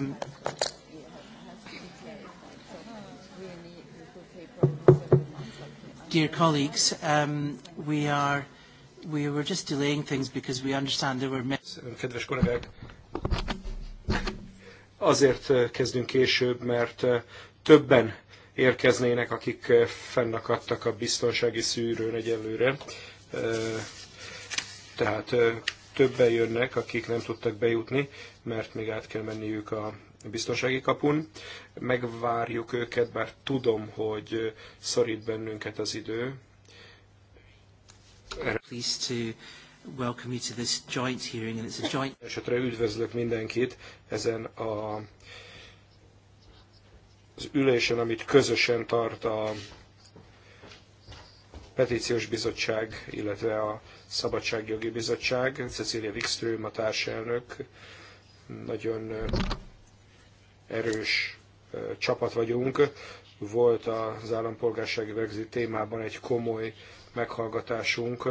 Um, dear colleagues, um, we are we were just delaying things because we understand there were. Kedves kollégák, azért uh, kezdünk később, mert uh, többen érkeznének, akik uh, fennakadtak a biztonsági szűrőn egyelőre. Tehát többen jönnek, akik nem tudtak bejutni, mert még át kell menniük a biztonsági kapun. Megvárjuk őket, bár tudom, hogy szorít bennünket az idő. Esetre üdvözlök mindenkit ezen a, az ülésen, amit közösen tart a petíciós bizottság, illetve a Szabadságjogi Bizottság, Cecília Wikström a társelnök, nagyon erős csapat vagyunk. Volt az állampolgársági vegzi témában egy komoly meghallgatásunk,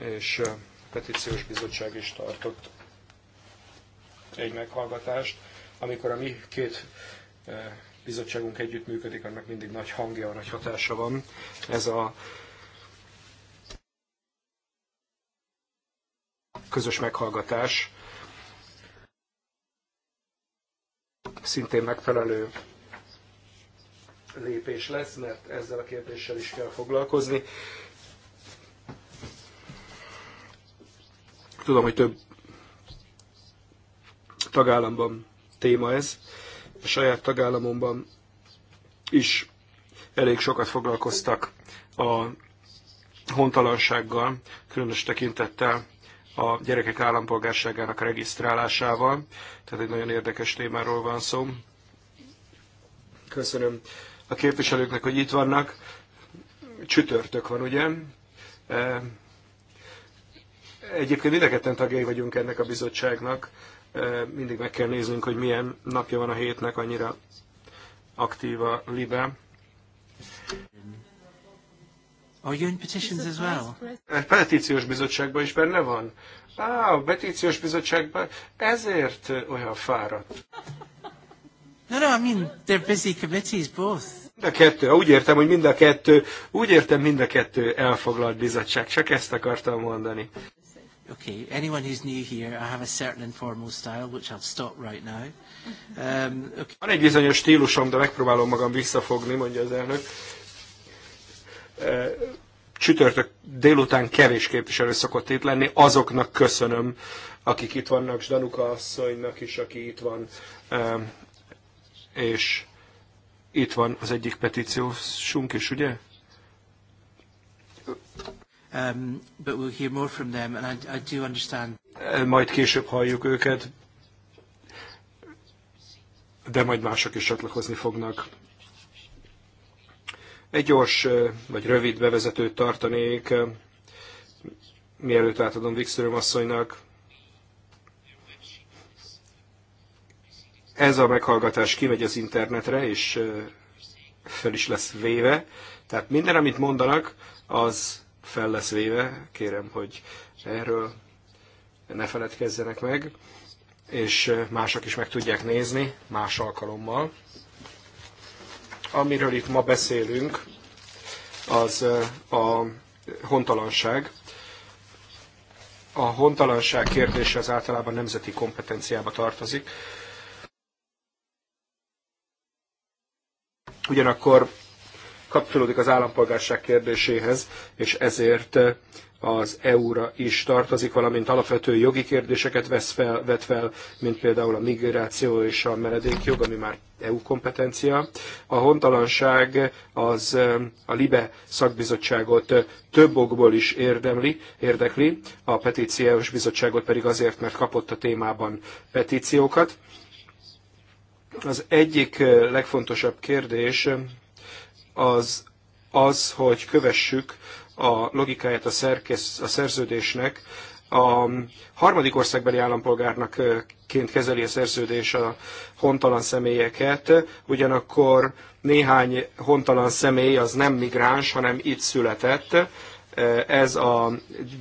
és a petíciós bizottság is tartott egy meghallgatást. Amikor a mi két bizottságunk együttműködik, annak mindig nagy hangja, nagy hatása van. Ez a közös meghallgatás szintén megfelelő lépés lesz, mert ezzel a kérdéssel is kell foglalkozni. Tudom, hogy több tagállamban téma ez, a saját tagállamomban is elég sokat foglalkoztak a hontalansággal, különös tekintettel a gyerekek állampolgárságának regisztrálásával. Tehát egy nagyon érdekes témáról van szó. Köszönöm a képviselőknek, hogy itt vannak. Csütörtök van, ugye? E, egyébként mind tagjai vagyunk ennek a bizottságnak. E, mindig meg kell néznünk, hogy milyen napja van a hétnek, annyira aktív a libe. Are you in petitions as well? A petíciós bizottságban is benne van. Á, a petíciós bizottságban ezért olyan fáradt. No, no, I mean, they're busy committees both. Mind a kettő, úgy értem, hogy mind a kettő, úgy értem, mind a kettő elfoglalt bizottság, csak ezt akartam mondani. Okay, anyone who's new here, I have a certain informal style, which I'll stop right now. Um, okay. Van egy bizonyos stílusom, de megpróbálom magam visszafogni, mondja az elnök csütörtök délután kevés képviselő szokott itt lenni, azoknak köszönöm, akik itt vannak, és Danuka asszonynak is, aki itt van, és itt van az egyik petíciósunk is, ugye? Um, but we'll hear more from them, and I, I do understand. Majd később halljuk őket, de majd mások is csatlakozni fognak. Egy gyors vagy rövid bevezetőt tartanék, mielőtt átadom Wikström asszonynak. Ez a meghallgatás kimegy az internetre, és fel is lesz véve. Tehát minden, amit mondanak, az fel lesz véve. Kérem, hogy erről ne feledkezzenek meg, és mások is meg tudják nézni más alkalommal. Amiről itt ma beszélünk, az a hontalanság. A hontalanság kérdése az általában nemzeti kompetenciába tartozik. Ugyanakkor kapcsolódik az állampolgárság kérdéséhez, és ezért az EU-ra is tartozik, valamint alapvető jogi kérdéseket vesz fel, vet fel, mint például a migráció és a menedékjog, ami már EU kompetencia. A hontalanság az eh, a LIBE szakbizottságot eh, több okból is érdemli, érdekli, a petíciós bizottságot pedig azért, mert kapott a témában petíciókat. Az egyik eh, legfontosabb kérdés az az, hogy kövessük a logikáját a, szerkesz, a szerződésnek, a harmadik országbeli állampolgárnak ként kezeli a szerződés a hontalan személyeket, ugyanakkor néhány hontalan személy az nem migráns, hanem itt született. Ez a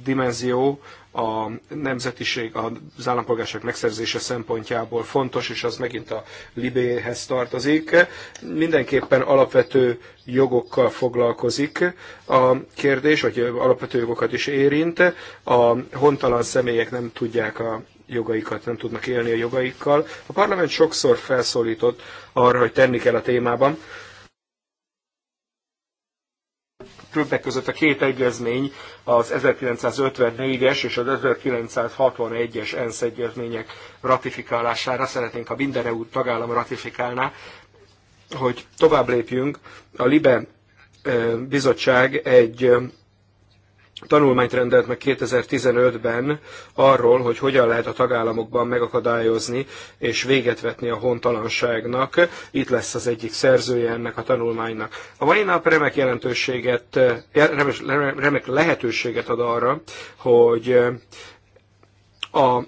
dimenzió a nemzetiség, az állampolgárság megszerzése szempontjából fontos, és az megint a libéhez tartozik. Mindenképpen alapvető jogokkal foglalkozik a kérdés, vagy alapvető jogokat is érint. A hontalan személyek nem tudják a jogaikat, nem tudnak élni a jogaikkal. A parlament sokszor felszólított arra, hogy tenni kell a témában többek között a két egyezmény, az 1954-es és az 1961-es ENSZ egyezmények ratifikálására szeretnénk, ha minden EU tagállam ratifikálná, hogy tovább lépjünk. A Libe bizottság egy tanulmányt rendelt meg 2015-ben arról, hogy hogyan lehet a tagállamokban megakadályozni és véget vetni a hontalanságnak. Itt lesz az egyik szerzője ennek a tanulmánynak. A mai nap remek jelentőséget, remek lehetőséget ad arra, hogy a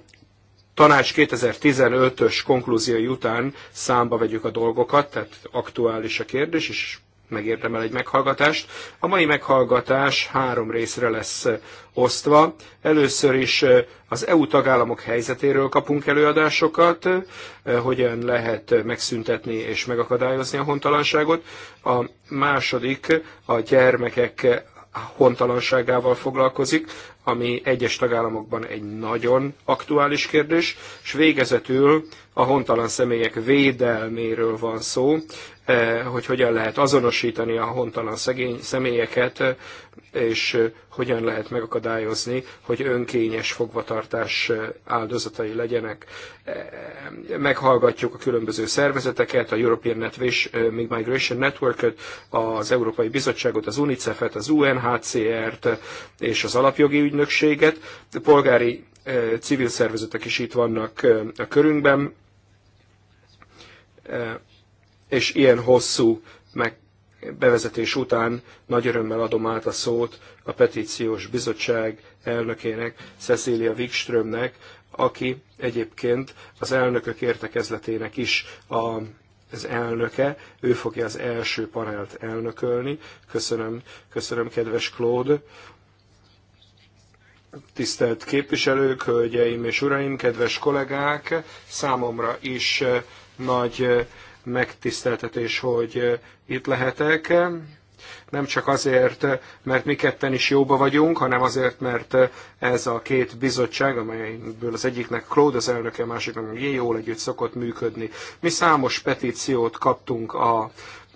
tanács 2015-ös konklúziói után számba vegyük a dolgokat, tehát aktuális a kérdés, és megérdemel egy meghallgatást. A mai meghallgatás három részre lesz osztva. Először is az EU tagállamok helyzetéről kapunk előadásokat, hogyan lehet megszüntetni és megakadályozni a hontalanságot. A második a gyermekek hontalanságával foglalkozik, ami egyes tagállamokban egy nagyon aktuális kérdés, és végezetül a hontalan személyek védelméről van szó, hogy hogyan lehet azonosítani a hontalan szegény személyeket, és hogyan lehet megakadályozni, hogy önkényes fogvatartás áldozatai legyenek. Meghallgatjuk a különböző szervezeteket, a European Migration Network-öt, az Európai Bizottságot, az UNICEF-et, az UNHCR-t és az Alapjogi Ügynökséget. Polgári civil szervezetek is itt vannak a körünkben és ilyen hosszú meg bevezetés után nagy örömmel adom át a szót a petíciós bizottság elnökének, Cecília Wikströmnek, aki egyébként az elnökök értekezletének is a, az elnöke, ő fogja az első panelt elnökölni. Köszönöm, köszönöm kedves Claude. Tisztelt képviselők, hölgyeim és uraim, kedves kollégák, számomra is eh, nagy eh, megtiszteltetés, hogy itt lehetek. Nem csak azért, mert mi ketten is jóba vagyunk, hanem azért, mert ez a két bizottság, amelyből az egyiknek Claude az elnöke, a másiknak meg jól együtt szokott működni. Mi számos petíciót kaptunk a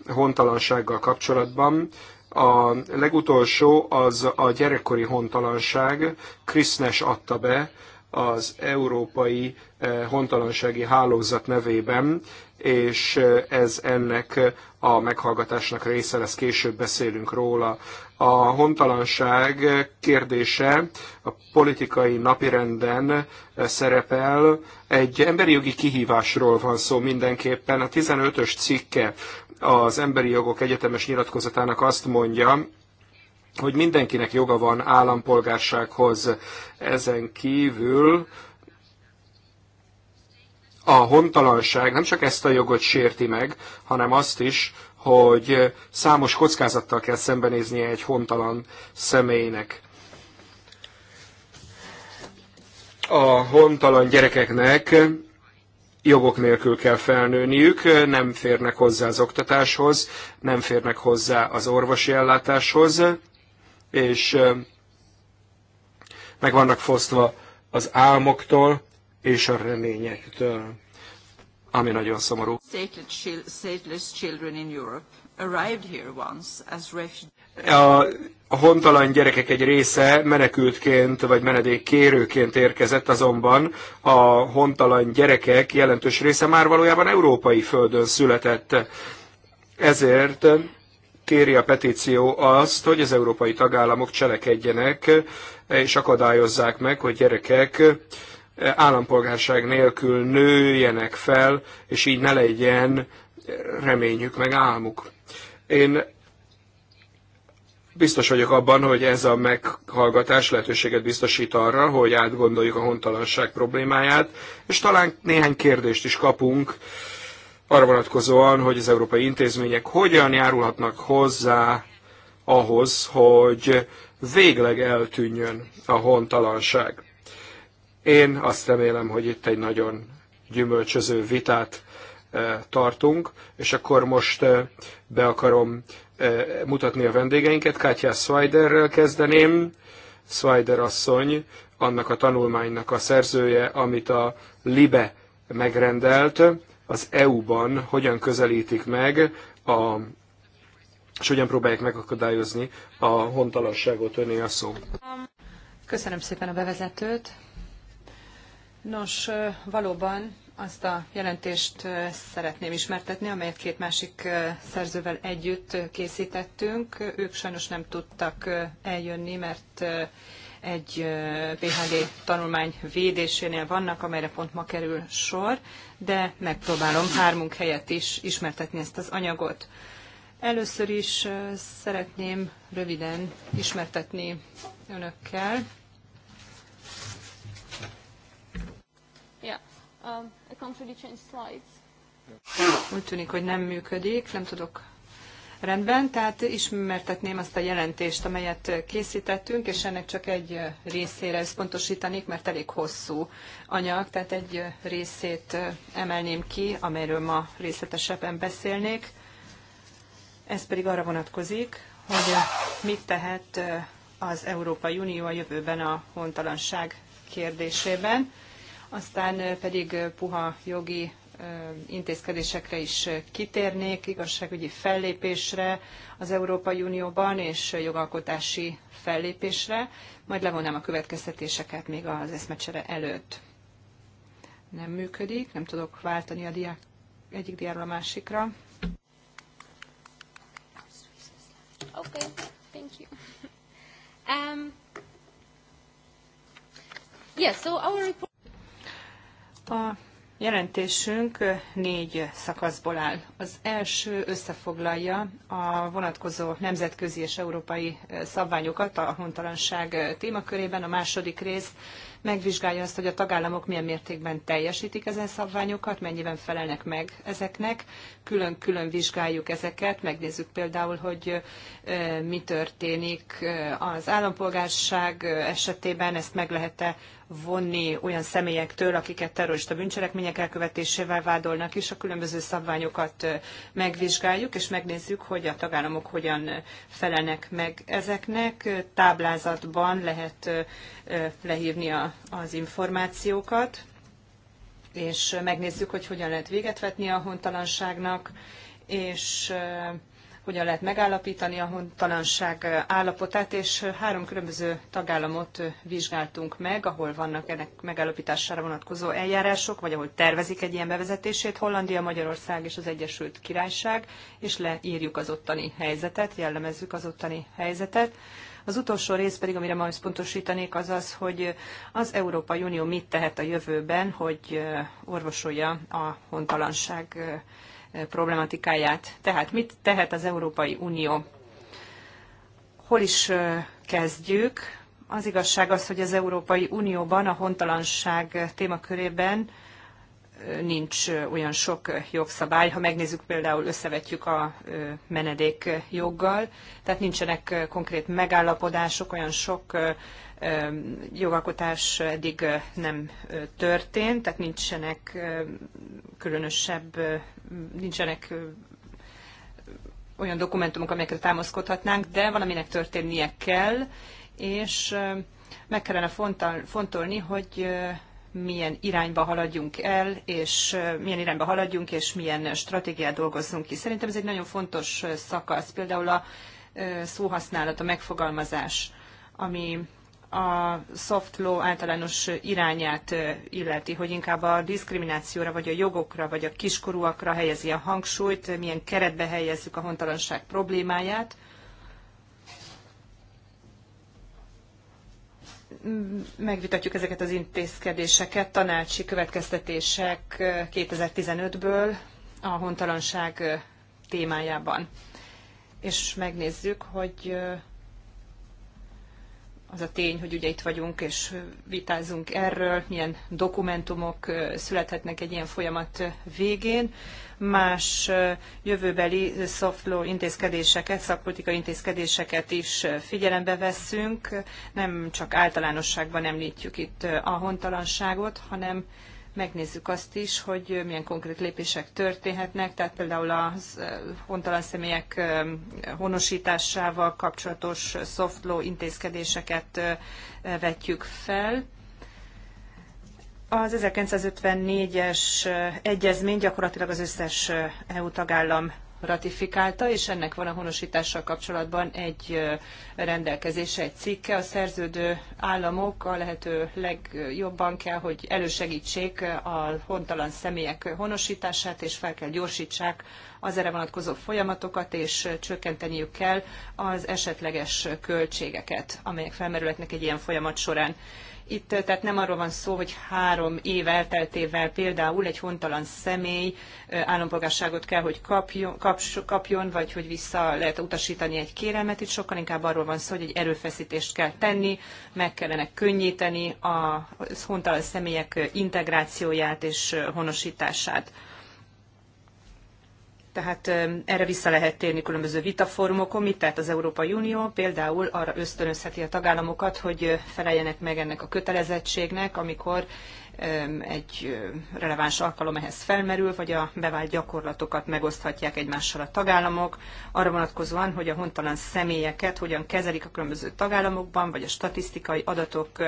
hontalansággal kapcsolatban, a legutolsó az a gyerekkori hontalanság, Krisznes adta be, az Európai eh, Hontalansági Hálózat nevében, és eh, ez ennek a meghallgatásnak része lesz, később beszélünk róla. A hontalanság kérdése a politikai napirenden eh, szerepel. Egy emberi jogi kihívásról van szó mindenképpen. A 15-ös cikke az Emberi Jogok Egyetemes Nyilatkozatának azt mondja, hogy mindenkinek joga van állampolgársághoz ezen kívül, a hontalanság nem csak ezt a jogot sérti meg, hanem azt is, hogy számos kockázattal kell szembenéznie egy hontalan személynek. A hontalan gyerekeknek jogok nélkül kell felnőniük, nem férnek hozzá az oktatáshoz, nem férnek hozzá az orvosi ellátáshoz, és meg vannak fosztva az álmoktól és a reményektől, ami nagyon szomorú. a, a hontalan gyerekek egy része menekültként vagy menedékkérőként érkezett, azonban a hontalan gyerekek jelentős része már valójában európai földön született. Ezért kéri a petíció azt, hogy az európai tagállamok cselekedjenek és akadályozzák meg, hogy gyerekek eh, állampolgárság nélkül nőjenek fel, és így ne legyen reményük meg álmuk. Én biztos vagyok abban, hogy ez a meghallgatás lehetőséget biztosít arra, hogy átgondoljuk a hontalanság problémáját, és talán néhány kérdést is kapunk, arra vonatkozóan, hogy az európai intézmények hogyan járulhatnak hozzá ahhoz, hogy végleg eltűnjön a hontalanság. Én azt remélem, hogy itt egy nagyon gyümölcsöző vitát eh, tartunk, és akkor most eh, be akarom eh, mutatni a vendégeinket. Kátya Swiderrel kezdeném. Swider asszony, annak a tanulmánynak a szerzője, amit a LIBE megrendelt az EU-ban hogyan közelítik meg a és hogyan próbálják megakadályozni a hontalanságot önné a szó. Köszönöm szépen a bevezetőt. Nos, valóban azt a jelentést szeretném ismertetni, amelyet két másik szerzővel együtt készítettünk. Ők sajnos nem tudtak eljönni, mert egy PHD tanulmány védésénél vannak, amelyre pont ma kerül sor, de megpróbálom hármunk helyett is ismertetni ezt az anyagot. Először is szeretném röviden ismertetni önökkel. Yeah. Um, I can't really change slides. Úgy tűnik, hogy nem működik, nem tudok Rendben, tehát ismertetném azt a jelentést, amelyet készítettünk, és ennek csak egy részére összpontosítanék, mert elég hosszú anyag, tehát egy részét emelném ki, amelyről ma részletesebben beszélnék. Ez pedig arra vonatkozik, hogy mit tehet az Európai Unió a jövőben a hontalanság kérdésében, aztán pedig puha jogi intézkedésekre is kitérnék, igazságügyi fellépésre az Európai Unióban és jogalkotási fellépésre, majd levonnám a következtetéseket még az eszmecsere előtt. Nem működik, nem tudok váltani a diák egyik diáról a másikra. Okay, thank you. Um, yeah, so our report... A Jelentésünk négy szakaszból áll. Az első összefoglalja a vonatkozó nemzetközi és európai szabványokat a hontalanság témakörében, a második rész megvizsgálja azt, hogy a tagállamok milyen mértékben teljesítik ezen szabványokat, mennyiben felelnek meg ezeknek. Külön-külön vizsgáljuk ezeket, megnézzük például, hogy mi történik az állampolgárság esetében, ezt meg lehet-e vonni olyan személyektől, akiket terrorista bűncselekmények elkövetésével vádolnak is, a különböző szabványokat megvizsgáljuk, és megnézzük, hogy a tagállamok hogyan felelnek meg ezeknek. Táblázatban lehet lehívni a, az információkat, és megnézzük, hogy hogyan lehet véget vetni a hontalanságnak, és hogyan lehet megállapítani a hontalanság állapotát, és három különböző tagállamot vizsgáltunk meg, ahol vannak ennek megállapítására vonatkozó eljárások, vagy ahol tervezik egy ilyen bevezetését, Hollandia, Magyarország és az Egyesült Királyság, és leírjuk az ottani helyzetet, jellemezzük az ottani helyzetet, az utolsó rész pedig, amire ma összpontosítanék, az az, hogy az Európai Unió mit tehet a jövőben, hogy orvosolja a hontalanság problematikáját. Tehát mit tehet az Európai Unió? Hol is kezdjük? Az igazság az, hogy az Európai Unióban a hontalanság témakörében nincs olyan sok jogszabály. Ha megnézzük például, összevetjük a menedék joggal, tehát nincsenek konkrét megállapodások, olyan sok jogalkotás eddig nem történt, tehát nincsenek különösebb, nincsenek olyan dokumentumok, amelyekre támaszkodhatnánk, de valaminek történnie kell, és meg kellene fontolni, hogy milyen irányba haladjunk el, és milyen irányba haladjunk, és milyen stratégiát dolgozzunk ki. Szerintem ez egy nagyon fontos szakasz, például a szóhasználat, a megfogalmazás, ami a soft law általános irányát illeti, hogy inkább a diszkriminációra, vagy a jogokra, vagy a kiskorúakra helyezi a hangsúlyt, milyen keretbe helyezzük a hontalanság problémáját, megvitatjuk ezeket az intézkedéseket, tanácsi következtetések 2015-ből a hontalanság témájában. És megnézzük, hogy az a tény, hogy ugye itt vagyunk és vitázunk erről, milyen dokumentumok születhetnek egy ilyen folyamat végén. Más jövőbeli soft law intézkedéseket, szakpolitikai intézkedéseket is figyelembe veszünk. Nem csak általánosságban említjük itt a hontalanságot, hanem megnézzük azt is, hogy milyen konkrét lépések történhetnek, tehát például a eh, hontalan személyek eh, honosításával kapcsolatos soft law intézkedéseket eh, vetjük fel. Az 1954-es egyezmény gyakorlatilag az összes EU tagállam ratifikálta, és ennek van a honosítással kapcsolatban egy rendelkezése, egy cikke. A szerződő államok a lehető legjobban kell, hogy elősegítsék a hontalan személyek honosítását, és fel kell gyorsítsák az erre vonatkozó folyamatokat, és csökkenteniük kell az esetleges költségeket, amelyek felmerülhetnek egy ilyen folyamat során. Itt tehát nem arról van szó, hogy három év elteltével például egy hontalan személy állampolgárságot kell, hogy kapjon, kaps, kapjon vagy hogy vissza lehet utasítani egy kérelmet. Itt sokkal inkább arról van szó, hogy egy erőfeszítést kell tenni, meg kellene könnyíteni a hontalan személyek integrációját és honosítását. Tehát erre vissza lehet térni különböző vitaformokon, mit tehát az Európai Unió például arra ösztönözheti a tagállamokat, hogy feleljenek meg ennek a kötelezettségnek, amikor egy releváns alkalom ehhez felmerül, vagy a bevált gyakorlatokat megoszthatják egymással a tagállamok, arra vonatkozóan, hogy a hontalan személyeket hogyan kezelik a különböző tagállamokban, vagy a statisztikai adatok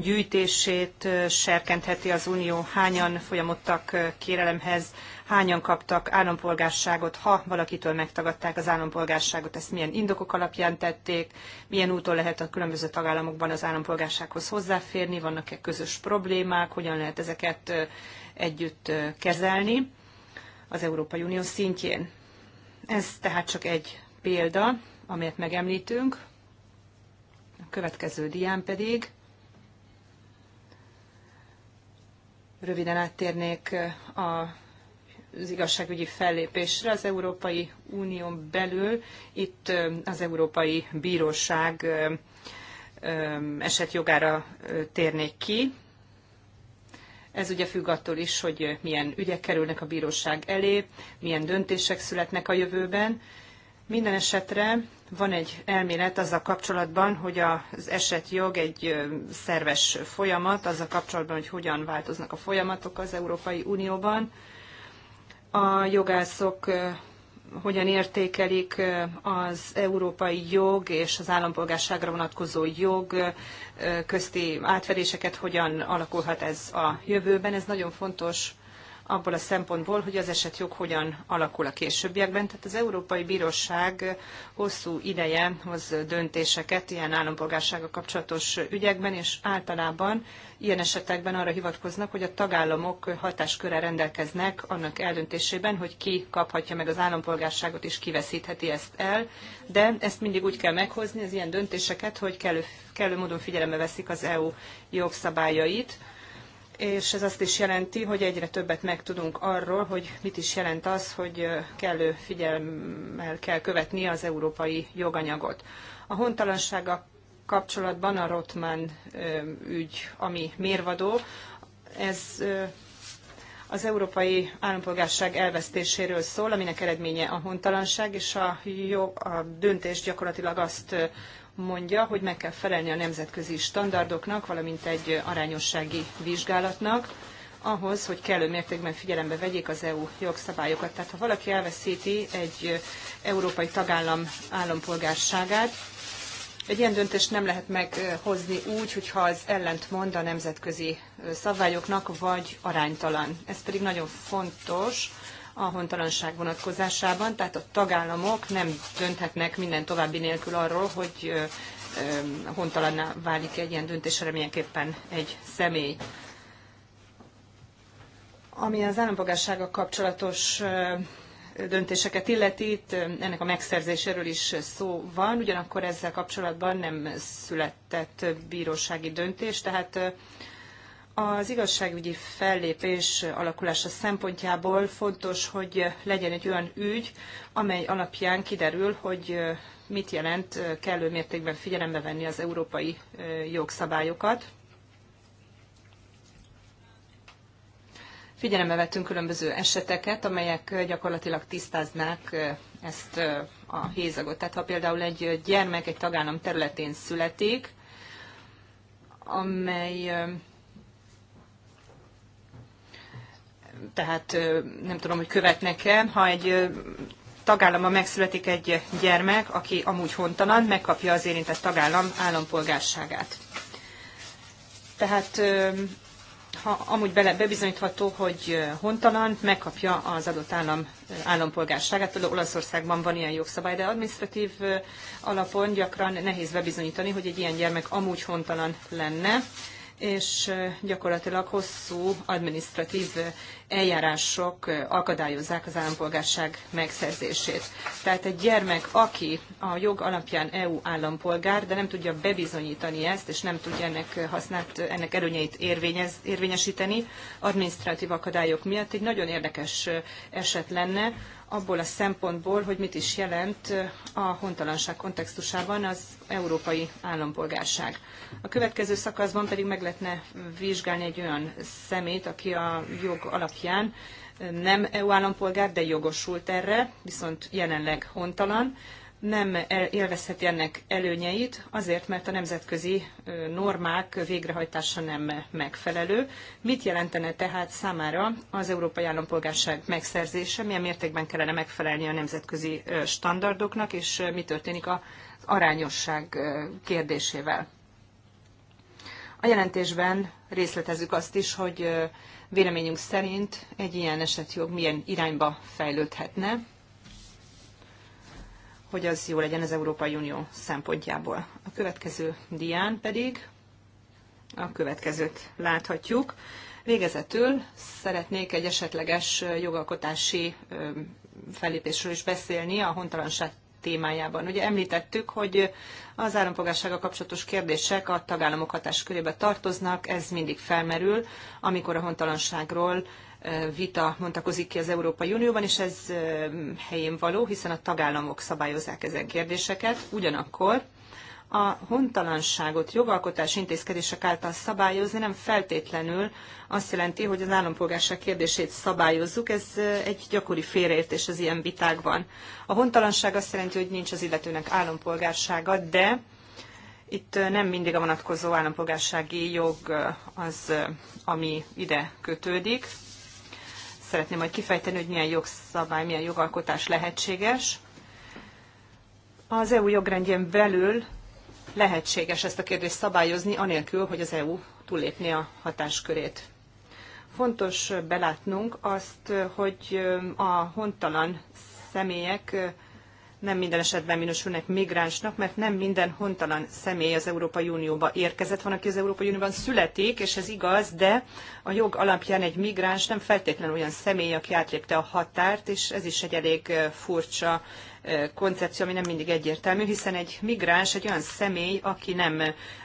gyűjtését serkentheti az Unió, hányan folyamodtak kérelemhez, hányan kaptak állampolgárságot, ha valakitől megtagadták az állampolgárságot, ezt milyen indokok alapján tették, milyen úton lehet a különböző tagállamokban az állampolgársághoz hozzáférni, vannak-e közös problémák, hogyan lehet ezeket együtt kezelni az Európai Unió szintjén. Ez tehát csak egy példa, amelyet megemlítünk. A következő dián pedig Röviden áttérnék a eh, az igazságügyi fellépésre az Európai Unión belül. Itt eh, az Európai Bíróság eh, esetjogára térnék ki. Ez ugye függ attól is, hogy milyen ügyek kerülnek a bíróság elé, milyen döntések születnek a jövőben. Minden esetre van egy elmélet azzal kapcsolatban, hogy az esetjog egy szerves folyamat, azzal kapcsolatban, hogy hogyan változnak a folyamatok az Európai Unióban. A jogászok hogyan értékelik az európai jog és az állampolgárságra vonatkozó jog közti átveréseket, hogyan alakulhat ez a jövőben. Ez nagyon fontos abból a szempontból, hogy az jog hogyan alakul a későbbiekben. Tehát az Európai Bíróság hosszú ideje hoz döntéseket ilyen állampolgársága kapcsolatos ügyekben, és általában ilyen esetekben arra hivatkoznak, hogy a tagállamok hatásköre rendelkeznek annak eldöntésében, hogy ki kaphatja meg az állampolgárságot és ki veszítheti ezt el, de ezt mindig úgy kell meghozni, az ilyen döntéseket, hogy kellő, kellő módon figyelembe veszik az EU jogszabályait, és ez azt is jelenti, hogy egyre többet megtudunk arról, hogy mit is jelent az, hogy kellő figyelmel kell követni az európai joganyagot. A hontalansága kapcsolatban a Rotman ügy, ami mérvadó, ez az európai állampolgárság elvesztéséről szól, aminek eredménye a hontalanság, és a, jó a döntés gyakorlatilag azt mondja, hogy meg kell felelni a nemzetközi standardoknak, valamint egy arányossági vizsgálatnak, ahhoz, hogy kellő mértékben figyelembe vegyék az EU jogszabályokat. Tehát ha valaki elveszíti egy európai tagállam állampolgárságát, egy ilyen döntést nem lehet meghozni úgy, hogyha az ellentmond a nemzetközi szabályoknak, vagy aránytalan. Ez pedig nagyon fontos, a hontalanság vonatkozásában, tehát a tagállamok nem dönthetnek minden további nélkül arról, hogy hontalanná válik egy ilyen döntésre milyenképpen egy személy. Ami az állampolgársággal kapcsolatos döntéseket illeti, itt ennek a megszerzéséről is szó van, ugyanakkor ezzel kapcsolatban nem született bírósági döntés, tehát az igazságügyi fellépés alakulása szempontjából fontos, hogy legyen egy olyan ügy, amely alapján kiderül, hogy mit jelent kellő mértékben figyelembe venni az európai jogszabályokat. Figyelembe vettünk különböző eseteket, amelyek gyakorlatilag tisztáznák ezt a hézagot. Tehát ha például egy gyermek egy tagállam területén születik, amely tehát nem tudom, hogy követnek-e, ha egy tagállama megszületik egy gyermek, aki amúgy hontalan, megkapja az érintett tagállam állampolgárságát. Tehát ha amúgy bele, bebizonyítható, hogy hontalan, megkapja az adott állam állampolgárságát. Például Olaszországban van ilyen jogszabály, de administratív alapon gyakran nehéz bebizonyítani, hogy egy ilyen gyermek amúgy hontalan lenne és gyakorlatilag hosszú administratív eljárások akadályozzák az állampolgárság megszerzését. Tehát egy gyermek, aki a jog alapján EU állampolgár, de nem tudja bebizonyítani ezt, és nem tudja ennek, használt, ennek előnyeit érvényez, érvényesíteni, administratív akadályok miatt egy nagyon érdekes eset lenne, abból a szempontból, hogy mit is jelent eh, a hontalanság kontextusában az európai állampolgárság. A következő szakaszban pedig meg lehetne vizsgálni egy olyan szemét, aki a jog alapján eh, nem EU állampolgár, de jogosult erre, viszont jelenleg hontalan, nem élvezheti ennek előnyeit, azért, mert a nemzetközi normák végrehajtása nem megfelelő. Mit jelentene tehát számára az európai állampolgárság megszerzése, milyen mértékben kellene megfelelni a nemzetközi standardoknak, és mi történik az arányosság kérdésével? A jelentésben részletezzük azt is, hogy véleményünk szerint egy ilyen esetjog milyen irányba fejlődhetne, hogy az jó legyen az Európai Unió szempontjából. A következő dián pedig a következőt láthatjuk. Végezetül szeretnék egy esetleges jogalkotási felépésről is beszélni a hontalanság témájában. Ugye említettük, hogy az állampolgársággal kapcsolatos kérdések a tagállamok hatáskörébe tartoznak, ez mindig felmerül, amikor a hontalanságról vita mondakozik ki az Európai Unióban, és ez helyén való, hiszen a tagállamok szabályozzák ezen kérdéseket. Ugyanakkor a hontalanságot jogalkotás intézkedések által szabályozni nem feltétlenül azt jelenti, hogy az állampolgárság kérdését szabályozzuk, ez egy gyakori félreértés az ilyen vitákban. A hontalanság azt jelenti, hogy nincs az illetőnek állampolgársága, de itt nem mindig a vonatkozó állampolgársági jog az, ami ide kötődik szeretném majd kifejteni, hogy milyen jogszabály, milyen jogalkotás lehetséges. Az EU jogrendjén belül lehetséges ezt a kérdést szabályozni, anélkül, hogy az EU túllépné a hatáskörét. Fontos belátnunk azt, hogy a hontalan személyek nem minden esetben minősülnek migránsnak, mert nem minden hontalan személy az Európai Unióba érkezett. Van, aki az Európai Unióban születik, és ez igaz, de a jog alapján egy migráns nem feltétlenül olyan személy, aki átlépte a határt, és ez is egy elég furcsa koncepció, ami nem mindig egyértelmű, hiszen egy migráns egy olyan személy, aki nem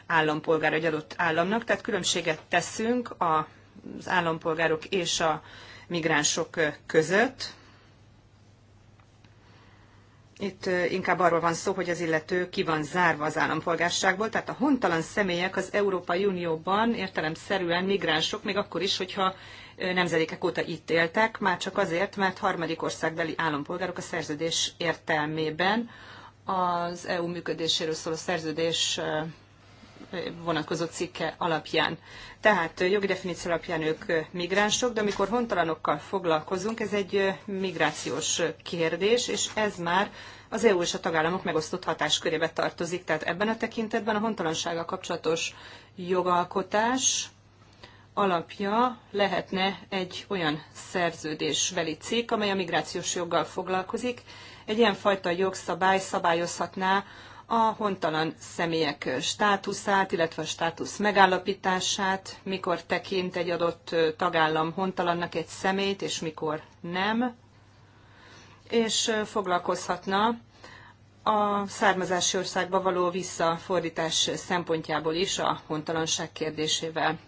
állampolgár egy adott államnak, tehát különbséget teszünk az állampolgárok és a migránsok között itt inkább arról van szó, hogy az illető ki van zárva az állampolgárságból, tehát a hontalan személyek az Európai Unióban értelemszerűen migránsok, még akkor is, hogyha nemzedékek óta itt éltek, már csak azért, mert harmadik országbeli állampolgárok a szerződés értelmében az EU működéséről szóló szerződés vonatkozó cikke alapján. Tehát jogi definíció alapján ők migránsok, de amikor hontalanokkal foglalkozunk, ez egy migrációs kérdés, és ez már az EU és a tagállamok megosztott hatáskörébe tartozik. Tehát ebben a tekintetben a hontalansággal kapcsolatos jogalkotás alapja lehetne egy olyan szerződésbeli cikk, amely a migrációs joggal foglalkozik. Egy ilyen fajta jogszabály szabályozhatná a hontalan személyek státuszát, illetve a státusz megállapítását, mikor tekint egy adott tagállam hontalannak egy szemét, és mikor nem, és foglalkozhatna a származási országba való visszafordítás szempontjából is a hontalanság kérdésével.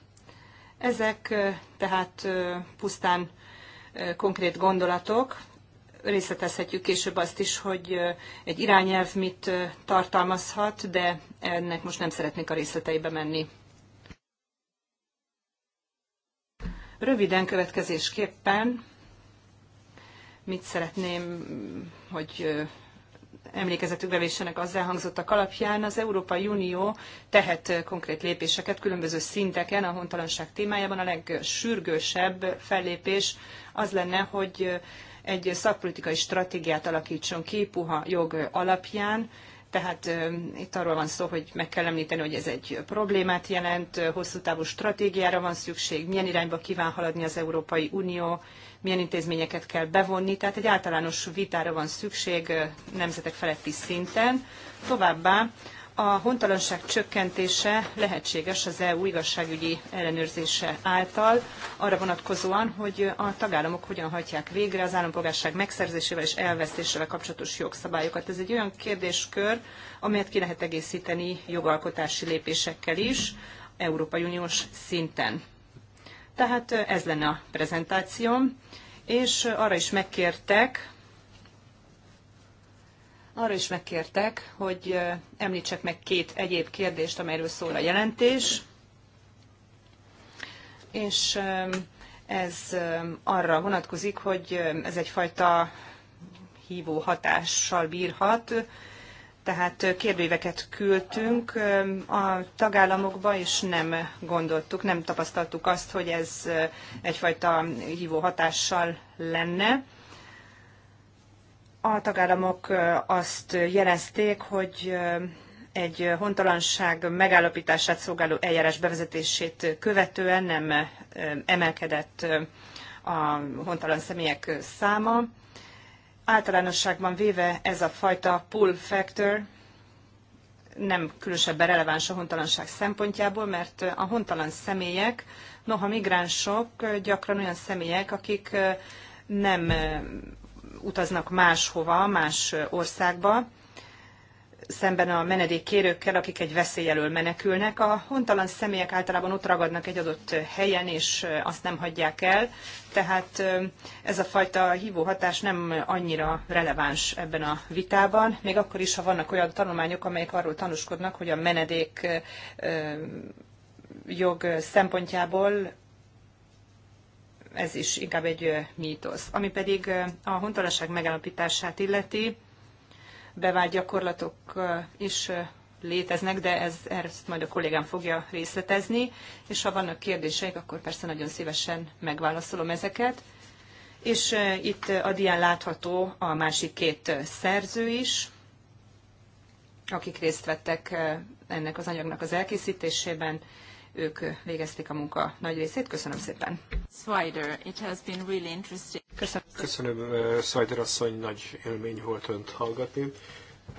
Ezek tehát pusztán konkrét gondolatok, részletezhetjük később azt is, hogy egy irányelv mit tartalmazhat, de ennek most nem szeretnék a részleteibe menni. Röviden következésképpen mit szeretném, hogy emlékezetükre vessenek az elhangzottak alapján, az Európai Unió tehet konkrét lépéseket különböző szinteken a hontalanság témájában. A legsürgősebb fellépés az lenne, hogy egy szakpolitikai stratégiát alakítson ki puha jog alapján, tehát itt arról van szó, hogy meg kell említeni, hogy ez egy problémát jelent, hosszú távú stratégiára van szükség, milyen irányba kíván haladni az Európai Unió, milyen intézményeket kell bevonni, tehát egy általános vitára van szükség nemzetek feletti szinten. Továbbá a hontalanság csökkentése lehetséges az EU igazságügyi ellenőrzése által, arra vonatkozóan, hogy a tagállamok hogyan hajtják végre az állampolgárság megszerzésével és elvesztésével kapcsolatos jogszabályokat. Ez egy olyan kérdéskör, amelyet ki lehet egészíteni jogalkotási lépésekkel is, Európai Uniós szinten. Tehát ez lenne a prezentációm, és arra is megkértek, arra is megkértek, hogy említsek meg két egyéb kérdést, amelyről szól a jelentés. És ez arra vonatkozik, hogy ez egyfajta hívó hatással bírhat. Tehát kérdőíveket küldtünk a tagállamokba, és nem gondoltuk, nem tapasztaltuk azt, hogy ez egyfajta hívó hatással lenne. A tagállamok azt jelezték, hogy egy hontalanság megállapítását szolgáló eljárás bevezetését követően nem emelkedett a hontalan személyek száma. Általánosságban véve ez a fajta pull factor nem különösebben releváns a hontalanság szempontjából, mert a hontalan személyek, noha migránsok, gyakran olyan személyek, akik nem utaznak máshova, más országba, szemben a menedékkérőkkel, akik egy veszély elől menekülnek. A hontalan személyek általában ott ragadnak egy adott helyen, és azt nem hagyják el, tehát ez a fajta hívó hatás nem annyira releváns ebben a vitában, még akkor is, ha vannak olyan tanulmányok, amelyek arról tanúskodnak, hogy a menedék jog szempontjából ez is inkább egy mítosz. Ami pedig a hontalanság megállapítását illeti, bevált gyakorlatok is léteznek, de ez, ezt majd a kollégám fogja részletezni, és ha vannak kérdéseik, akkor persze nagyon szívesen megválaszolom ezeket. És itt a dián látható a másik két szerző is, akik részt vettek ennek az anyagnak az elkészítésében, ők végezték a munka nagy részét. Köszönöm szépen. Swider, it has been really interesting. Köszönöm, Köszönöm Swider asszony, nagy élmény volt önt hallgatni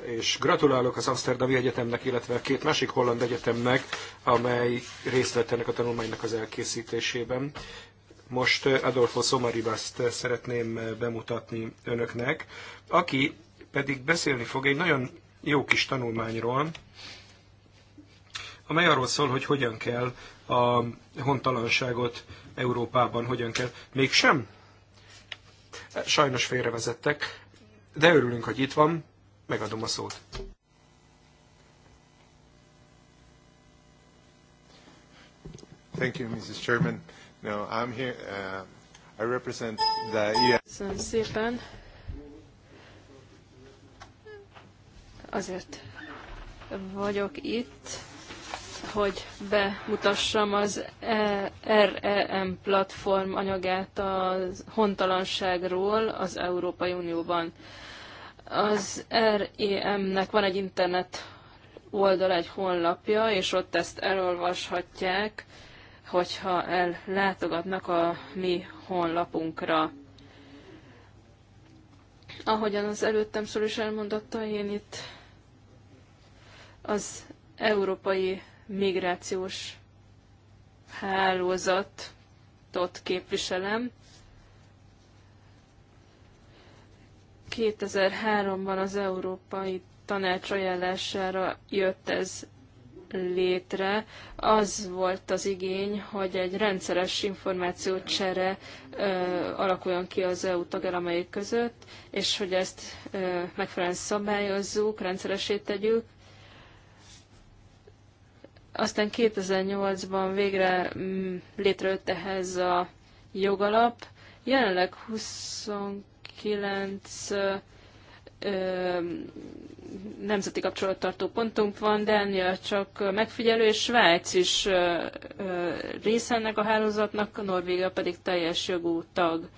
és gratulálok az Amsterdami Egyetemnek, illetve a két másik holland egyetemnek, amely részt vett ennek a tanulmánynak az elkészítésében. Most Adolfo Somaribaszt szeretném bemutatni önöknek, aki pedig beszélni fog egy nagyon jó kis tanulmányról, amely arról szól, hogy hogyan kell a hontalanságot Európában, hogyan kell. Mégsem? Sajnos félrevezettek, de örülünk, hogy itt van, megadom a szót. Thank you, Mrs. Chairman. No, I'm here. Uh, I represent the e Köszönöm szépen. Azért vagyok itt, hogy bemutassam az REM platform anyagát a hontalanságról az Európai Unióban. Az REM-nek van egy internet oldal, egy honlapja, és ott ezt elolvashatják, hogyha ellátogatnak a mi honlapunkra. Ahogyan az előttem szól is elmondotta, én itt az Európai migrációs hálózatot képviselem. 2003-ban az Európai Tanács ajánlására jött ez létre, az volt az igény, hogy egy rendszeres információcsere ö, alakuljon ki az EU tagállamai között, és hogy ezt ö, megfelelően szabályozzuk, rendszeresét tegyük, aztán 2008-ban végre mm, létrejött ehhez a jogalap. Jelenleg 29 nemzeti kapcsolattartó pontunk van, Dánia csak megfigyelő, és Svájc is része ennek a hálózatnak, Norvégia pedig teljes jogú tag.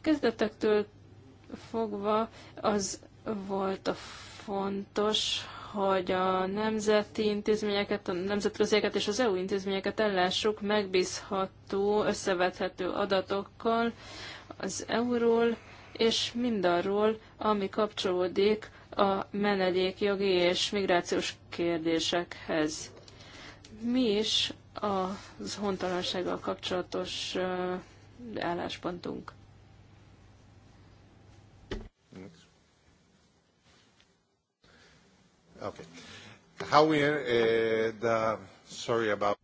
Kezdetektől fogva az volt a fontos, hogy a nemzeti intézményeket, a nemzetközieket és az EU intézményeket ellássuk megbízható, összevethető adatokkal az euról és mindarról, ami kapcsolódik a menedékjogi és migrációs kérdésekhez. Mi is az hontalansággal kapcsolatos álláspontunk? Okay. How we, uh, the, sorry about...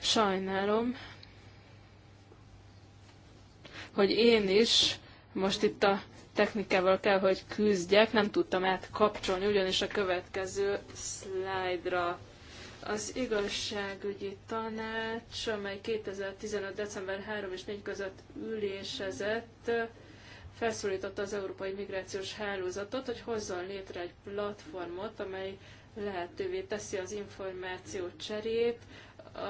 Sajnálom, hogy én is most itt a technikával kell, hogy küzdjek, nem tudtam átkapcsolni, ugyanis a következő szlájdra az igazságügyi tanács, amely 2015. december 3 és 4 között ülésezett, felszólította az Európai Migrációs Hálózatot, hogy hozzon létre egy platformot, amely lehetővé teszi az információ cserét,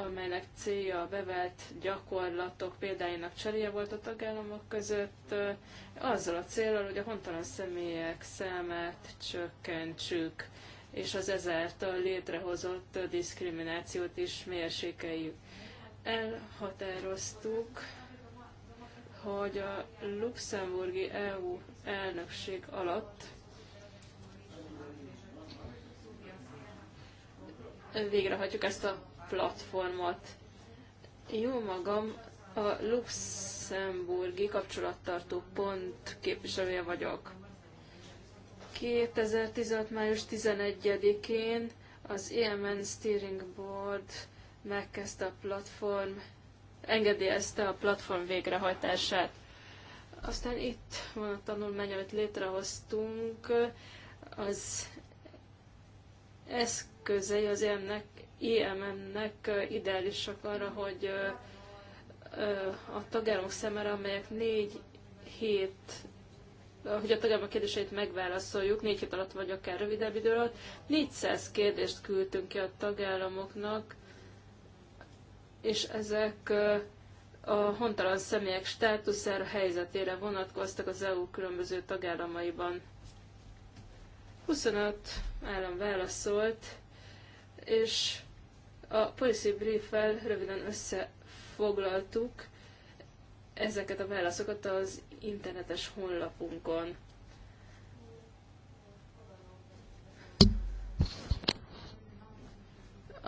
amelynek célja a bevált gyakorlatok példáinak cseréje volt a tagállamok között, azzal a célral, hogy a hontalan személyek számát csökkentsük, és az ezáltal létrehozott diszkriminációt is mérsékeljük. Elhatároztuk, hogy a luxemburgi EU elnökség alatt végrehajtjuk ezt a platformot. Jó magam, a luxemburgi kapcsolattartó pont képviselője vagyok. 2015. május 11-én az EMN Steering Board megkezdte a platform engedélyezte a platform végrehajtását. Aztán itt van a tanulmány, amit létrehoztunk, az eszközei az ilyennek, IMM-nek ideálisak arra, hogy a tagállamok szemére amelyek négy hét hogy a tagállamok kérdéseit megválaszoljuk, négy hét alatt vagy akár rövidebb idő alatt. 400 kérdést küldtünk ki a tagállamoknak, és ezek a hontalan személyek státuszára, helyzetére vonatkoztak az EU különböző tagállamaiban. 25 állam válaszolt, és a policy brief el röviden összefoglaltuk ezeket a válaszokat az internetes honlapunkon.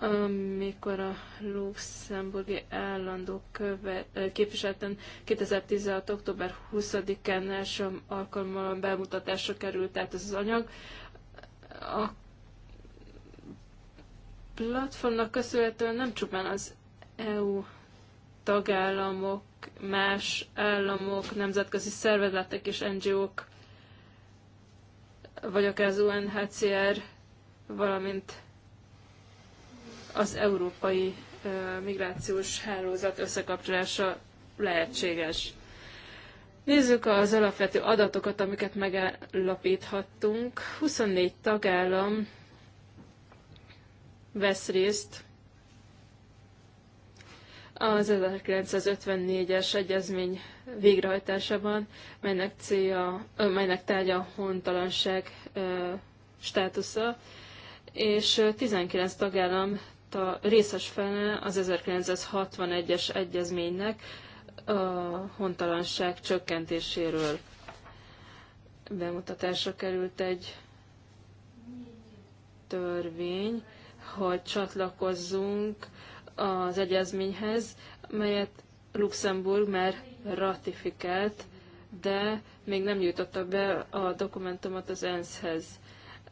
amikor a luxemburgi állandó köve, képviseleten 2016. október 20-án első alkalommal bemutatásra került tehát ez az anyag. A platformnak köszönhetően nem csupán az EU tagállamok, más államok, nemzetközi szervezetek és NGO-k, vagy akár az UNHCR, valamint az európai migrációs hálózat összekapcsolása lehetséges. Nézzük az alapvető adatokat, amiket megállapíthattunk. 24 tagállam vesz részt az 1954-es egyezmény végrehajtásában, melynek, célja, melynek tárgya a hontalanság státusza, és 19 tagállam a részes fele az 1961-es egyezménynek a hontalanság csökkentéséről. Bemutatásra került egy törvény, hogy csatlakozzunk az egyezményhez, melyet Luxemburg már ratifikált, de még nem nyújtotta be a dokumentumot az ENSZ-hez.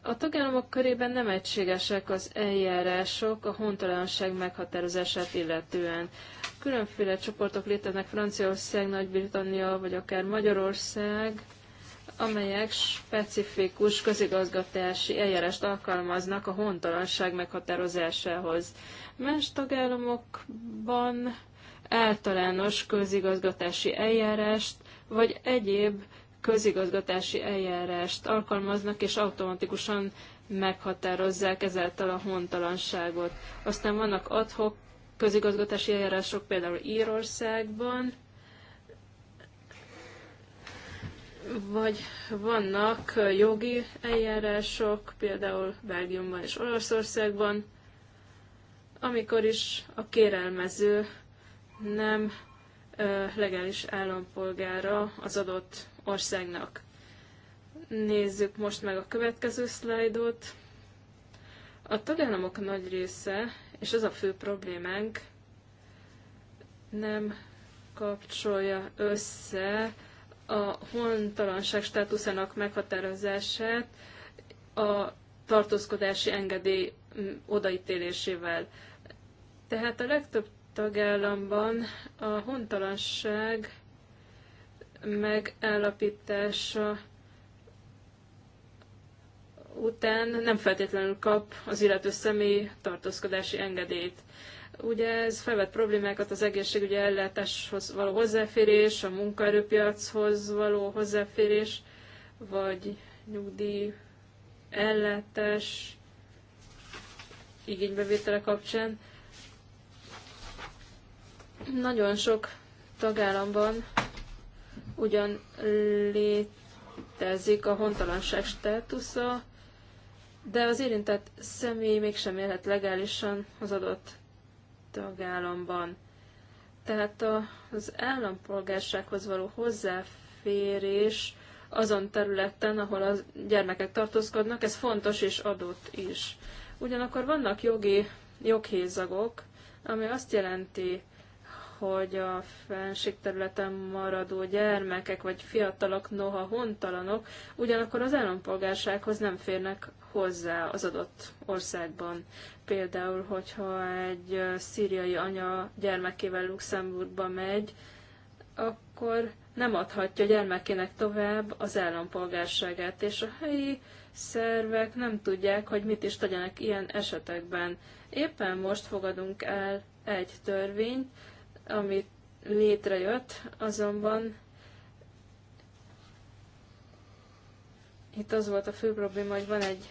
A tagállamok körében nem egységesek az eljárások a hontalanság meghatározását illetően. Különféle csoportok léteznek Franciaország, Nagy-Britannia vagy akár Magyarország, amelyek specifikus közigazgatási eljárást alkalmaznak a hontalanság meghatározásához. Más tagállamokban általános közigazgatási eljárást vagy egyéb közigazgatási eljárást alkalmaznak, és automatikusan meghatározzák ezáltal a hontalanságot. Aztán vannak adhok közigazgatási eljárások, például Írországban, vagy vannak jogi eljárások, például Belgiumban és Olaszországban, amikor is a kérelmező nem legális állampolgára az adott országnak. Nézzük most meg a következő szlájdot. A tagállamok nagy része, és ez a fő problémánk, nem kapcsolja össze a hontalanság státuszának meghatározását a tartózkodási engedély mm, odaítélésével. Tehát a legtöbb tagállamban a hontalanság megállapítása után nem feltétlenül kap az illető személy tartózkodási engedélyt. Ugye ez felvet problémákat az egészségügyi ellátáshoz való hozzáférés, a munkaerőpiachoz való hozzáférés, vagy nyugdíj ellátás igénybevétele kapcsán. Nagyon sok tagállamban ugyan létezik a hontalanság státusza, de az érintett személy mégsem élhet legálisan az adott tagállamban. Tehát az állampolgársághoz való hozzáférés azon területen, ahol a gyermekek tartózkodnak, ez fontos és adott is. Ugyanakkor vannak jogi joghézagok, ami azt jelenti, hogy a fenségterületen maradó gyermekek vagy fiatalok noha hontalanok, ugyanakkor az állampolgársághoz nem férnek hozzá az adott országban. Például, hogyha egy szíriai anya gyermekével Luxemburgba megy, akkor nem adhatja gyermekének tovább az állampolgárságát, és a helyi szervek nem tudják, hogy mit is tegyenek ilyen esetekben. Éppen most fogadunk el egy törvényt, ami létrejött, azonban itt az volt a fő probléma, hogy van egy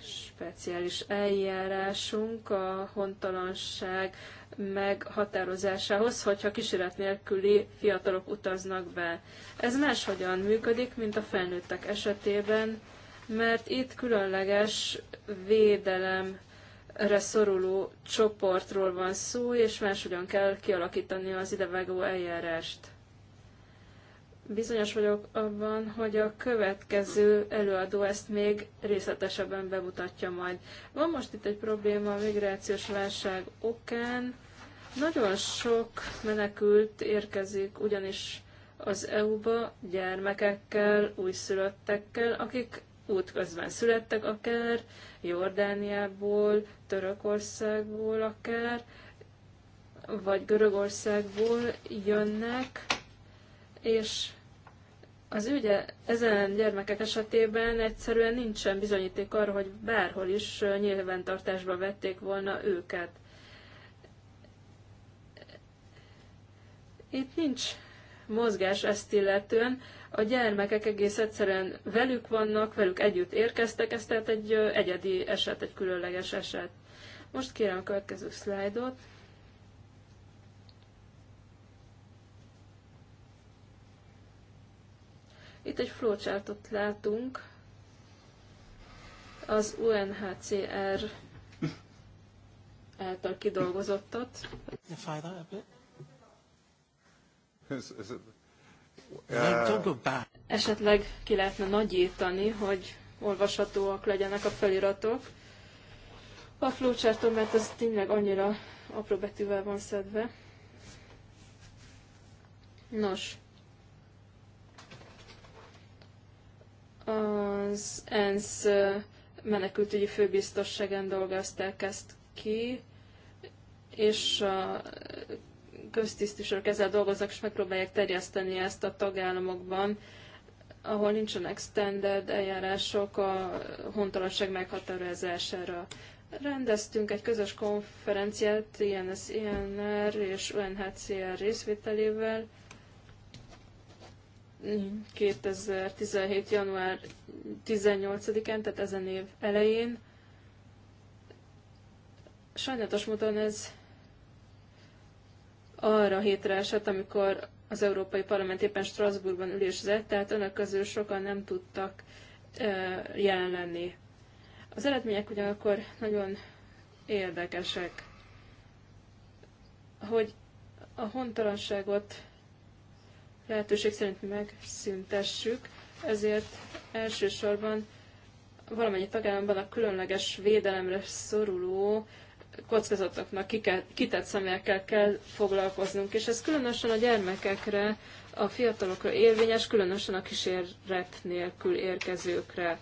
speciális eljárásunk a hontalanság meghatározásához, hogyha kísérlet nélküli fiatalok utaznak be. Ez máshogyan működik, mint a felnőttek esetében, mert itt különleges védelem szoruló csoportról van szó, és máshogyan kell kialakítani az idevágó eljárást. Bizonyos vagyok abban, hogy a következő előadó ezt még részletesebben bemutatja majd. Van most itt egy probléma a migrációs válság okán. Nagyon sok menekült érkezik ugyanis az EU-ba gyermekekkel, újszülöttekkel, akik útközben születtek akár, Jordániából, Törökországból akár, vagy Görögországból jönnek, és az ügye ezen gyermekek esetében egyszerűen nincsen bizonyíték arra, hogy bárhol is nyilvántartásba vették volna őket. Itt nincs mozgás ezt illetően, a gyermekek egész egyszerűen velük vannak, velük együtt érkeztek, ez tehát egy egyedi eset, egy különleges eset. Most kérem a következő szlájdot. Itt egy flowchartot látunk az UNHCR által kidolgozottat. Esetleg ki lehetne nagyítani, hogy olvashatóak legyenek a feliratok. A flowcharton, mert ez tényleg annyira apró betűvel van szedve. Nos. Az ENSZ menekültügyi főbiztosságán dolgozták ezt ki, és a köztisztviselők ezzel dolgoznak, és megpróbálják terjeszteni ezt a tagállamokban, ahol nincsenek standard eljárások a hontalanság meghatározására. Rendeztünk egy közös konferenciát INS, INR és UNHCR részvételével 2017. január 18-án, tehát ezen év elején. Sajnálatos módon ez arra a hétre esett, amikor az Európai Parlament éppen Strasbourgban ülésezett, tehát önök közül sokan nem tudtak jelen lenni. Az eredmények ugyanakkor nagyon érdekesek, hogy a hontalanságot lehetőség szerint megszüntessük, ezért elsősorban valamennyi tagállamban a különleges védelemre szoruló kockázatoknak kitett személyekkel kell foglalkoznunk, és ez különösen a gyermekekre, a fiatalokra érvényes, különösen a kísérlet nélkül érkezőkre.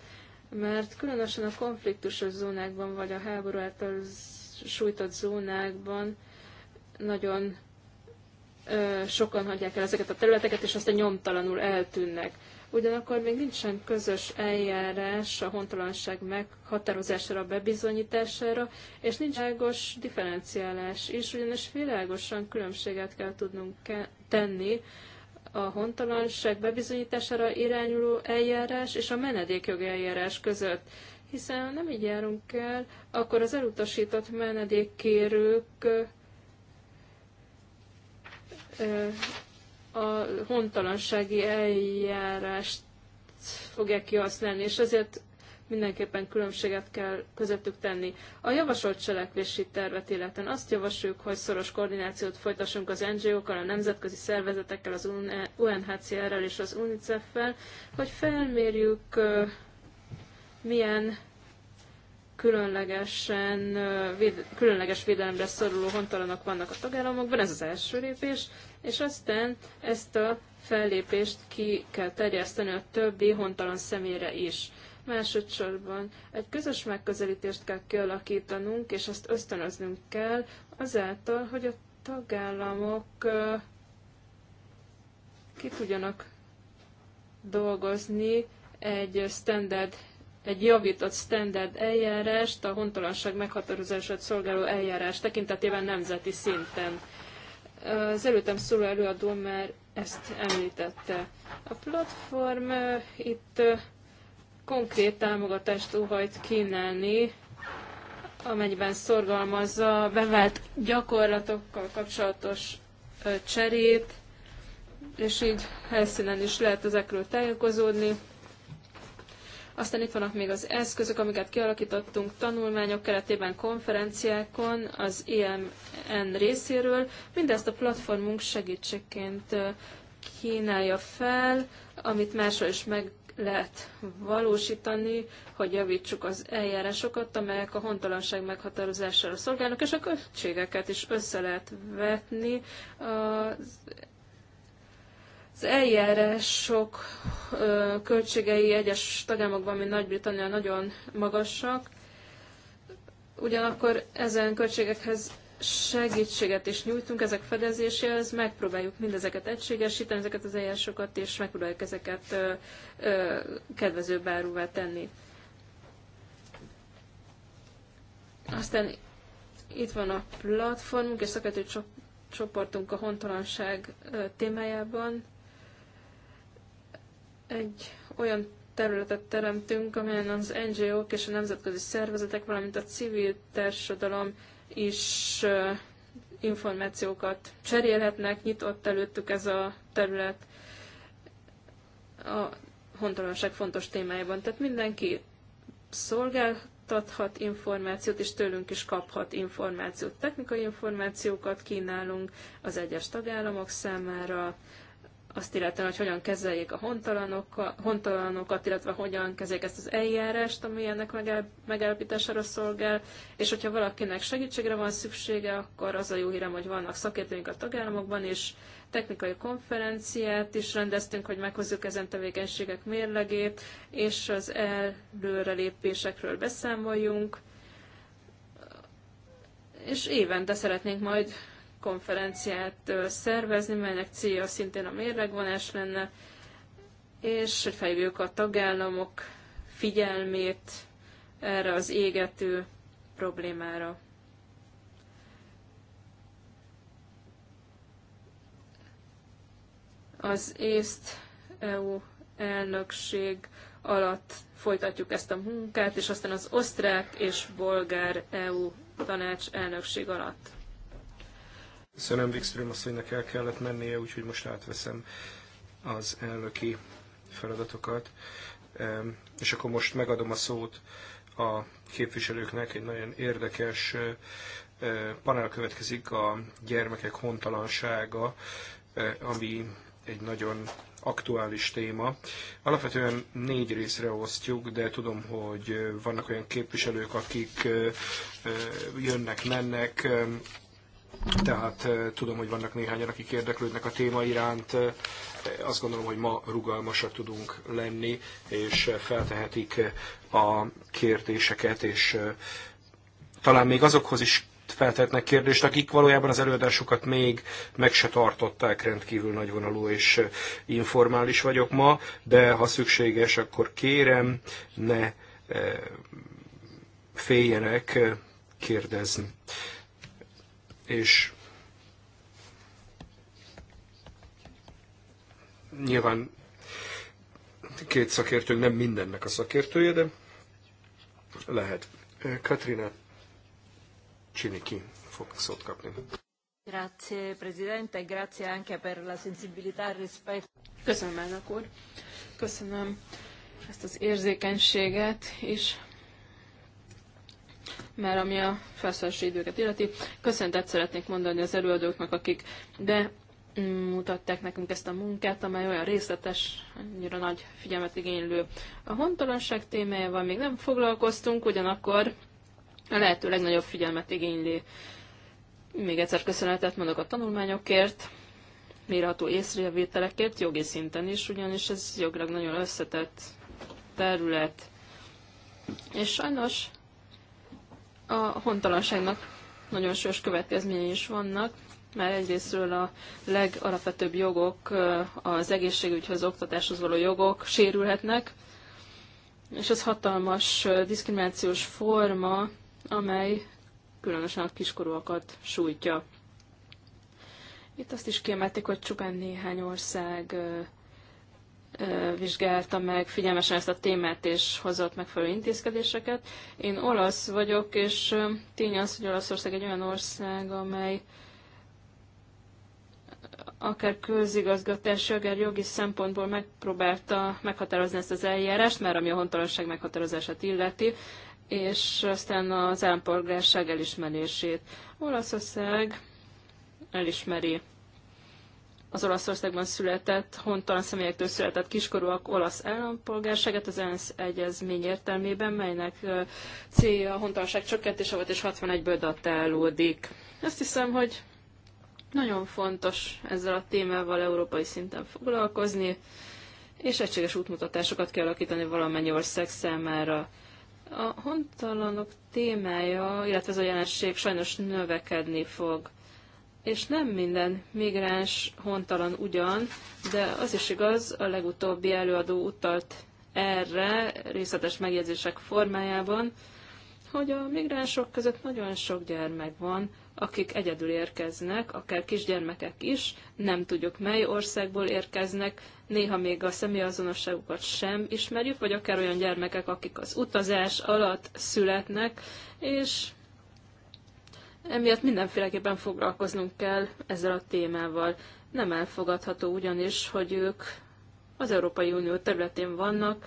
Mert különösen a konfliktusos zónákban, vagy a háború által sújtott zónákban nagyon ö, sokan hagyják el ezeket a területeket, és aztán nyomtalanul eltűnnek. Ugyanakkor még nincsen közös eljárás a hontalanság meghatározására, bebizonyítására, és nincs világos differenciálás is, ugyanis világosan különbséget kell tudnunk tenni a hontalanság bebizonyítására irányuló eljárás és a menedékjogi eljárás között hiszen ha nem így járunk el, akkor az elutasított menedékkérők a hontalansági eljárást fogják kihasználni, és ezért mindenképpen különbséget kell közöttük tenni. A javasolt cselekvési tervet életen azt javasoljuk, hogy szoros koordinációt folytassunk az NGO-kkal, a nemzetközi szervezetekkel, az UNHCR-rel és az UNICEF-fel, hogy felmérjük, milyen különlegesen, különleges védelemre szoruló hontalanok vannak a tagállamokban, ez az első lépés és aztán ezt a fellépést ki kell terjeszteni a többi hontalan személyre is. Másodszorban egy közös megközelítést kell kialakítanunk, és ezt ösztönöznünk kell azáltal, hogy a tagállamok ki tudjanak dolgozni egy standard, egy javított standard eljárást, a hontalanság meghatározását szolgáló eljárás tekintetében nemzeti szinten. Az előttem szóló előadó már ezt említette. A platform itt konkrét támogatást óhajt kínálni, amelyben szorgalmazza a bevált gyakorlatokkal kapcsolatos cserét, és így helyszínen is lehet ezekről tájékozódni. Aztán itt vannak még az eszközök, amiket kialakítottunk tanulmányok keretében, konferenciákon, az EMN részéről. Mindezt a platformunk segítségként kínálja fel, amit másról is meg lehet valósítani, hogy javítsuk az eljárásokat, amelyek a hontalanság meghatározására szolgálnak, és a költségeket is össze lehet vetni az az eljárások költségei egyes tagállamokban, mint Nagy-Britannia nagyon magasak, ugyanakkor ezen költségekhez segítséget is nyújtunk ezek fedezéséhez, megpróbáljuk mindezeket egységesíteni, ezeket az eljárásokat, és megpróbáljuk ezeket ö, ö, kedvezőbb áruvá tenni. Aztán itt van a platformunk és szakértő csoportunk a hontalanság témájában egy olyan területet teremtünk, amelyen az NGO-k és a nemzetközi szervezetek, valamint a civil társadalom is információkat cserélhetnek, nyitott előttük ez a terület a hontalanság fontos témájában. Tehát mindenki szolgáltathat információt, és tőlünk is kaphat információt. Technikai információkat kínálunk az egyes tagállamok számára, azt illetve hogy hogyan kezeljék a hontalanokat, illetve hogyan kezeljék ezt az eljárást, ami ennek megállapítására szolgál, és hogyha valakinek segítségre van szüksége, akkor az a jó hírem, hogy vannak szakértőink a tagállamokban, és technikai konferenciát is rendeztünk, hogy meghozzuk ezen tevékenységek mérlegét, és az előrelépésekről beszámoljunk, és évente szeretnénk majd konferenciát szervezni, melynek célja szintén a mérlegvonás lenne, és felhívjuk a tagállamok figyelmét erre az égető problémára. Az észt EU elnökség alatt folytatjuk ezt a munkát, és aztán az osztrák és bolgár EU tanács elnökség alatt. Köszönöm Wikström asszonynak el kellett mennie, úgyhogy most átveszem az elnöki feladatokat. És akkor most megadom a szót a képviselőknek, egy nagyon érdekes panel következik a gyermekek hontalansága, ami egy nagyon aktuális téma. Alapvetően négy részre osztjuk, de tudom, hogy vannak olyan képviselők, akik jönnek, mennek, tehát tudom, hogy vannak néhányan, akik érdeklődnek a téma iránt. Azt gondolom, hogy ma rugalmasak tudunk lenni, és feltehetik a kérdéseket, és talán még azokhoz is feltehetnek kérdést, akik valójában az előadásokat még meg se tartották, rendkívül nagyvonalú és informális vagyok ma, de ha szükséges, akkor kérem, ne féljenek kérdezni és nyilván két szakértőnk nem mindennek a szakértője, de lehet. Katrina Csiniki fog szót kapni. Grazie Presidente, grazie anche per la sensibilità e rispetto. Köszönöm, elnök úr. Köszönöm ezt az érzékenységet, és már ami a felszólási időket illeti. Köszöntet szeretnék mondani az előadóknak, akik bemutatták nekünk ezt a munkát, amely olyan részletes, annyira nagy figyelmet igénylő. A hontalanság témájával még nem foglalkoztunk, ugyanakkor a lehető legnagyobb figyelmet igényli. Még egyszer köszönetet mondok a tanulmányokért, mérható észrevételekért, jogi szinten is, ugyanis ez jogilag nagyon összetett terület. És sajnos a hontalanságnak nagyon sős következményei is vannak, mert egyrésztről a legalapvetőbb jogok, az egészségügyhöz, oktatáshoz való jogok sérülhetnek, és ez hatalmas diszkriminációs forma, amely különösen a kiskorúakat sújtja. Itt azt is kiemelték, hogy csupán néhány ország vizsgálta meg figyelmesen ezt a témát, és hozott megfelelő intézkedéseket. Én olasz vagyok, és tény az, hogy Olaszország egy olyan ország, amely akár közigazgatási, akár jogi szempontból megpróbálta meghatározni ezt az eljárást, mert ami a hontalanság meghatározását illeti, és aztán az állampolgárság elismerését. Olaszország elismeri az Olaszországban született, hontalan személyektől született kiskorúak olasz állampolgárságát az ENSZ egyezmény értelmében, melynek célja a hontalanság csökkentése volt, és 61-ből datálódik. Azt hiszem, hogy nagyon fontos ezzel a témával európai szinten foglalkozni, és egységes útmutatásokat kell alakítani valamennyi ország számára. A hontalanok témája, illetve ez a jelenség sajnos növekedni fog és nem minden migráns hontalan ugyan, de az is igaz, a legutóbbi előadó utalt erre részletes megjegyzések formájában, hogy a migránsok között nagyon sok gyermek van, akik egyedül érkeznek, akár kisgyermekek is, nem tudjuk mely országból érkeznek, néha még a személyazonosságukat sem ismerjük, vagy akár olyan gyermekek, akik az utazás alatt születnek, és Emiatt mindenféleképpen foglalkoznunk kell ezzel a témával. Nem elfogadható ugyanis, hogy ők az Európai Unió területén vannak,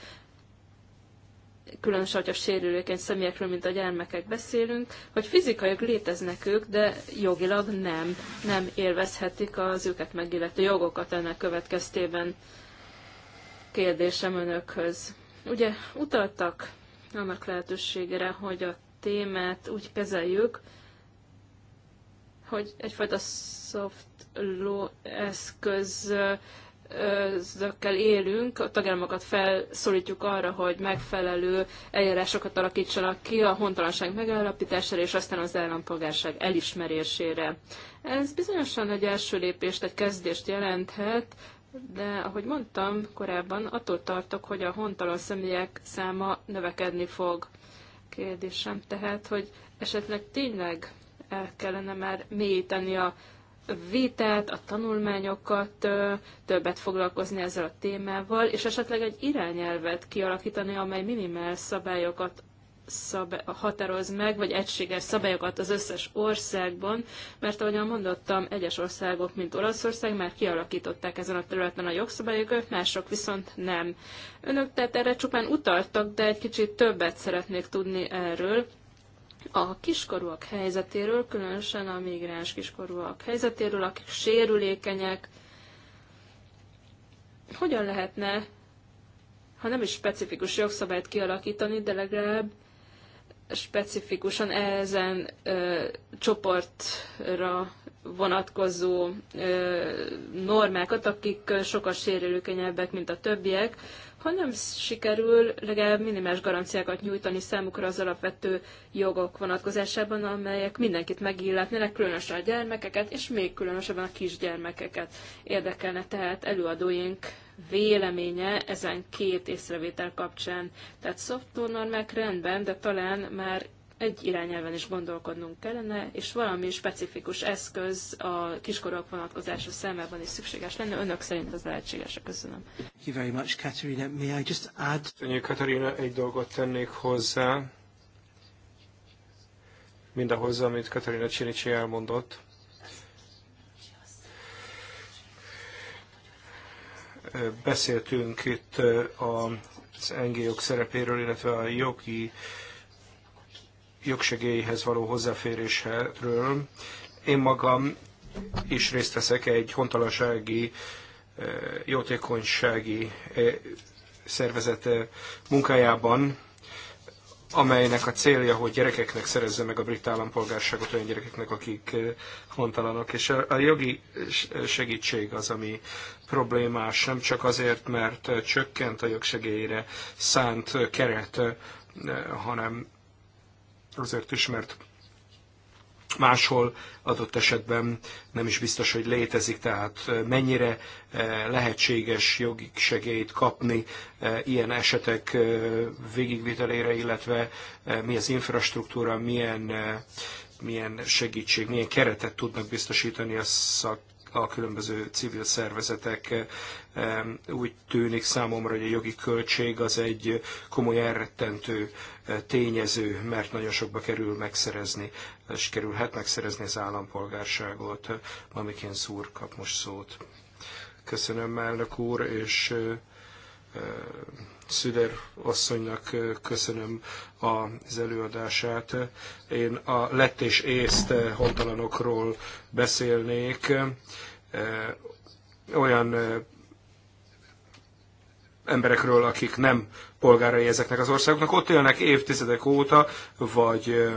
különösen, hogyha sérülékeny személyekről, mint a gyermekek beszélünk, hogy fizikailag léteznek ők, de jogilag nem, nem élvezhetik az őket megillető jogokat ennek következtében. Kérdésem önökhöz. Ugye utaltak annak lehetőségére, hogy a témát úgy kezeljük, hogy egyfajta soft law eszköz eszközökkel élünk, a tagállamokat felszólítjuk arra, hogy megfelelő eljárásokat alakítsanak ki a hontalanság megállapítására és aztán az állampolgárság elismerésére. Ez bizonyosan egy első lépést, egy kezdést jelenthet, de ahogy mondtam korábban, attól tartok, hogy a hontalan személyek száma növekedni fog. Kérdésem tehát, hogy esetleg tényleg el kellene már mélyíteni a vitát, a tanulmányokat, többet foglalkozni ezzel a témával, és esetleg egy irányelvet kialakítani, amely minimál szabályokat szab- határoz meg, vagy egységes szabályokat az összes országban, mert ahogyan mondottam, egyes országok, mint Olaszország már kialakították ezen a területen a jogszabályokat, mások viszont nem. Önök tehát erre csupán utaltak, de egy kicsit többet szeretnék tudni erről, a kiskorúak helyzetéről, különösen a migráns kiskorúak helyzetéről, akik sérülékenyek, hogyan lehetne, ha nem is specifikus jogszabályt kialakítani, de legalább specifikusan ezen ö, csoportra vonatkozó ö, normákat, akik sokkal sérülékenyebbek, mint a többiek, ha nem sikerül legalább minimális garanciákat nyújtani számukra az alapvető jogok vonatkozásában, amelyek mindenkit megilletnének, különösen a gyermekeket, és még különösebben a kisgyermekeket. Érdekelne tehát előadóink véleménye ezen két észrevétel kapcsán. Tehát normák rendben, de talán már egy irányelven is gondolkodnunk kellene, és valami specifikus eszköz a kiskorok vonatkozása számában is szükséges lenne. Önök szerint az lehetséges Köszönöm. Thank you very much, Katarina. May I just add... Katarina, egy dolgot tennék hozzá, mindahhoz, amit Katarina Csinicsi elmondott. Beszéltünk itt az NGO-k szerepéről, illetve a jogi jogsegélyhez való hozzáférésről. Én magam is részt veszek egy hontalansági, eh, jótékonysági eh, szervezet eh, munkájában, amelynek a célja, hogy gyerekeknek szerezze meg a brit állampolgárságot olyan gyerekeknek, akik hontalanok. És a jogi segítség az, ami problémás, nem csak azért, mert csökkent a jogsegélyre szánt keret, hanem azért is, mert máshol adott esetben nem is biztos, hogy létezik, tehát mennyire lehetséges jogi segélyt kapni ilyen esetek végigvitelére, illetve mi az infrastruktúra, milyen, milyen segítség, milyen keretet tudnak biztosítani a szak a különböző civil szervezetek. Eh, úgy tűnik számomra, hogy a jogi költség az egy komoly elrettentő eh, tényező, mert nagyon sokba kerül megszerezni, és kerülhet megszerezni az állampolgárságot. Mamikén szúr kap most szót. Köszönöm, elnök úr, és eh, Szüder asszonynak köszönöm az előadását. Én a lett és észt hontalanokról beszélnék. Olyan emberekről, akik nem polgárai ezeknek az országoknak, ott élnek évtizedek óta, vagy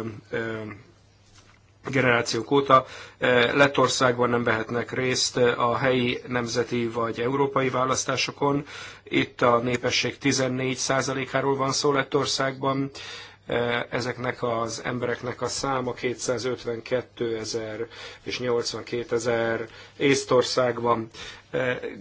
generációk óta eh, Lettországban nem vehetnek részt eh, a helyi nemzeti vagy európai választásokon. Itt a népesség 14%-áról van szó Lettországban. Eh, ezeknek az embereknek a száma 252 ezer és 82 ezer Észtországban.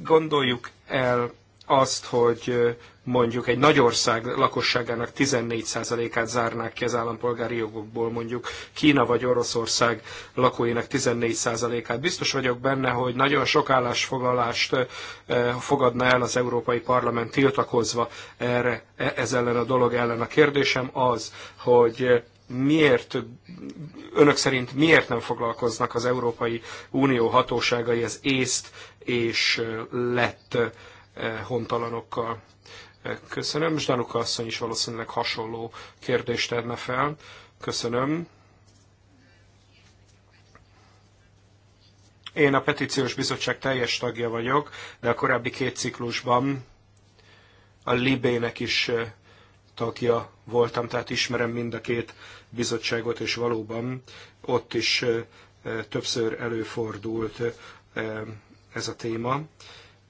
Gondoljuk el azt, hogy mondjuk egy nagy ország lakosságának 14%-át zárnák ki az állampolgári jogokból, mondjuk Kína vagy Oroszország lakóinak 14%-át. Biztos vagyok benne, hogy nagyon sok állásfoglalást fogadna el az Európai Parlament tiltakozva erre, e, ez ellen a dolog ellen. A kérdésem az, hogy miért, önök szerint miért nem foglalkoznak az Európai Unió hatóságai az észt és lett hontalanokkal. Köszönöm, és Danuka asszony is valószínűleg hasonló kérdést tenne fel. Köszönöm. Én a petíciós bizottság teljes tagja vagyok, de a korábbi két ciklusban a Libének is tagja voltam, tehát ismerem mind a két bizottságot, és valóban ott is többször előfordult ez a téma.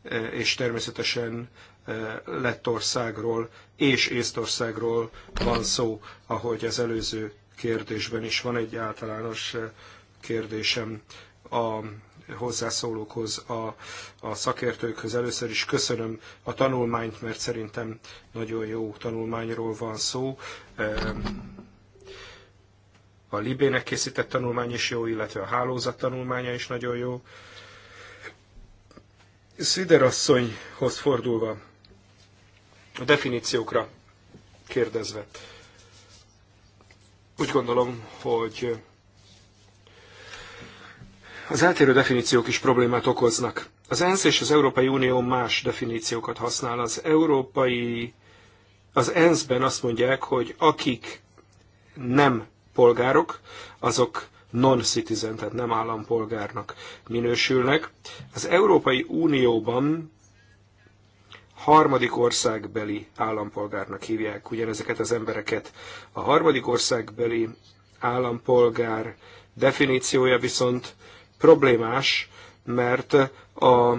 E, és természetesen e, Lettországról és Észtországról van szó, ahogy az előző kérdésben is van egy általános e, kérdésem a hozzászólókhoz, a, a szakértőkhöz. Először is köszönöm a tanulmányt, mert szerintem nagyon jó tanulmányról van szó. A Libének készített tanulmány is jó, illetve a hálózat tanulmánya is nagyon jó. Szider asszonyhoz fordulva, a definíciókra kérdezve, úgy gondolom, hogy az eltérő definíciók is problémát okoznak. Az ENSZ és az Európai Unió más definíciókat használ. Az európai, az ENSZ-ben azt mondják, hogy akik nem polgárok, azok non-citizen, tehát nem állampolgárnak minősülnek. Az Európai Unióban harmadik országbeli állampolgárnak hívják ugyanezeket az embereket. A harmadik országbeli állampolgár definíciója viszont problémás, mert a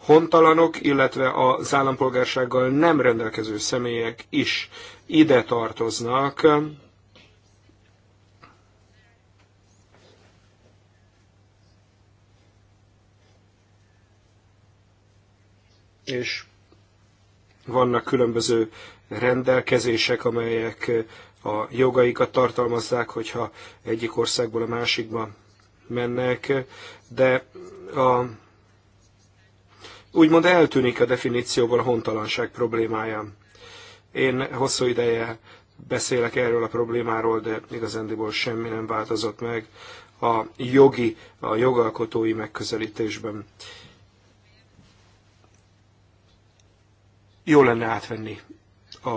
hontalanok, illetve az állampolgársággal nem rendelkező személyek is ide tartoznak, és vannak különböző rendelkezések, amelyek a jogaikat tartalmazzák, hogyha egyik országból a másikba mennek, de a, úgymond eltűnik a definícióból a hontalanság problémája. Én hosszú ideje beszélek erről a problémáról, de igazándiból semmi nem változott meg a jogi, a jogalkotói megközelítésben. jó lenne átvenni a,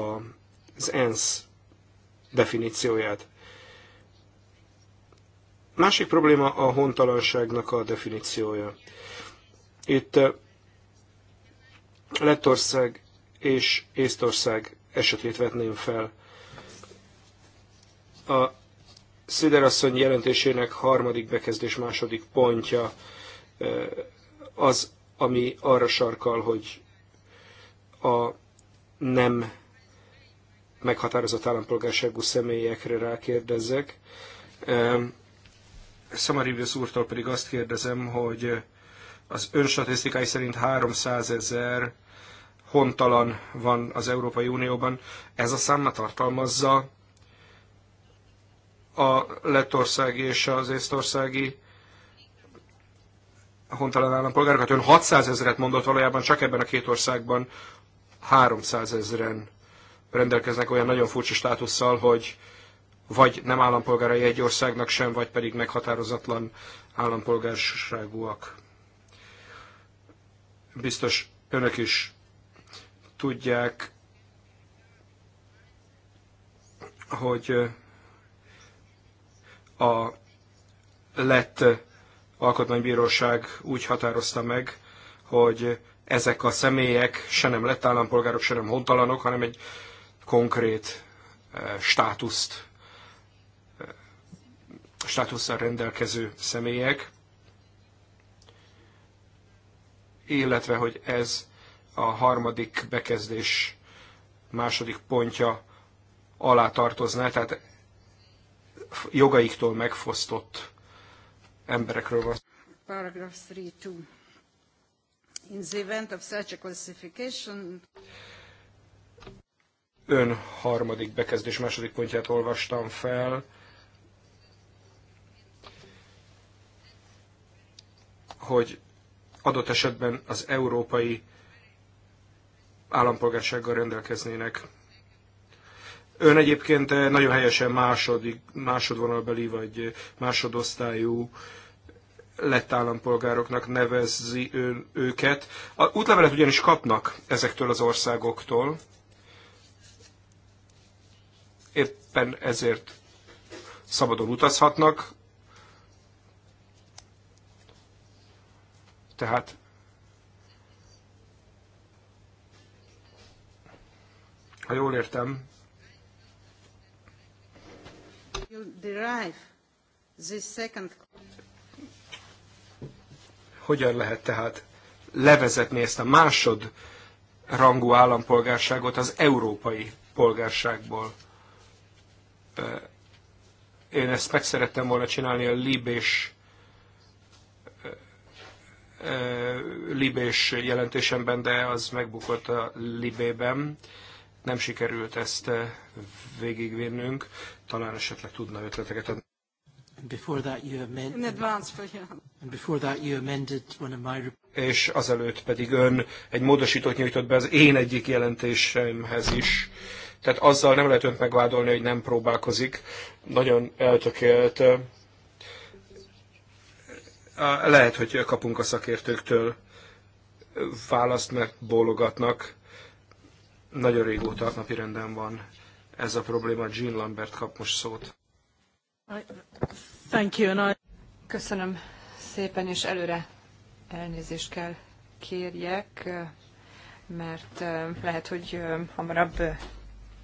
az ENSZ definícióját. Másik probléma a hontalanságnak a definíciója. Itt Lettország és Észtország esetét vetném fel. A Sziderasszony jelentésének harmadik bekezdés második pontja az, ami arra sarkal, hogy a nem meghatározott állampolgárságú személyekre rákérdezzek. Szamaribius úrtól pedig azt kérdezem, hogy az önstatisztikái szerint 300 ezer hontalan van az Európai Unióban. Ez a száma tartalmazza a lettországi és az észtországi hontalan állampolgárokat. Ön 600 ezeret mondott valójában csak ebben a két országban 300 ezeren rendelkeznek olyan nagyon furcsa státusszal, hogy vagy nem állampolgárai egy országnak sem, vagy pedig meghatározatlan állampolgárságúak. Biztos önök is tudják, hogy a lett alkotmánybíróság úgy határozta meg, hogy ezek a személyek se nem lett állampolgárok, se nem hontalanok, hanem egy konkrét eh, státuszt, eh, státusszal rendelkező személyek, illetve hogy ez a harmadik bekezdés második pontja alá tartozná, tehát jogaiktól megfosztott emberekről van. Paragraph 3.2 in the event of such a classification. Ön harmadik bekezdés második pontját olvastam fel. hogy adott esetben az európai állampolgársággal rendelkeznének. Ön egyébként nagyon helyesen második, másodvonalbeli vagy másodosztályú lett állampolgároknak nevezzi ő, őket. A útlevelet ugyanis kapnak ezektől az országoktól. Éppen ezért szabadon utazhatnak. Tehát ha jól értem, hogyan lehet tehát levezetni ezt a másod rangú állampolgárságot az európai polgárságból? Én ezt meg szerettem volna csinálni a libés libés jelentésemben, de az megbukott a libében. Nem sikerült ezt végigvinnünk. Talán esetleg tudna ötleteket adni. És azelőtt pedig ön egy módosítót nyújtott be az én egyik jelentésemhez is. Tehát azzal nem lehet önt megvádolni, hogy nem próbálkozik. Nagyon eltökélt. Lehet, hogy kapunk a szakértőktől választ, mert bólogatnak. Nagyon régóta renden van ez a probléma. Jean Lambert kap most szót. Thank you, and I... Köszönöm szépen, és előre elnézést kell kérjek, mert lehet, hogy hamarabb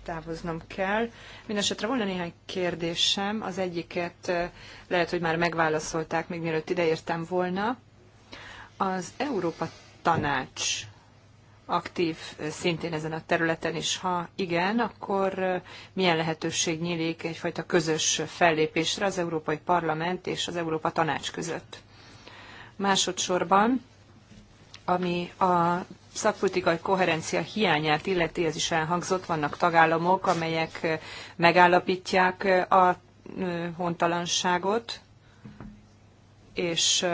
távoznom kell. Mindenesetre volna néhány kérdésem. Az egyiket lehet, hogy már megválaszolták, még mielőtt ideértem volna. Az Európa Tanács aktív szintén ezen a területen is? Ha igen, akkor milyen lehetőség nyílik egyfajta közös fellépésre az Európai Parlament és az Európa Tanács között? Másodszorban, ami a szakpolitikai koherencia hiányát illeti, ez is elhangzott, vannak tagállamok, amelyek megállapítják a hontalanságot, és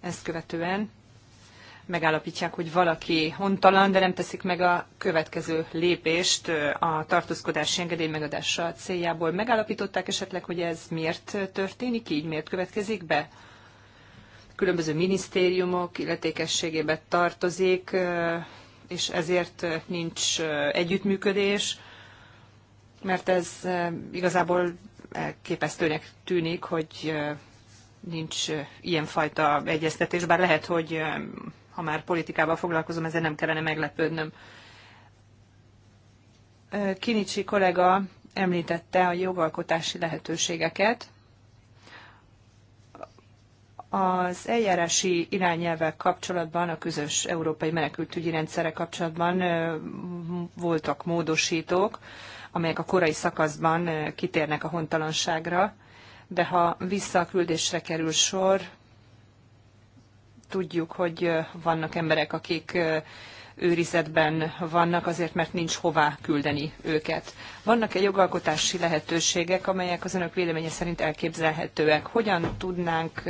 ezt követően megállapítják, hogy valaki hontalan, de nem teszik meg a következő lépést a tartózkodási engedély megadása céljából. Megállapították esetleg, hogy ez miért történik így, miért következik be? Különböző minisztériumok illetékességébe tartozik, és ezért nincs együttműködés, mert ez igazából képesztőnek tűnik, hogy nincs ilyenfajta egyeztetés, bár lehet, hogy ha már politikával foglalkozom, ezzel nem kellene meglepődnöm. Kinicsi kollega említette a jogalkotási lehetőségeket. Az eljárási irányelvek kapcsolatban, a közös európai menekültügyi rendszere kapcsolatban voltak módosítók, amelyek a korai szakaszban kitérnek a hontalanságra, de ha visszaküldésre kerül sor, Tudjuk, hogy vannak emberek, akik őrizetben vannak, azért mert nincs hová küldeni őket. Vannak-e jogalkotási lehetőségek, amelyek az önök véleménye szerint elképzelhetőek? Hogyan tudnánk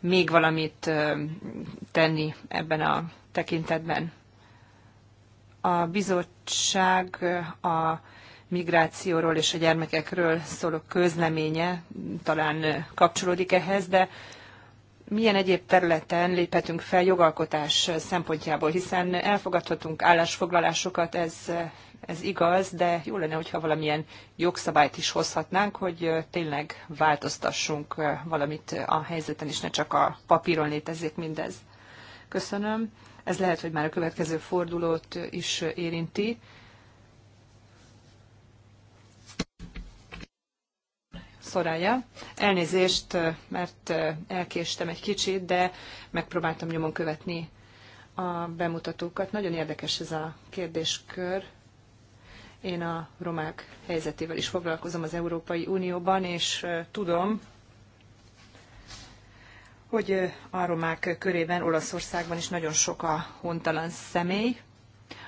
még valamit tenni ebben a tekintetben? A bizottság a migrációról és a gyermekekről szóló közleménye talán kapcsolódik ehhez, de milyen egyéb területen léphetünk fel jogalkotás szempontjából, hiszen elfogadhatunk állásfoglalásokat, ez, ez igaz, de jó lenne, hogyha valamilyen jogszabályt is hozhatnánk, hogy tényleg változtassunk valamit a helyzeten, és ne csak a papíron létezik mindez. Köszönöm. Ez lehet, hogy már a következő fordulót is érinti. Szorája. Elnézést, mert elkéstem egy kicsit, de megpróbáltam nyomon követni a bemutatókat. Nagyon érdekes ez a kérdéskör. Én a romák helyzetével is foglalkozom az Európai Unióban, és tudom, hogy a romák körében Olaszországban is nagyon sok a hontalan személy.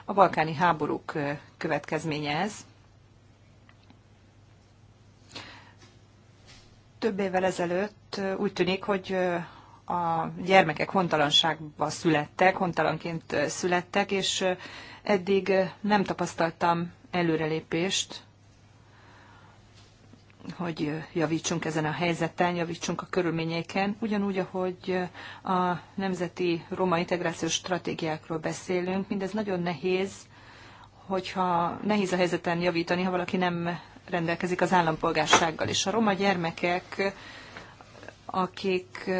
A balkáni háborúk következménye ez. Több évvel ezelőtt úgy tűnik, hogy a gyermekek hontalanságban születtek, hontalanként születtek, és eddig nem tapasztaltam előrelépést, hogy javítsunk ezen a helyzeten, javítsunk a körülményeken, ugyanúgy, ahogy a nemzeti roma integrációs stratégiákról beszélünk, mindez nagyon nehéz, hogyha nehéz a helyzeten javítani, ha valaki nem rendelkezik az állampolgársággal. És a roma gyermekek, akik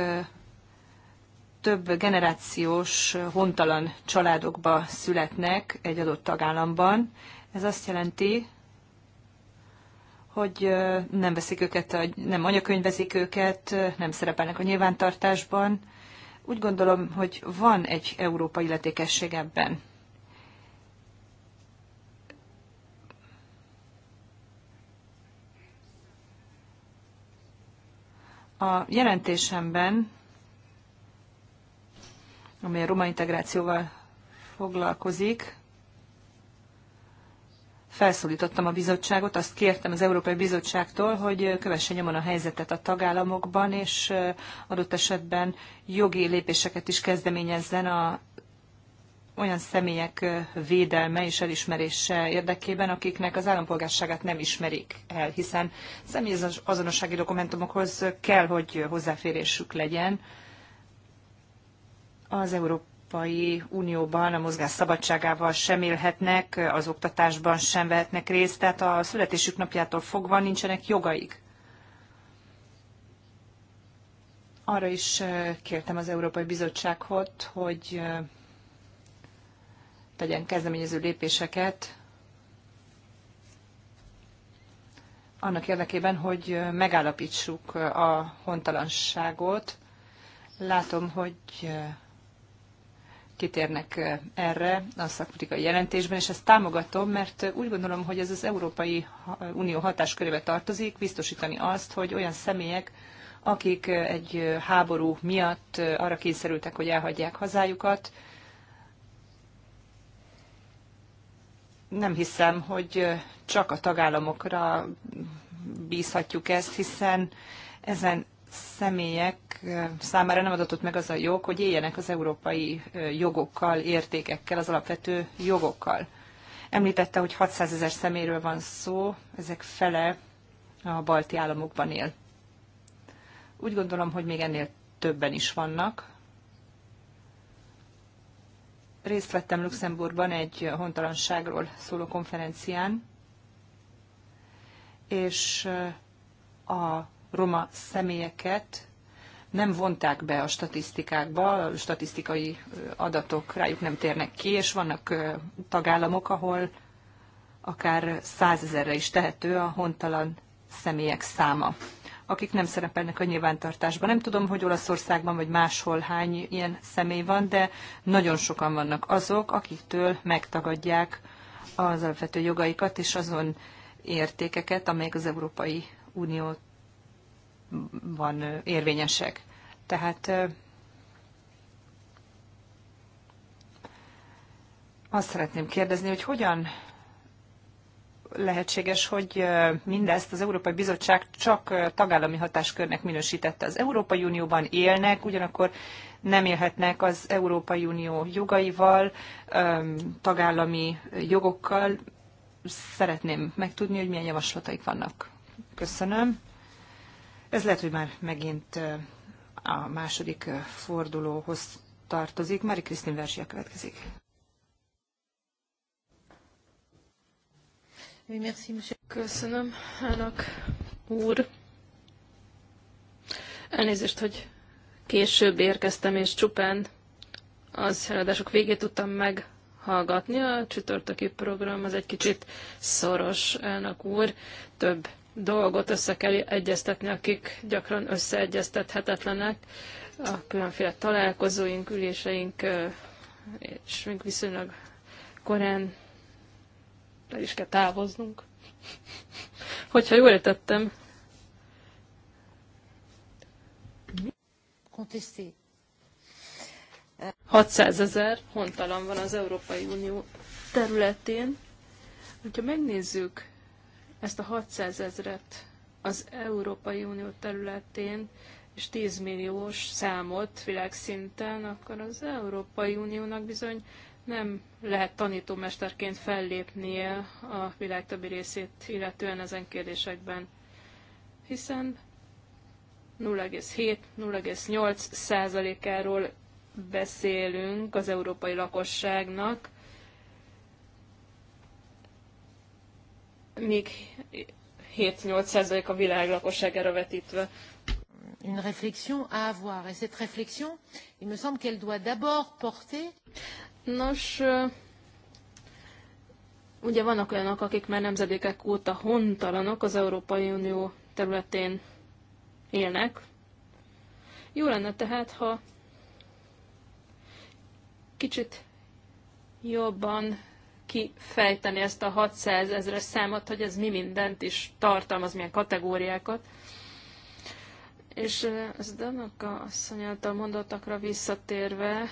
több generációs hontalan családokba születnek egy adott tagállamban, ez azt jelenti, hogy nem veszik őket, nem anyakönyvezik őket, nem szerepelnek a nyilvántartásban. Úgy gondolom, hogy van egy európai illetékesség ebben. A jelentésemben, amely a roma integrációval foglalkozik, felszólítottam a bizottságot, azt kértem az Európai Bizottságtól, hogy kövesse nyomon a helyzetet a tagállamokban, és adott esetben jogi lépéseket is kezdeményezzen a olyan személyek védelme és elismerése érdekében, akiknek az állampolgárságát nem ismerik el, hiszen személyes azonossági dokumentumokhoz kell, hogy hozzáférésük legyen az Európai Európai Unióban a mozgás szabadságával sem élhetnek, az oktatásban sem vehetnek részt, tehát a születésük napjától fogva nincsenek jogaik. Arra is kértem az Európai Bizottságot, hogy tegyen kezdeményező lépéseket annak érdekében, hogy megállapítsuk a hontalanságot. Látom, hogy kitérnek erre a szakpolitikai jelentésben, és ezt támogatom, mert úgy gondolom, hogy ez az Európai Unió hatáskörébe tartozik, biztosítani azt, hogy olyan személyek, akik egy háború miatt arra kényszerültek, hogy elhagyják hazájukat, nem hiszem, hogy csak a tagállamokra bízhatjuk ezt, hiszen ezen személyek számára nem adatott meg az a jog, hogy éljenek az európai jogokkal, értékekkel, az alapvető jogokkal. Említette, hogy 600 ezer szeméről van szó, ezek fele a balti államokban él. Úgy gondolom, hogy még ennél többen is vannak, részt vettem Luxemburgban egy hontalanságról szóló konferencián, és a roma személyeket nem vonták be a statisztikákba, a statisztikai adatok rájuk nem térnek ki, és vannak tagállamok, ahol akár százezerre is tehető a hontalan személyek száma akik nem szerepelnek a nyilvántartásban. Nem tudom, hogy Olaszországban vagy máshol hány ilyen személy van, de nagyon sokan vannak azok, akiktől megtagadják az alapvető jogaikat és azon értékeket, amelyek az Európai Unióban érvényesek. Tehát azt szeretném kérdezni, hogy hogyan lehetséges, hogy mindezt az Európai Bizottság csak tagállami hatáskörnek minősítette. Az Európai Unióban élnek, ugyanakkor nem élhetnek az Európai Unió jogaival, tagállami jogokkal. Szeretném megtudni, hogy milyen javaslataik vannak. Köszönöm. Ez lehet, hogy már megint a második fordulóhoz tartozik. Mari Krisztin Versia következik. Köszönöm, elnök úr. Elnézést, hogy később érkeztem, és csupán az előadások végét tudtam meghallgatni. A csütörtöki program az egy kicsit szoros, elnök úr. Több dolgot össze kell egyeztetni, akik gyakran összeegyeztethetetlenek. A különféle találkozóink, üléseink, és még viszonylag korán el is kell távoznunk. Hogyha jól értettem. Contesté. 600 ezer hontalan van az Európai Unió területén. Hogyha megnézzük ezt a 600 ezret az Európai Unió területén, és 10 milliós számot világszinten, akkor az Európai Uniónak bizony nem lehet tanítómesterként fellépnie a világ többi részét illetően ezen kérdésekben, hiszen 0,7-0,8 százalékáról beszélünk az európai lakosságnak, még 7-8 százalék a világ lakosságára vetítve. Une réflexion à avoir. Et cette réflexion, il me semble qu'elle doit d'abord porter Nos, ugye vannak olyanok, akik már nemzedékek óta hontalanok az Európai Unió területén élnek. Jó lenne tehát, ha kicsit jobban kifejteni ezt a 600 ezres számot, hogy ez mi mindent is tartalmaz, milyen kategóriákat. És az Danaka asszonyáltal mondottakra visszatérve,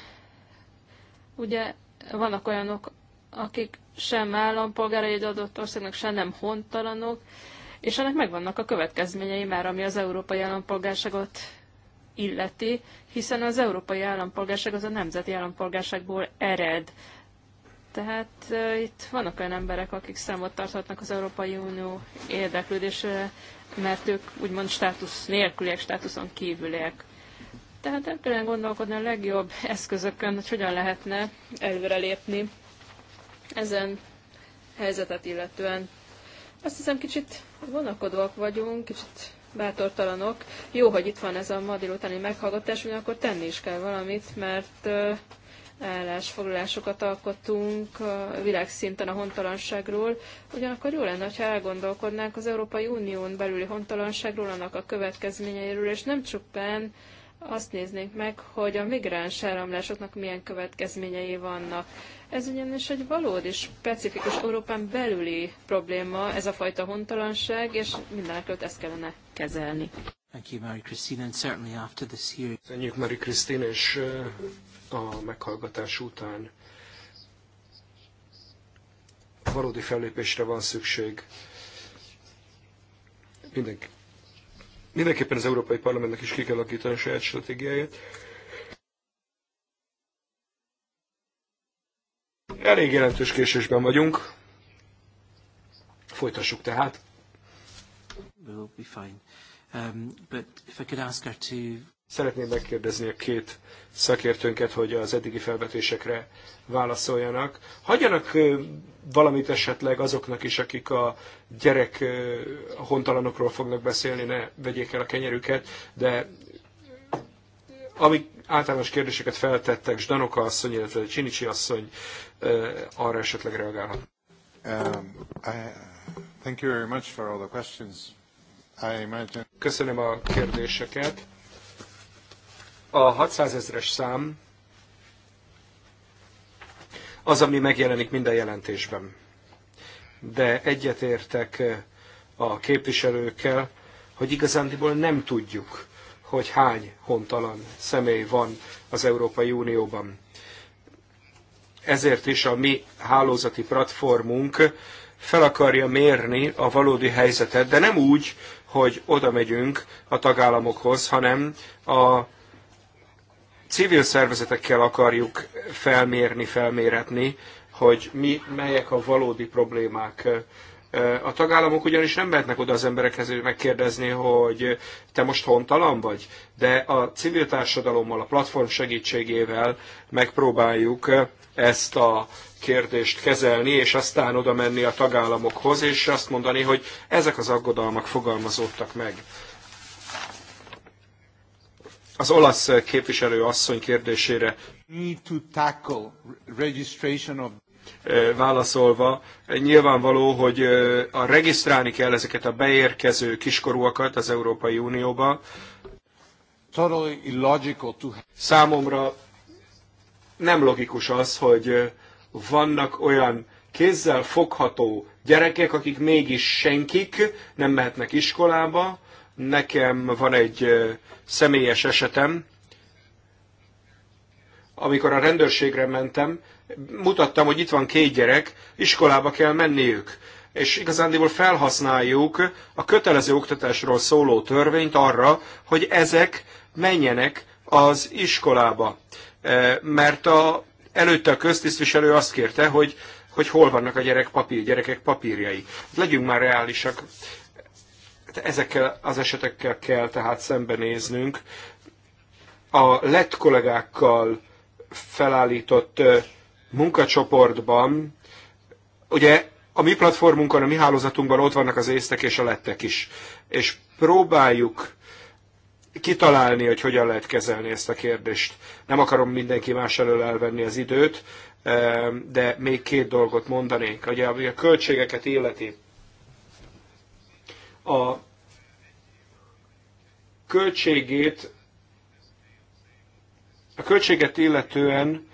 Ugye vannak olyanok, akik sem állampolgára egy adott országnak, sem nem hontalanok, és ennek megvannak a következményei már, ami az európai állampolgárságot illeti, hiszen az európai állampolgárság az a nemzeti állampolgárságból ered. Tehát uh, itt vannak olyan emberek, akik számot tarthatnak az Európai Unió érdeklődésre, mert ők úgymond státusz nélküliek, státuszon kívüliek. Tehát el kellene gondolkodni a legjobb eszközökön, hogy hogyan lehetne előrelépni ezen helyzetet illetően. Azt hiszem, kicsit vonakodóak vagyunk, kicsit bátortalanok. Jó, hogy itt van ez a ma délutáni meghallgatás, akkor tenni is kell valamit, mert állásfoglalásokat alkottunk világszinten a hontalanságról. Ugyanakkor jó lenne, ha elgondolkodnánk az Európai Unión belüli hontalanságról, annak a következményeiről, és nem csupán azt néznénk meg, hogy a migráns áramlásoknak milyen következményei vannak. Ez ugyanis egy valódi, specifikus Európán belüli probléma, ez a fajta hontalanság, és mindenekről ezt kellene kezelni. Mary Christine, Köszönjük, Mary Christine, és uh, a meghallgatás után valódi fellépésre van szükség. Mindenki Mindenképpen az Európai Parlamentnek is ki kell alakítani a saját stratégiáját. Elég jelentős késésben vagyunk. Folytassuk tehát. We'll be fine. Um, but if I could ask her to Szeretném megkérdezni a két szakértőnket, hogy az eddigi felvetésekre válaszoljanak. Hagyjanak valamit esetleg azoknak is, akik a gyerek hontalanokról fognak beszélni, ne vegyék el a kenyerüket, de amik általános kérdéseket feltettek, Zsdanoka asszony, illetve Csinicsi asszony, arra esetleg reagálhat. Um, I, thank you very much for all the questions. I imagine... Köszönöm a kérdéseket a 600 ezres szám az, ami megjelenik minden jelentésben. De egyetértek eh, a képviselőkkel, hogy igazándiból nem tudjuk, hogy hány hontalan személy van az Európai Unióban. Ezért is a mi hálózati platformunk fel akarja mérni a valódi helyzetet, de nem úgy, hogy oda megyünk a tagállamokhoz, hanem a civil szervezetekkel akarjuk felmérni, felméretni, hogy mi, melyek a valódi problémák. A tagállamok ugyanis nem mehetnek oda az emberekhez megkérdezni, hogy te most hontalan vagy, de a civil társadalommal, a platform segítségével megpróbáljuk ezt a kérdést kezelni, és aztán oda menni a tagállamokhoz, és azt mondani, hogy ezek az aggodalmak fogalmazódtak meg az olasz képviselő asszony kérdésére eh, válaszolva, eh, nyilvánvaló, hogy eh, a regisztrálni kell ezeket a beérkező kiskorúakat az Európai Unióba. Számomra nem logikus az, hogy vannak olyan kézzel fogható gyerekek, akik mégis senkik, nem mehetnek iskolába, Nekem van egy személyes esetem, amikor a rendőrségre mentem, mutattam, hogy itt van két gyerek, iskolába kell menniük. És igazándiból felhasználjuk a kötelező oktatásról szóló törvényt arra, hogy ezek menjenek az iskolába. Mert a, előtte a köztisztviselő azt kérte, hogy hogy hol vannak a gyerek papír, gyerekek papírjai. Legyünk már reálisak. Hát ezekkel az esetekkel kell tehát szembenéznünk. A lett kollégákkal felállított munkacsoportban, ugye a mi platformunkon, a mi hálózatunkban ott vannak az észtek és a lettek is. És próbáljuk kitalálni, hogy hogyan lehet kezelni ezt a kérdést. Nem akarom mindenki más elől elvenni az időt, de még két dolgot mondanék. Ugye, a költségeket illeti, a költségét, a költséget illetően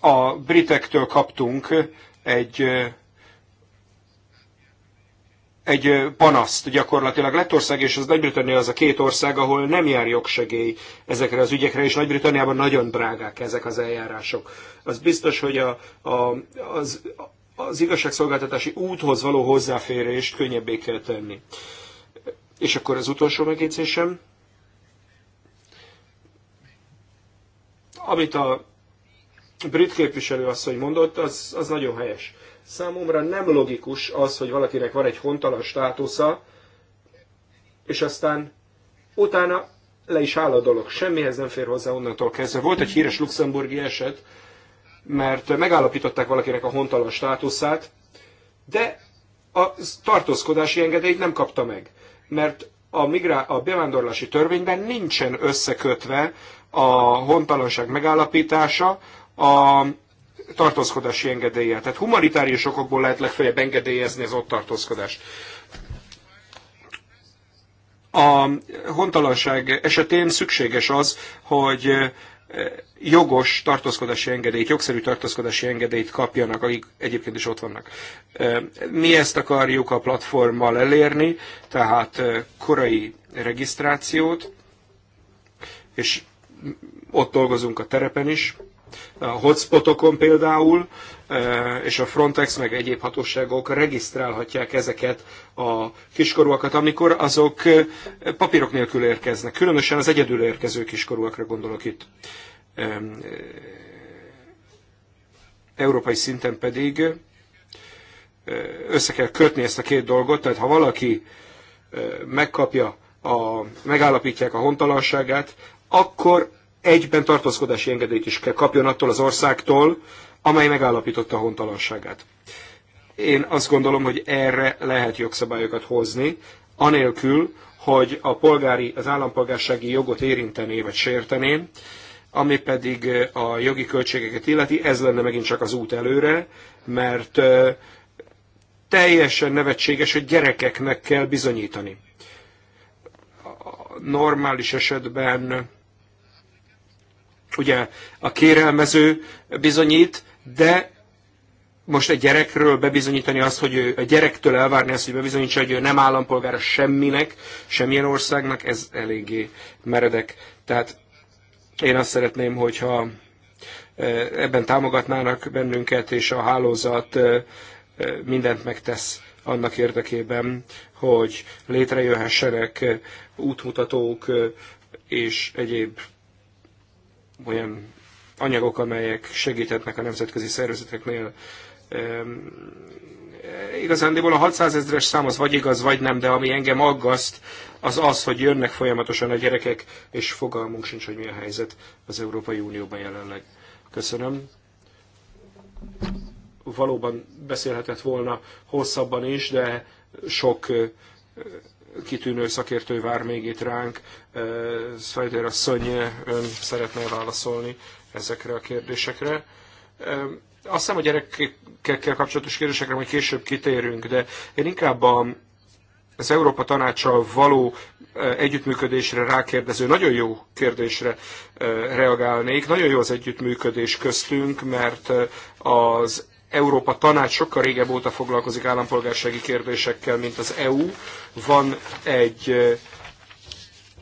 a britektől kaptunk egy egy panaszt gyakorlatilag. Lettország és az Nagy-Britannia az a két ország, ahol nem jár jogsegély ezekre az ügyekre, és Nagy-Britanniában nagyon drágák ezek az eljárások. Az biztos, hogy a, a, az, az igazságszolgáltatási úthoz való hozzáférést könnyebbé kell tenni. És akkor az utolsó megjegyzésem, amit a brit képviselő asszony mondott, az, az nagyon helyes. Számomra nem logikus az, hogy valakinek van egy hontalan státusza, és aztán utána le is áll a dolog. Semmihez nem fér hozzá onnantól kezdve. Volt egy híres luxemburgi eset, mert megállapították valakinek a hontalan státuszát, de a tartózkodási engedélyt nem kapta meg, mert a, migrá- a bevándorlási törvényben nincsen összekötve a hontalanság megállapítása a tartózkodási engedélye. Tehát humanitárius okokból lehet legfeljebb engedélyezni az ott tartózkodást. A hontalanság esetén szükséges az, hogy jogos tartózkodási engedélyt, jogszerű tartózkodási engedélyt kapjanak, akik egyébként is ott vannak. Mi ezt akarjuk a platformmal elérni, tehát korai regisztrációt, és ott dolgozunk a terepen is, a hotspotokon például, e, és a Frontex meg egyéb hatóságok regisztrálhatják ezeket a kiskorúakat, amikor azok e, papírok nélkül érkeznek, különösen az egyedül érkező kiskorúakra gondolok itt. E, európai szinten pedig össze kell kötni ezt a két dolgot, tehát ha valaki megkapja, a, megállapítják a hontalanságát, akkor egyben tartózkodási engedélyt is kell kapjon attól az országtól, amely megállapította hontalanságát. Én azt gondolom, hogy erre lehet jogszabályokat hozni, anélkül, hogy a polgári, az állampolgársági jogot érintené vagy sértené, ami pedig eh, a jogi költségeket illeti, ez lenne megint csak az út előre, mert eh, teljesen nevetséges, hogy gyerekeknek kell bizonyítani. A normális esetben ugye a kérelmező bizonyít, de most egy gyerekről bebizonyítani azt, hogy ő, a gyerektől elvárni azt, hogy bebizonyítsa, hogy ő nem állampolgára semminek, semmilyen országnak, ez eléggé meredek. Tehát én azt szeretném, hogyha e, ebben támogatnának bennünket, és a hálózat e, e, mindent megtesz annak érdekében, hogy létrejöhessenek útmutatók és egyéb olyan anyagok, amelyek segíthetnek a nemzetközi szervezeteknél. Igazándiból a 600 ezres szám az vagy igaz, vagy nem, de ami engem aggaszt, az az, hogy jönnek folyamatosan a gyerekek, és fogalmunk sincs, hogy mi a helyzet az Európai Unióban jelenleg. Köszönöm. Valóban beszélhetett volna hosszabban is, de sok kitűnő szakértő vár még itt ránk. Szajdér asszony, ön szeretne válaszolni ezekre a kérdésekre. Azt hiszem, a gyerekekkel kapcsolatos kérdésekre majd később kitérünk, de én inkább a, az Európa tanácsal való együttműködésre rákérdező nagyon jó kérdésre reagálnék. Nagyon jó az együttműködés köztünk, mert az Európa Tanács sokkal régebb óta foglalkozik állampolgársági kérdésekkel, mint az EU. Van egy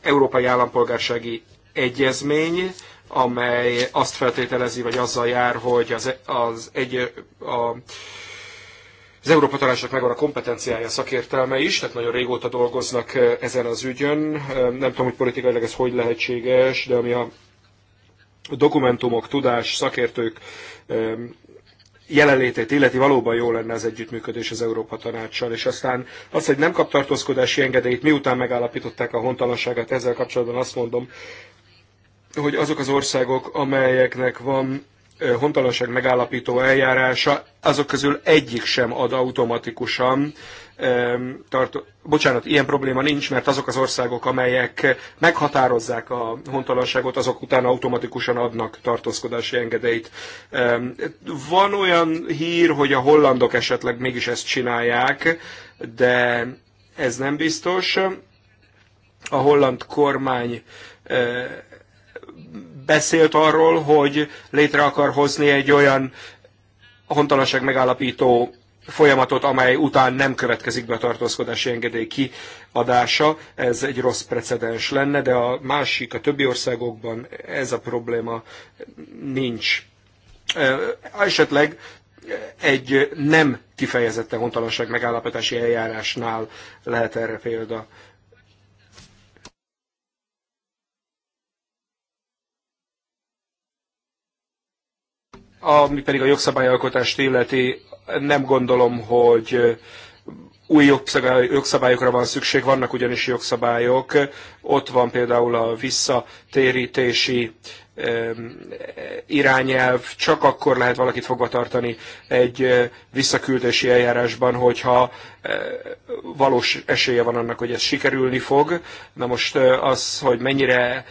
európai állampolgársági egyezmény, amely azt feltételezi, vagy azzal jár, hogy az, e, az egy, a, az Európa Tanácsnak megvan a kompetenciája, szakértelme is, tehát nagyon régóta dolgoznak ezen az ügyön. Nem tudom, hogy politikailag ez hogy lehetséges, de ami a dokumentumok, tudás, szakértők jelenlétét illeti, valóban jó lenne az együttműködés az Európa Tanácssal, és aztán az, hogy nem kap tartózkodási engedélyt, miután megállapították a hontalanságát, ezzel kapcsolatban azt mondom, hogy azok az országok, amelyeknek van hontalanság megállapító eljárása, azok közül egyik sem ad automatikusan tartó, bocsánat, ilyen probléma nincs, mert azok az országok, amelyek meghatározzák a hontalanságot, azok utána automatikusan adnak tartózkodási engedélyt. Van olyan hír, hogy a hollandok esetleg mégis ezt csinálják, de ez nem biztos. A holland kormány beszélt arról, hogy létre akar hozni egy olyan hontalanság megállapító folyamatot, amely után nem következik be a tartózkodási engedély kiadása. Ez egy rossz precedens lenne, de a másik, a többi országokban ez a probléma nincs. Esetleg egy nem kifejezetten hontalanság megállapítási eljárásnál lehet erre példa. Ami pedig a jogszabályalkotást illeti, nem gondolom, hogy új jogszabályokra van szükség, vannak ugyanis jogszabályok, ott van például a visszatérítési irányelv, csak akkor lehet valakit fogva tartani egy visszaküldési eljárásban, hogyha valós esélye van annak, hogy ez sikerülni fog. Na most az, hogy mennyire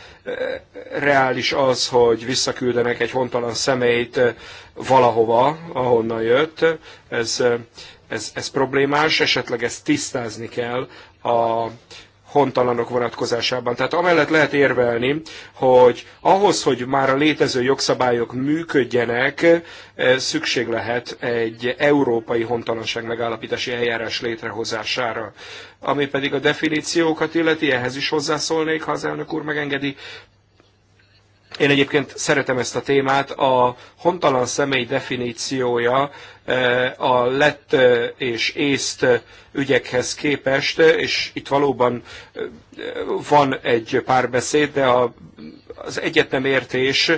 reális az, hogy visszaküldenek egy hontalan személyt valahova, ahonnan jött, ez ez, ez problémás, esetleg ezt tisztázni kell a hontalanok vonatkozásában. Tehát amellett lehet érvelni, hogy ahhoz, hogy már a létező jogszabályok működjenek, eh, szükség lehet egy európai hontalanság megállapítási eljárás létrehozására. Ami pedig a definíciókat illeti, ehhez is hozzászólnék, ha az elnök úr megengedi. Én egyébként szeretem ezt a témát. A hontalan személy definíciója a lett és észt ügyekhez képest, és itt valóban van egy párbeszéd, de az egyet nem értés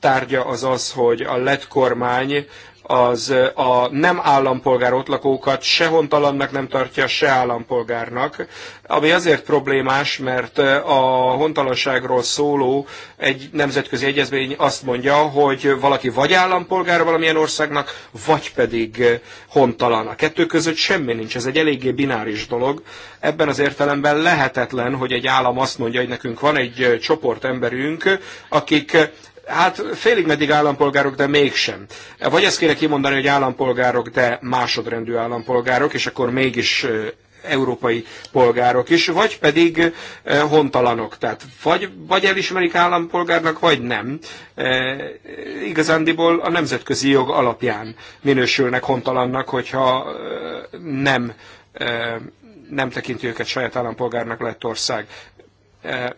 tárgya az az, hogy a lett kormány az a nem állampolgár ott lakókat se hontalannak nem tartja, se állampolgárnak, ami azért problémás, mert a hontalanságról szóló egy nemzetközi egyezmény azt mondja, hogy valaki vagy állampolgár valamilyen országnak, vagy pedig hontalan. A kettő között semmi nincs, ez egy eléggé bináris dolog. Ebben az értelemben lehetetlen, hogy egy állam azt mondja, hogy nekünk van egy csoport emberünk, akik hát félig meddig állampolgárok, de mégsem. Vagy ezt kéne kimondani, hogy állampolgárok, de másodrendű állampolgárok, és akkor mégis európai polgárok is, vagy pedig hontalanok. Tehát vagy, vagy elismerik állampolgárnak, vagy nem. E, igazándiból a nemzetközi jog alapján minősülnek hontalannak, hogyha nem, nem tekinti őket saját állampolgárnak lett ország. E,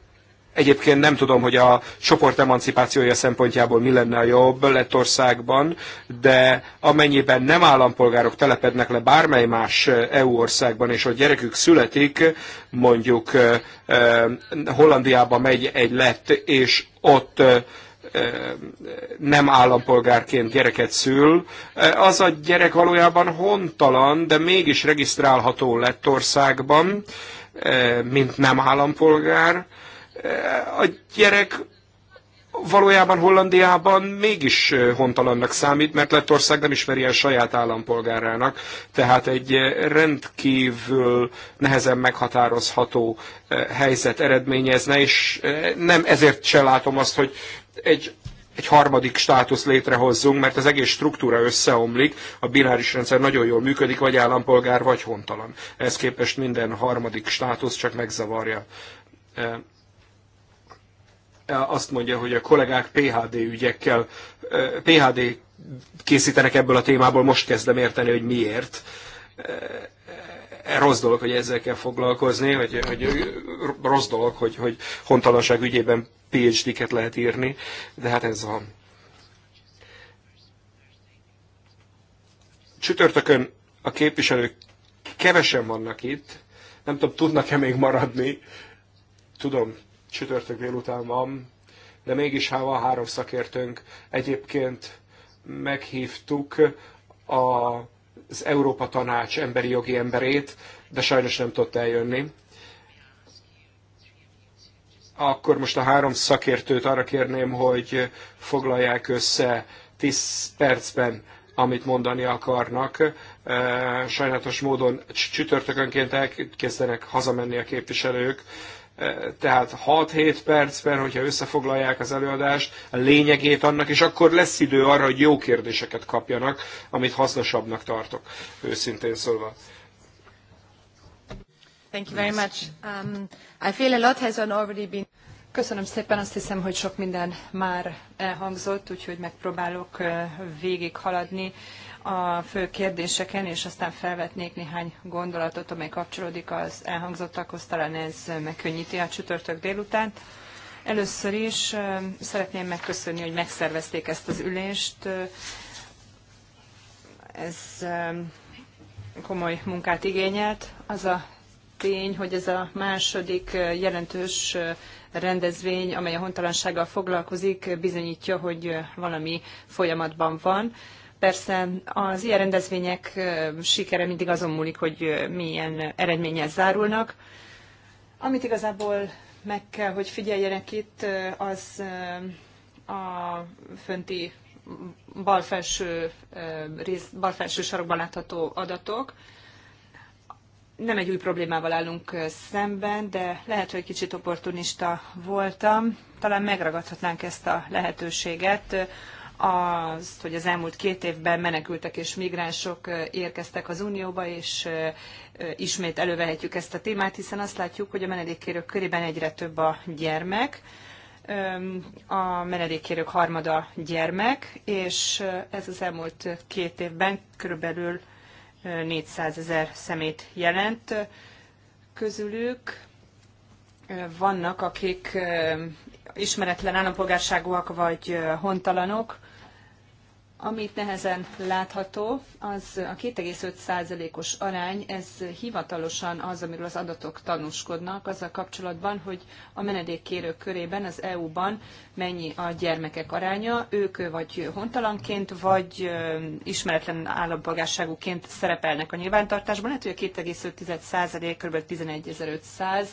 Egyébként nem tudom, hogy a csoport emancipációja szempontjából mi lenne a jobb Lettországban, de amennyiben nem állampolgárok telepednek le bármely más EU eh, e országban, és a gyerekük születik, mondjuk eh, eh, Hollandiába megy egy lett, és ott nem állampolgárként gyereket szül, az a gyerek valójában hontalan, de mégis regisztrálható Lettországban, mint nem állampolgár, a gyerek valójában Hollandiában mégis hontalannak számít, mert Lettország nem ismeri el saját állampolgárának, tehát egy rendkívül nehezen meghatározható helyzet eredményezne, és nem ezért se látom azt, hogy egy egy harmadik státusz létrehozzunk, mert az egész struktúra összeomlik, a bináris rendszer nagyon jól működik, vagy állampolgár, vagy hontalan. Ez képest minden harmadik státusz csak megzavarja azt mondja, hogy a kollégák PHD ügyekkel, PHD készítenek ebből a témából, most kezdem érteni, hogy miért. E, rossz dolog, hogy ezzel kell foglalkozni, hogy, hogy rossz dolog, hogy, hogy hontalanság ügyében PhD-ket lehet írni, de hát ez van. Csütörtökön a képviselők kevesen vannak itt, nem tudom, tudnak-e még maradni, tudom, csütörtök délután van, de mégis van három szakértőnk. Egyébként meghívtuk a, az Európa Tanács emberi jogi emberét, de sajnos nem tudott eljönni. Akkor most a három szakértőt arra kérném, hogy foglalják össze 10 percben, amit mondani akarnak. Sajnálatos módon csütörtökönként elkezdenek hazamenni a képviselők, tehát 6-7 percben, hogyha összefoglalják az előadást, a lényegét annak, és akkor lesz idő arra, hogy jó kérdéseket kapjanak, amit hasznosabbnak tartok, őszintén szólva. Thank you very much. Um, I feel a lot has already been... Köszönöm szépen, azt hiszem, hogy sok minden már elhangzott, úgyhogy megpróbálok végighaladni a fő kérdéseken, és aztán felvetnék néhány gondolatot, amely kapcsolódik az elhangzottakhoz, talán ez megkönnyíti a csütörtök délutánt. Először is szeretném megköszönni, hogy megszervezték ezt az ülést. Ez komoly munkát igényelt. Az a tény, hogy ez a második jelentős rendezvény, amely a hontalansággal foglalkozik, bizonyítja, hogy valami folyamatban van. Persze az ilyen rendezvények sikere mindig azon múlik, hogy milyen eredménnyel zárulnak. Amit igazából meg kell, hogy figyeljenek itt, az a fönti bal felső, rész, bal felső sarokban látható adatok. Nem egy új problémával állunk szemben, de lehet, hogy kicsit opportunista voltam. Talán megragadhatnánk ezt a lehetőséget azt, hogy az elmúlt két évben menekültek és migránsok érkeztek az Unióba, és ismét elővehetjük ezt a témát, hiszen azt látjuk, hogy a menedékkérők körében egyre több a gyermek, a menedékkérők harmada gyermek, és ez az elmúlt két évben körülbelül 400 ezer szemét jelent. Közülük vannak, akik ismeretlen állampolgárságúak vagy hontalanok, amit nehezen látható, az a 2,5%-os arány, ez hivatalosan az, amiről az adatok tanúskodnak, azzal kapcsolatban, hogy a menedékkérők körében az EU-ban mennyi a gyermekek aránya, ők vagy hontalanként, vagy ismeretlen állampolgárságúként szerepelnek a nyilvántartásban, lehet, hogy a 2,5% kb. 11.500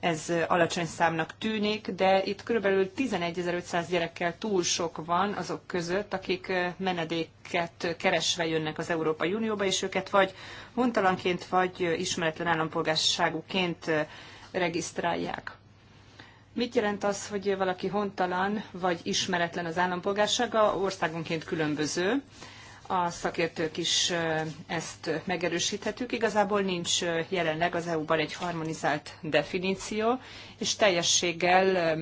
ez alacsony számnak tűnik, de itt kb. 11.500 gyerekkel túl sok van azok között, akik menedéket keresve jönnek az Európai Unióba, és őket vagy hontalanként, vagy ismeretlen állampolgárságúként regisztrálják. Mit jelent az, hogy valaki hontalan vagy ismeretlen az állampolgársága? Országonként különböző a szakértők is ezt megerősíthetők, Igazából nincs jelenleg az EU-ban egy harmonizált definíció, és teljességgel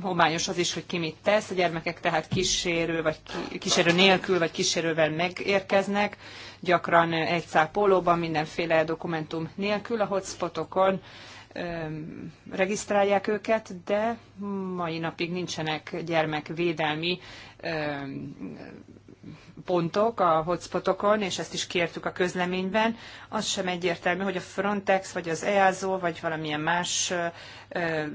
homályos az is, hogy ki mit tesz. A gyermekek tehát kísérő, vagy kísérő nélkül, vagy kísérővel megérkeznek, gyakran egy szál pólóban, mindenféle dokumentum nélkül a hotspotokon regisztrálják őket, de mai napig nincsenek gyermekvédelmi pontok a hotspotokon, és ezt is kértük a közleményben, az sem egyértelmű, hogy a Frontex, vagy az EASO, vagy valamilyen más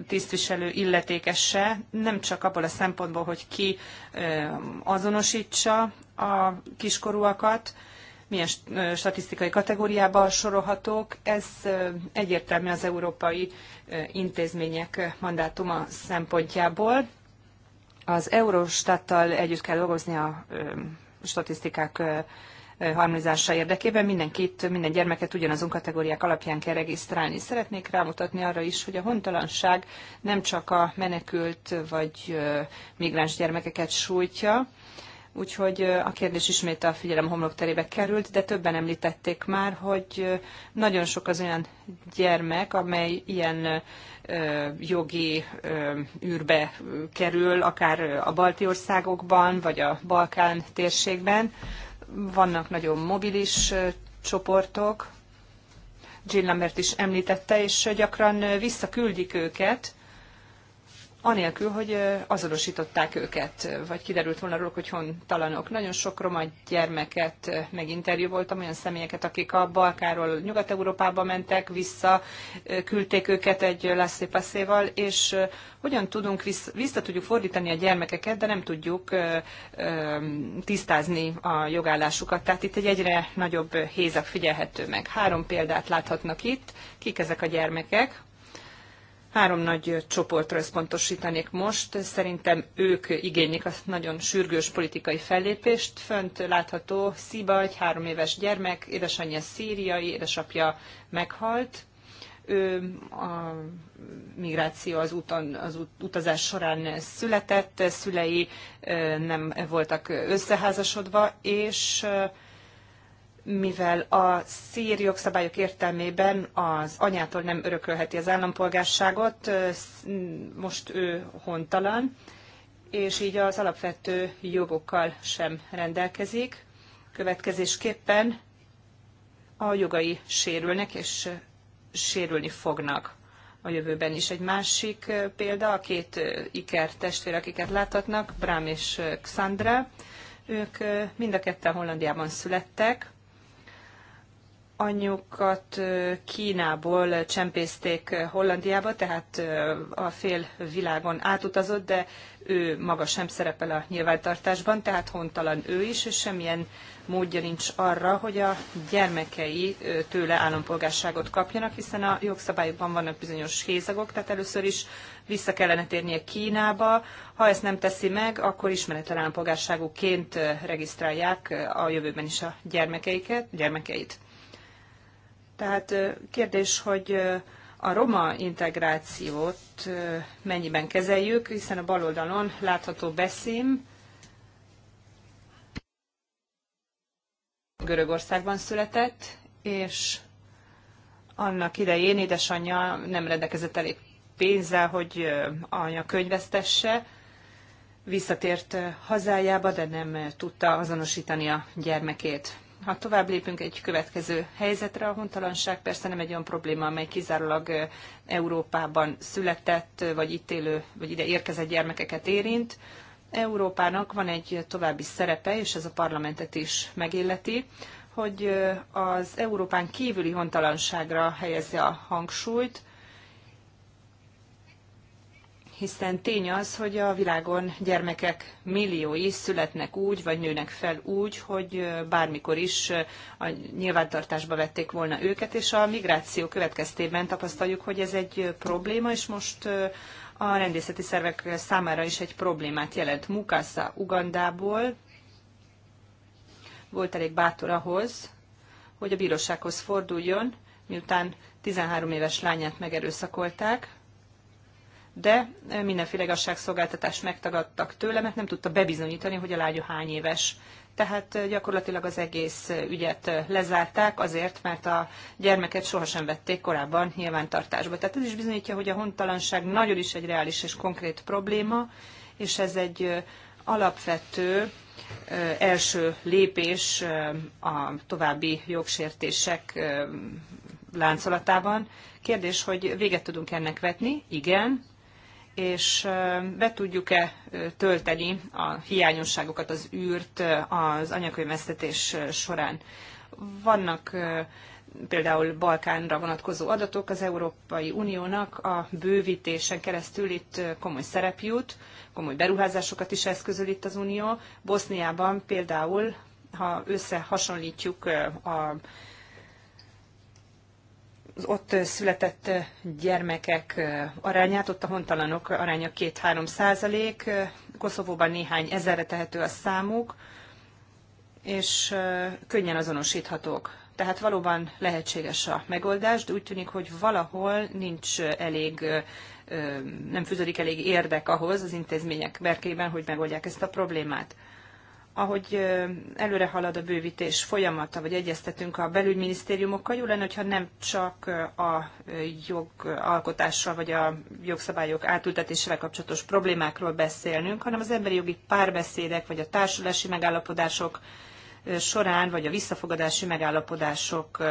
tisztviselő illetékese, nem csak abból a szempontból, hogy ki azonosítsa a kiskorúakat, milyen statisztikai kategóriába sorolhatók. Ez egyértelmű az európai intézmények mandátuma szempontjából. Az Eurostattal együtt kell dolgozni a statisztikák harmonizása érdekében mindenkit, minden gyermeket ugyanazon kategóriák alapján kell regisztrálni. Szeretnék rámutatni arra is, hogy a hontalanság nem csak a menekült vagy migráns gyermekeket sújtja, úgyhogy a kérdés ismét a figyelem homlokterébe került, de többen említették már, hogy nagyon sok az olyan gyermek, amely ilyen jogi űrbe kerül, akár a balti országokban, vagy a Balkán térségben. Vannak nagyon mobilis csoportok, Jill Lambert is említette, és gyakran visszaküldik őket, anélkül, hogy azonosították őket, vagy kiderült volna róluk, hogy hontalanok. Nagyon sok roma gyermeket meginterjú voltam, olyan személyeket, akik a Balkáról Nyugat-Európába mentek, vissza küldték őket egy lászépaszéval, és hogyan tudunk, vissza, vissza tudjuk fordítani a gyermekeket, de nem tudjuk tisztázni a jogállásukat. Tehát itt egy egyre nagyobb hézak figyelhető meg. Három példát láthatnak itt, kik ezek a gyermekek, Három nagy csoportra összpontosítanék most. Szerintem ők igénylik a nagyon sürgős politikai fellépést. Fönt látható Sziba, egy három éves gyermek, édesanyja szíriai, édesapja meghalt. Ő a migráció az, úton, az utazás során született, szülei nem voltak összeházasodva, és mivel a szír jogszabályok értelmében az anyától nem örökölheti az állampolgárságot, most ő hontalan, és így az alapvető jogokkal sem rendelkezik. Következésképpen a jogai sérülnek, és sérülni fognak a jövőben is. Egy másik példa, a két iker testvér, akiket láthatnak, Brám és Xandra, ők mind a ketten Hollandiában születtek, anyukat Kínából csempészték Hollandiába, tehát a fél világon átutazott, de ő maga sem szerepel a nyilvántartásban, tehát hontalan ő is, és semmilyen módja nincs arra, hogy a gyermekei tőle állampolgárságot kapjanak, hiszen a jogszabályokban vannak bizonyos hézagok, tehát először is vissza kellene térnie Kínába. Ha ezt nem teszi meg, akkor ismeretlen állampolgárságúként regisztrálják a jövőben is a gyermekeiket, gyermekeit. Tehát kérdés, hogy a roma integrációt mennyiben kezeljük, hiszen a baloldalon látható beszím, Görögországban született, és annak idején édesanyja nem rendelkezett elég pénzzel, hogy anya könyvesztesse. Visszatért hazájába, de nem tudta azonosítani a gyermekét ha tovább lépünk egy következő helyzetre, a hontalanság persze nem egy olyan probléma, amely kizárólag Európában született, vagy itt élő, vagy ide érkezett gyermekeket érint. Európának van egy további szerepe, és ez a parlamentet is megilleti, hogy az Európán kívüli hontalanságra helyezze a hangsúlyt, hiszen tény az, hogy a világon gyermekek milliói születnek úgy, vagy nőnek fel úgy, hogy bármikor is a nyilvántartásba vették volna őket, és a migráció következtében tapasztaljuk, hogy ez egy probléma, és most a rendészeti szervek számára is egy problémát jelent. Mukasa Ugandából volt elég bátor ahhoz, hogy a bírósághoz forduljon, miután 13 éves lányát megerőszakolták, de mindenféle igazságszolgáltatást megtagadtak tőle, mert nem tudta bebizonyítani, hogy a lánya hány éves. Tehát eh, gyakorlatilag az egész eh, ügyet eh, lezárták azért, mert a gyermeket sohasem vették korábban nyilvántartásba. Tehát ez is bizonyítja, hogy a hontalanság nagyon is egy reális és konkrét probléma, és ez egy alapvető első lépés a további jogsértések láncolatában. Kérdés, hogy véget tudunk ennek vetni? Igen, és be tudjuk-e tölteni a hiányosságokat, az űrt az anyakönyvesztetés során. Vannak például Balkánra vonatkozó adatok az Európai Uniónak a bővítésen keresztül itt komoly szerep jut, komoly beruházásokat is eszközöl itt az Unió. Boszniában például, ha összehasonlítjuk a az ott született gyermekek arányát, ott a hontalanok aránya 2-3 százalék, Koszovóban néhány ezerre tehető a számuk, és könnyen azonosíthatók. Tehát valóban lehetséges a megoldás, de úgy tűnik, hogy valahol nincs elég, nem fűződik elég érdek ahhoz az intézmények berkében, hogy megoldják ezt a problémát ahogy előre halad a bővítés folyamata, vagy egyeztetünk a belügyminisztériumokkal, jó lenne, hogyha nem csak a jogalkotással, vagy a jogszabályok átültetésével kapcsolatos problémákról beszélnünk, hanem az emberi jogi párbeszédek, vagy a társulási megállapodások során, vagy a visszafogadási megállapodások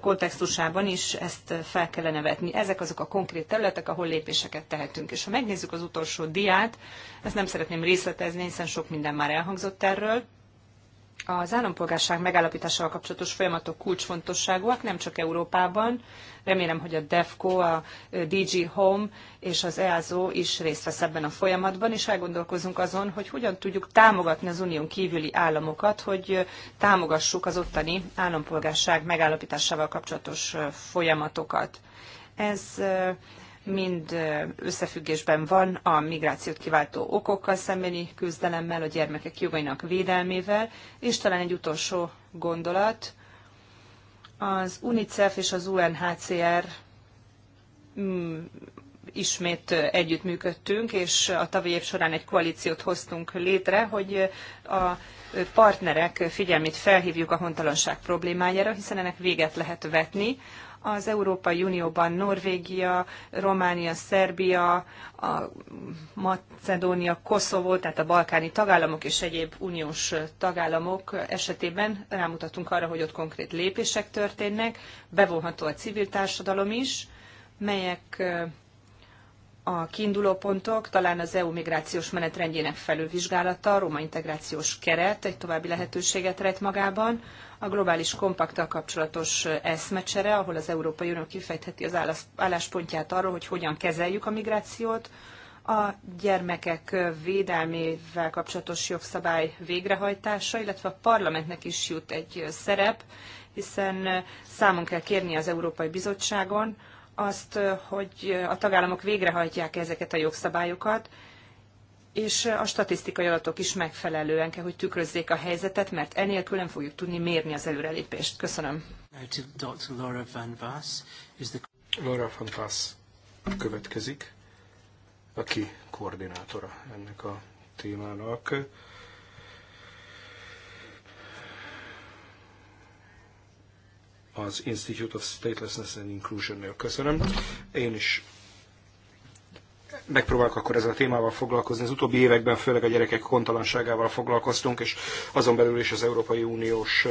kontextusában is ezt fel kellene vetni. Ezek azok a konkrét területek, ahol lépéseket tehetünk. És ha megnézzük az utolsó diát, ezt nem szeretném részletezni, hiszen sok minden már elhangzott erről, az állampolgárság megállapításával kapcsolatos folyamatok kulcsfontosságúak, nem csak Európában. Remélem, hogy a DEFCO, a DG Home és az EASO is részt vesz ebben a folyamatban, és elgondolkozunk azon, hogy hogyan tudjuk támogatni az unión kívüli államokat, hogy támogassuk az ottani állampolgárság megállapításával kapcsolatos folyamatokat. Ez mind összefüggésben van a migrációt kiváltó okokkal szembeni küzdelemmel, a gyermekek jogainak védelmével, és talán egy utolsó gondolat, az UNICEF és az UNHCR mm, ismét együttműködtünk, és a tavalyi év során egy koalíciót hoztunk létre, hogy a partnerek figyelmét felhívjuk a hontalanság problémájára, hiszen ennek véget lehet vetni. Az Európai Unióban Norvégia, Románia, Szerbia, a Macedónia, Koszovó, tehát a balkáni tagállamok és egyéb uniós tagállamok esetében rámutatunk arra, hogy ott konkrét lépések történnek, bevonható a civil társadalom is, melyek a kiinduló pontok, talán az EU migrációs menetrendjének felülvizsgálata, a roma integrációs keret egy további lehetőséget rejt magában, a globális kompakttal kapcsolatos eszmecsere, ahol az Európai Unió kifejtheti az álláspontját arról, hogy hogyan kezeljük a migrációt, a gyermekek védelmével kapcsolatos jogszabály végrehajtása, illetve a parlamentnek is jut egy szerep, hiszen számon kell kérni az Európai Bizottságon, azt, hogy a tagállamok végrehajtják ezeket a jogszabályokat, és a statisztikai adatok is megfelelően kell, hogy tükrözzék a helyzetet, mert enélkül nem fogjuk tudni mérni az előrelépést. Köszönöm. Laura van Vass, the... Laura van Vass következik, aki koordinátora ennek a témának. az Institute of Statelessness and Inclusion-nél. Köszönöm. Én is megpróbálok akkor ezzel a témával foglalkozni. Az utóbbi években főleg a gyerekek kontalanságával foglalkoztunk, és azon belül is az Európai Uniós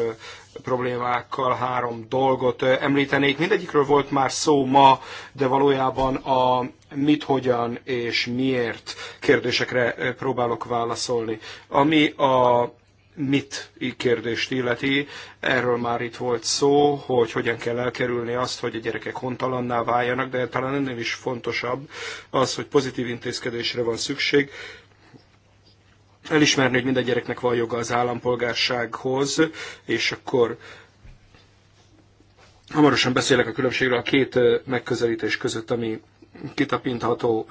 problémákkal három dolgot említenék. Mindegyikről volt már szó ma, de valójában a mit, hogyan és miért kérdésekre próbálok válaszolni. Ami a mit kérdést illeti. Erről már itt volt szó, hogy hogyan kell elkerülni azt, hogy a gyerekek hontalanná váljanak, de talán ennél is fontosabb az, hogy pozitív intézkedésre van szükség. Elismerni, hogy minden gyereknek van joga az állampolgársághoz, és akkor hamarosan beszélek a különbségről a két megközelítés között, ami kitapintható.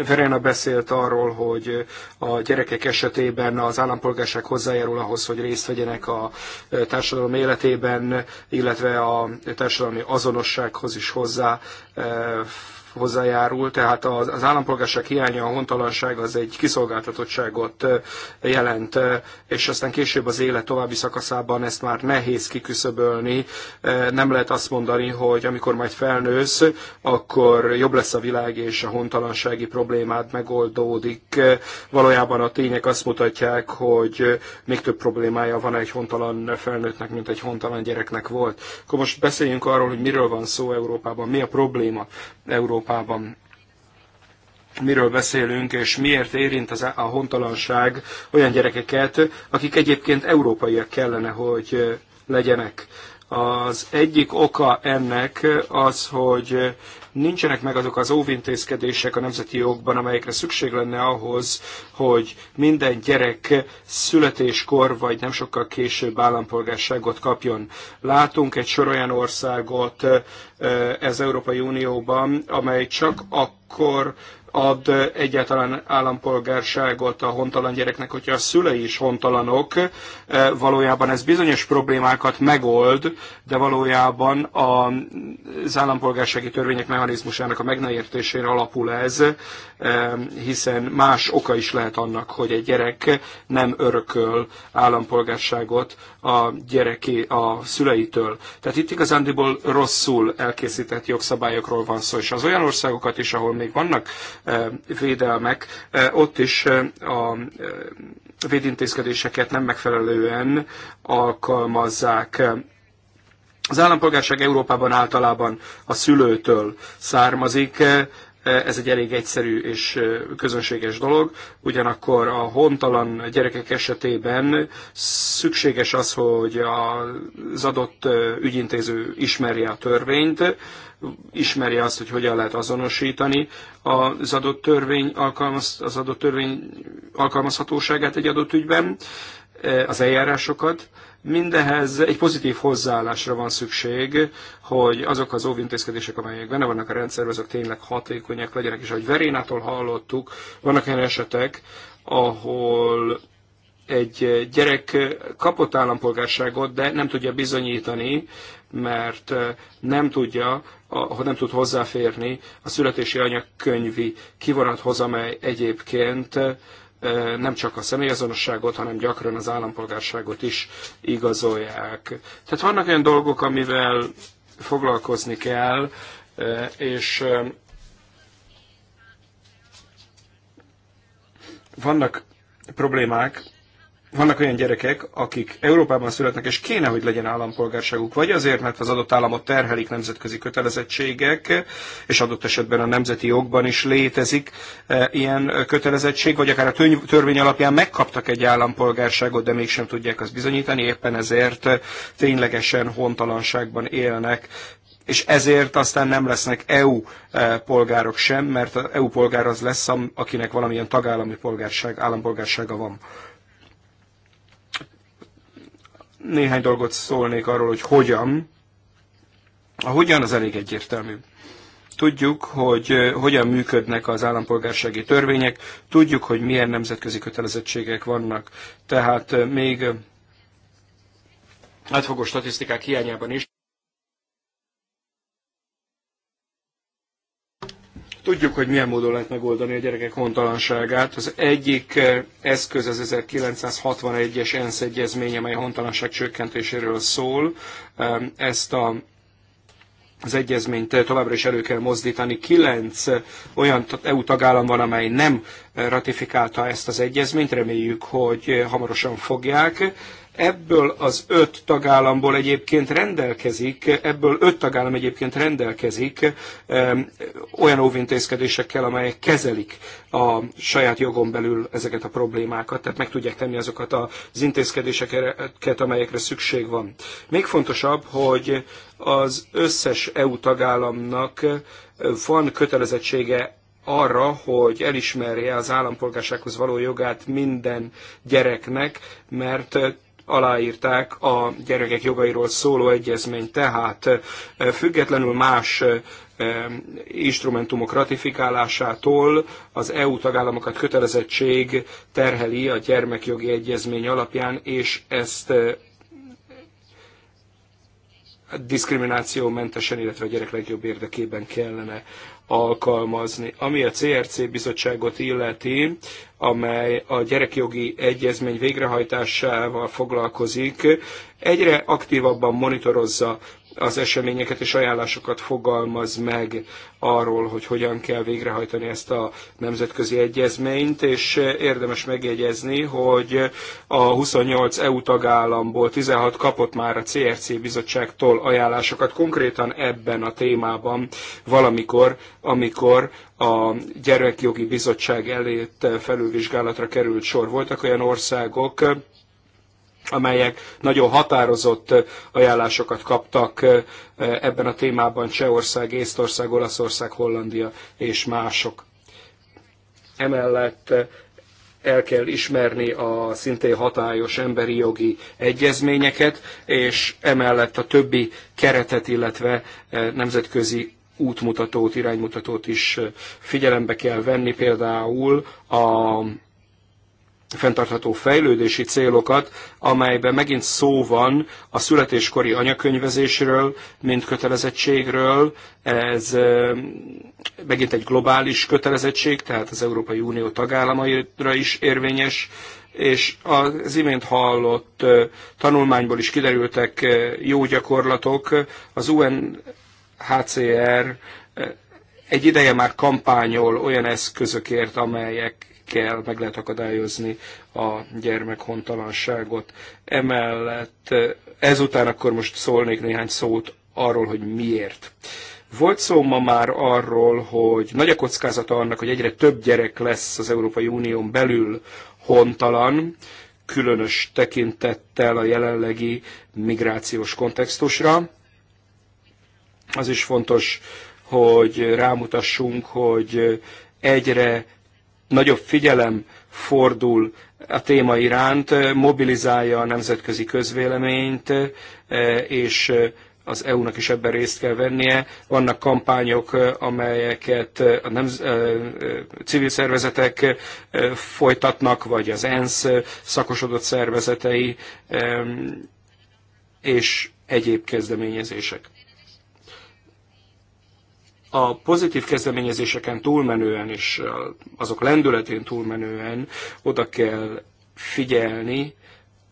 Verena beszélt arról, hogy a gyerekek esetében az állampolgárság hozzájárul ahhoz, hogy részt vegyenek a társadalom életében, illetve a társadalmi azonossághoz is hozzá eh, hozzájárul, tehát az, az állampolgárság hiánya, a hontalanság az egy kiszolgáltatottságot jelent, és aztán később az élet további szakaszában ezt már nehéz kiküszöbölni. Nem lehet azt mondani, hogy amikor majd felnősz, akkor jobb lesz a világ, és a hontalansági problémád megoldódik. Valójában a tények azt mutatják, hogy még több problémája van egy hontalan felnőttnek, mint egy hontalan gyereknek volt. Akkor most beszéljünk arról, hogy miről van szó Európában, mi a probléma Európában Európában miről beszélünk, és miért érint az a hontalanság olyan gyerekeket, akik egyébként európaiak kellene, hogy legyenek. Az egyik oka ennek az, hogy Nincsenek meg azok az óvintézkedések a nemzeti jogban, amelyekre szükség lenne ahhoz, hogy minden gyerek születéskor vagy nem sokkal később állampolgárságot kapjon. Látunk egy sor olyan országot eh, ez Európai Unióban, amely csak akkor ad egyáltalán állampolgárságot a hontalan gyereknek, hogyha a szülei is hontalanok, e, valójában ez bizonyos problémákat megold, de valójában az állampolgársági törvények mechanizmusának a megneértésére alapul ez, e, hiszen más oka is lehet annak, hogy egy gyerek nem örököl állampolgárságot a gyereki a szüleitől. Tehát itt igazándiból rosszul elkészített jogszabályokról van szó, és az olyan országokat is, ahol még vannak védelmek, ott is a védintézkedéseket nem megfelelően alkalmazzák. Az állampolgárság Európában általában a szülőtől származik, ez egy elég egyszerű és közönséges dolog, ugyanakkor a hontalan gyerekek esetében szükséges az, hogy az adott ügyintéző ismerje a törvényt, ismerje azt, hogy hogyan lehet azonosítani az adott törvény, alkalmaz, az adott törvény alkalmazhatóságát egy adott ügyben, az eljárásokat, Mindehez egy pozitív hozzáállásra van szükség, hogy azok az óvintézkedések, amelyek benne vannak a rendszerben, azok tényleg hatékonyak legyenek, és ahogy Verénától hallottuk, vannak olyan esetek, ahol egy gyerek kapott állampolgárságot, de nem tudja bizonyítani, mert nem tudja, hogy nem tud hozzáférni a születési anyagkönyvi kivonathoz, amely egyébként nem csak a személyazonosságot, hanem gyakran az állampolgárságot is igazolják. Tehát vannak olyan dolgok, amivel foglalkozni kell, és vannak problémák, vannak olyan gyerekek, akik Európában születnek, és kéne, hogy legyen állampolgárságuk, vagy azért, mert az adott államot terhelik nemzetközi kötelezettségek, és adott esetben a nemzeti jogban is létezik e, ilyen kötelezettség, vagy akár a törvény alapján megkaptak egy állampolgárságot, de mégsem tudják azt bizonyítani, éppen ezért ténylegesen hontalanságban élnek és ezért aztán nem lesznek EU e, polgárok sem, mert az EU polgár az lesz, akinek valamilyen tagállami polgárság, állampolgársága van. Néhány dolgot szólnék arról, hogy hogyan. A hogyan az elég egyértelmű. Tudjuk, hogy hogyan működnek az állampolgársági törvények, tudjuk, hogy milyen nemzetközi kötelezettségek vannak. Tehát még átfogó statisztikák hiányában is Tudjuk, hogy milyen módon lehet megoldani a gyerekek hontalanságát. Az egyik eh, eszköz az 1961-es ENSZ egyezmény, amely a hontalanság csökkentéséről szól. Ezt a az egyezményt továbbra is elő kell mozdítani. Kilenc olyan EU tagállam van, amely nem ratifikálta ezt az egyezményt, reméljük, hogy hamarosan fogják. Ebből az öt tagállamból egyébként rendelkezik, ebből öt tagállam egyébként rendelkezik olyan óvintézkedésekkel, amelyek kezelik a saját jogon belül ezeket a problémákat, tehát meg tudják tenni azokat az intézkedéseket, amelyekre szükség van. Még fontosabb, hogy az összes EU tagállamnak van kötelezettsége arra, hogy elismerje az állampolgársághoz való jogát minden gyereknek, mert aláírták a gyerekek jogairól szóló egyezmény, tehát eh, függetlenül más eh, eh, instrumentumok ratifikálásától az EU tagállamokat kötelezettség terheli a gyermekjogi egyezmény alapján, és ezt diszkriminációmentesen, illetve a gyerek legjobb érdekében kellene alkalmazni. Ami a CRC bizottságot illeti, amely a gyerekjogi egyezmény végrehajtásával foglalkozik, egyre aktívabban monitorozza az eseményeket és ajánlásokat fogalmaz meg arról, hogy hogyan kell végrehajtani ezt a nemzetközi egyezményt, és érdemes megjegyezni, hogy a 28 EU tagállamból 16 kapott már a CRC bizottságtól ajánlásokat konkrétan ebben a témában valamikor, amikor a Gyermekjogi Bizottság előtt felülvizsgálatra került sor. Voltak olyan országok, amelyek nagyon határozott ajánlásokat kaptak ebben a témában Csehország, Észtország, Olaszország, Hollandia és mások. Emellett el kell ismerni a szintén hatályos emberi jogi egyezményeket, és emellett a többi keretet, illetve nemzetközi útmutatót, iránymutatót is figyelembe kell venni, például a fenntartható fejlődési célokat, amelyben megint szó van a születéskori anyakönyvezésről, mint kötelezettségről. Ez megint egy globális kötelezettség, tehát az Európai Unió tagállamaira is érvényes, és az imént hallott tanulmányból is kiderültek jó gyakorlatok. Az UNHCR egy ideje már kampányol olyan eszközökért, amelyek kell, meg lehet akadályozni a gyermekhontalanságot. Emellett eh, ezután akkor most szólnék néhány szót arról, hogy miért. Volt szó ma már arról, hogy nagy a kockázata annak, hogy egyre több gyerek lesz az Európai Unión belül hontalan, különös tekintettel a jelenlegi migrációs kontextusra. Az is fontos, hogy rámutassunk, hogy egyre nagyobb figyelem fordul a téma iránt, mobilizálja a nemzetközi közvéleményt, e, és az EU-nak is ebben részt kell vennie. Vannak kampányok, amelyeket a nem, e, e, civil szervezetek folytatnak, vagy az ENSZ szakosodott szervezetei, és egyéb kezdeményezések a pozitív kezdeményezéseken túlmenően és azok lendületén túlmenően oda kell figyelni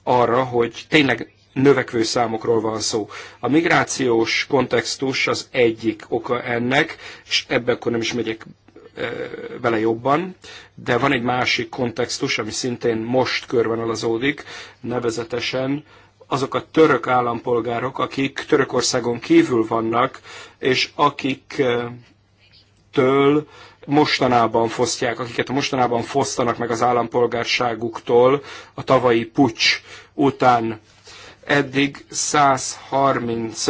arra, hogy tényleg növekvő számokról van szó. A migrációs kontextus az egyik oka ennek, és ebbe akkor nem is megyek e, vele jobban, de van egy másik kontextus, ami szintén most körben alazódik, nevezetesen azok a török állampolgárok, akik Törökországon kívül vannak, és akik től mostanában fosztják, akiket mostanában fosztanak meg az állampolgárságuktól a tavalyi pucs után. Eddig 130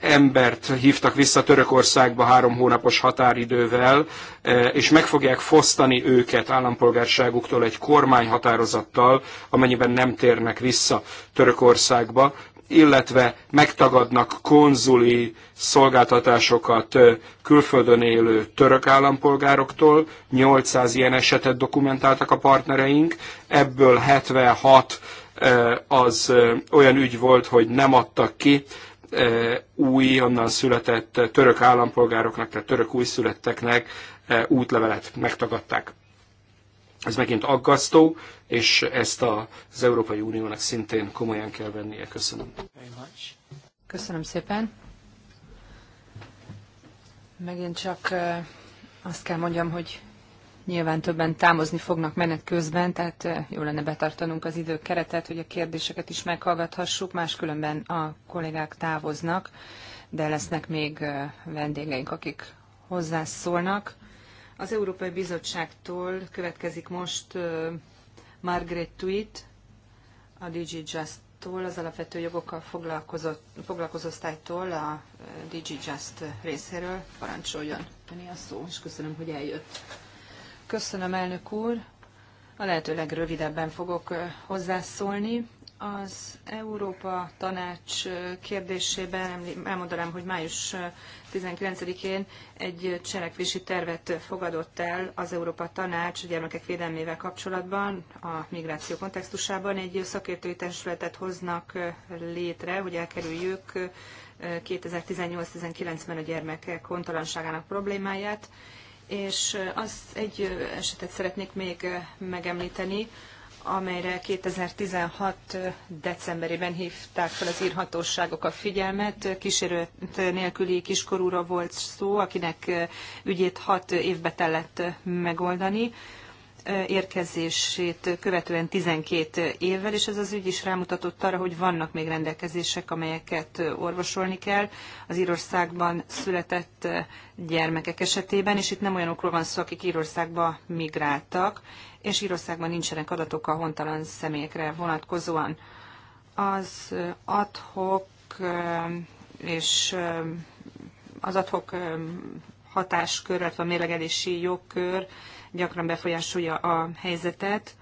embert hívtak vissza Törökországba három hónapos határidővel, e, és meg fogják fosztani őket állampolgárságuktól egy kormányhatározattal, amennyiben nem térnek vissza Törökországba, illetve megtagadnak konzuli szolgáltatásokat e, külföldön élő török állampolgároktól. 800 ilyen esetet dokumentáltak a partnereink, ebből 76 e, az olyan ügy volt, hogy nem adtak ki újonnan született török állampolgároknak, tehát török újszületteknek útlevelet megtagadták. Ez megint aggasztó, és ezt az Európai Uniónak szintén komolyan kell vennie. Köszönöm. Köszönöm szépen. Megint csak azt kell mondjam, hogy Nyilván többen támozni fognak menet közben, tehát jó lenne betartanunk az időkeretet, hogy a kérdéseket is meghallgathassuk, máskülönben a kollégák távoznak, de lesznek még vendégeink, akik hozzászólnak. Az Európai Bizottságtól következik most Margaret Tweet, a DG Just-tól, az alapvető jogokkal foglalkozó, foglalkozó osztálytól, a DG Just részéről. Parancsoljon, Tenni a szó, és köszönöm, hogy eljött. Köszönöm, elnök úr. A lehető legrövidebben fogok hozzászólni. Az Európa Tanács kérdésében elmondanám, hogy május 19-én egy cselekvési tervet fogadott el az Európa Tanács gyermekek védelmével kapcsolatban, a migráció kontextusában. Egy szakértői testületet hoznak létre, hogy elkerüljük 2018-19-ben a gyermekek hontalanságának problémáját és az egy esetet szeretnék még megemlíteni, amelyre 2016. decemberében hívták fel az írhatóságok a figyelmet. Kísérőt nélküli kiskorúra volt szó, akinek ügyét hat évbe tellett megoldani érkezését követően 12 évvel, és ez az ügy is rámutatott arra, hogy vannak még rendelkezések, amelyeket orvosolni kell az Írországban született gyermekek esetében, és itt nem olyanokról van szó, akik Írországba migráltak, és Írországban nincsenek adatok a hontalan személyekre vonatkozóan. Az adhok és az adhok hatáskör, illetve a mérlegelési jogkör gyakran befolyásolja a helyzetet.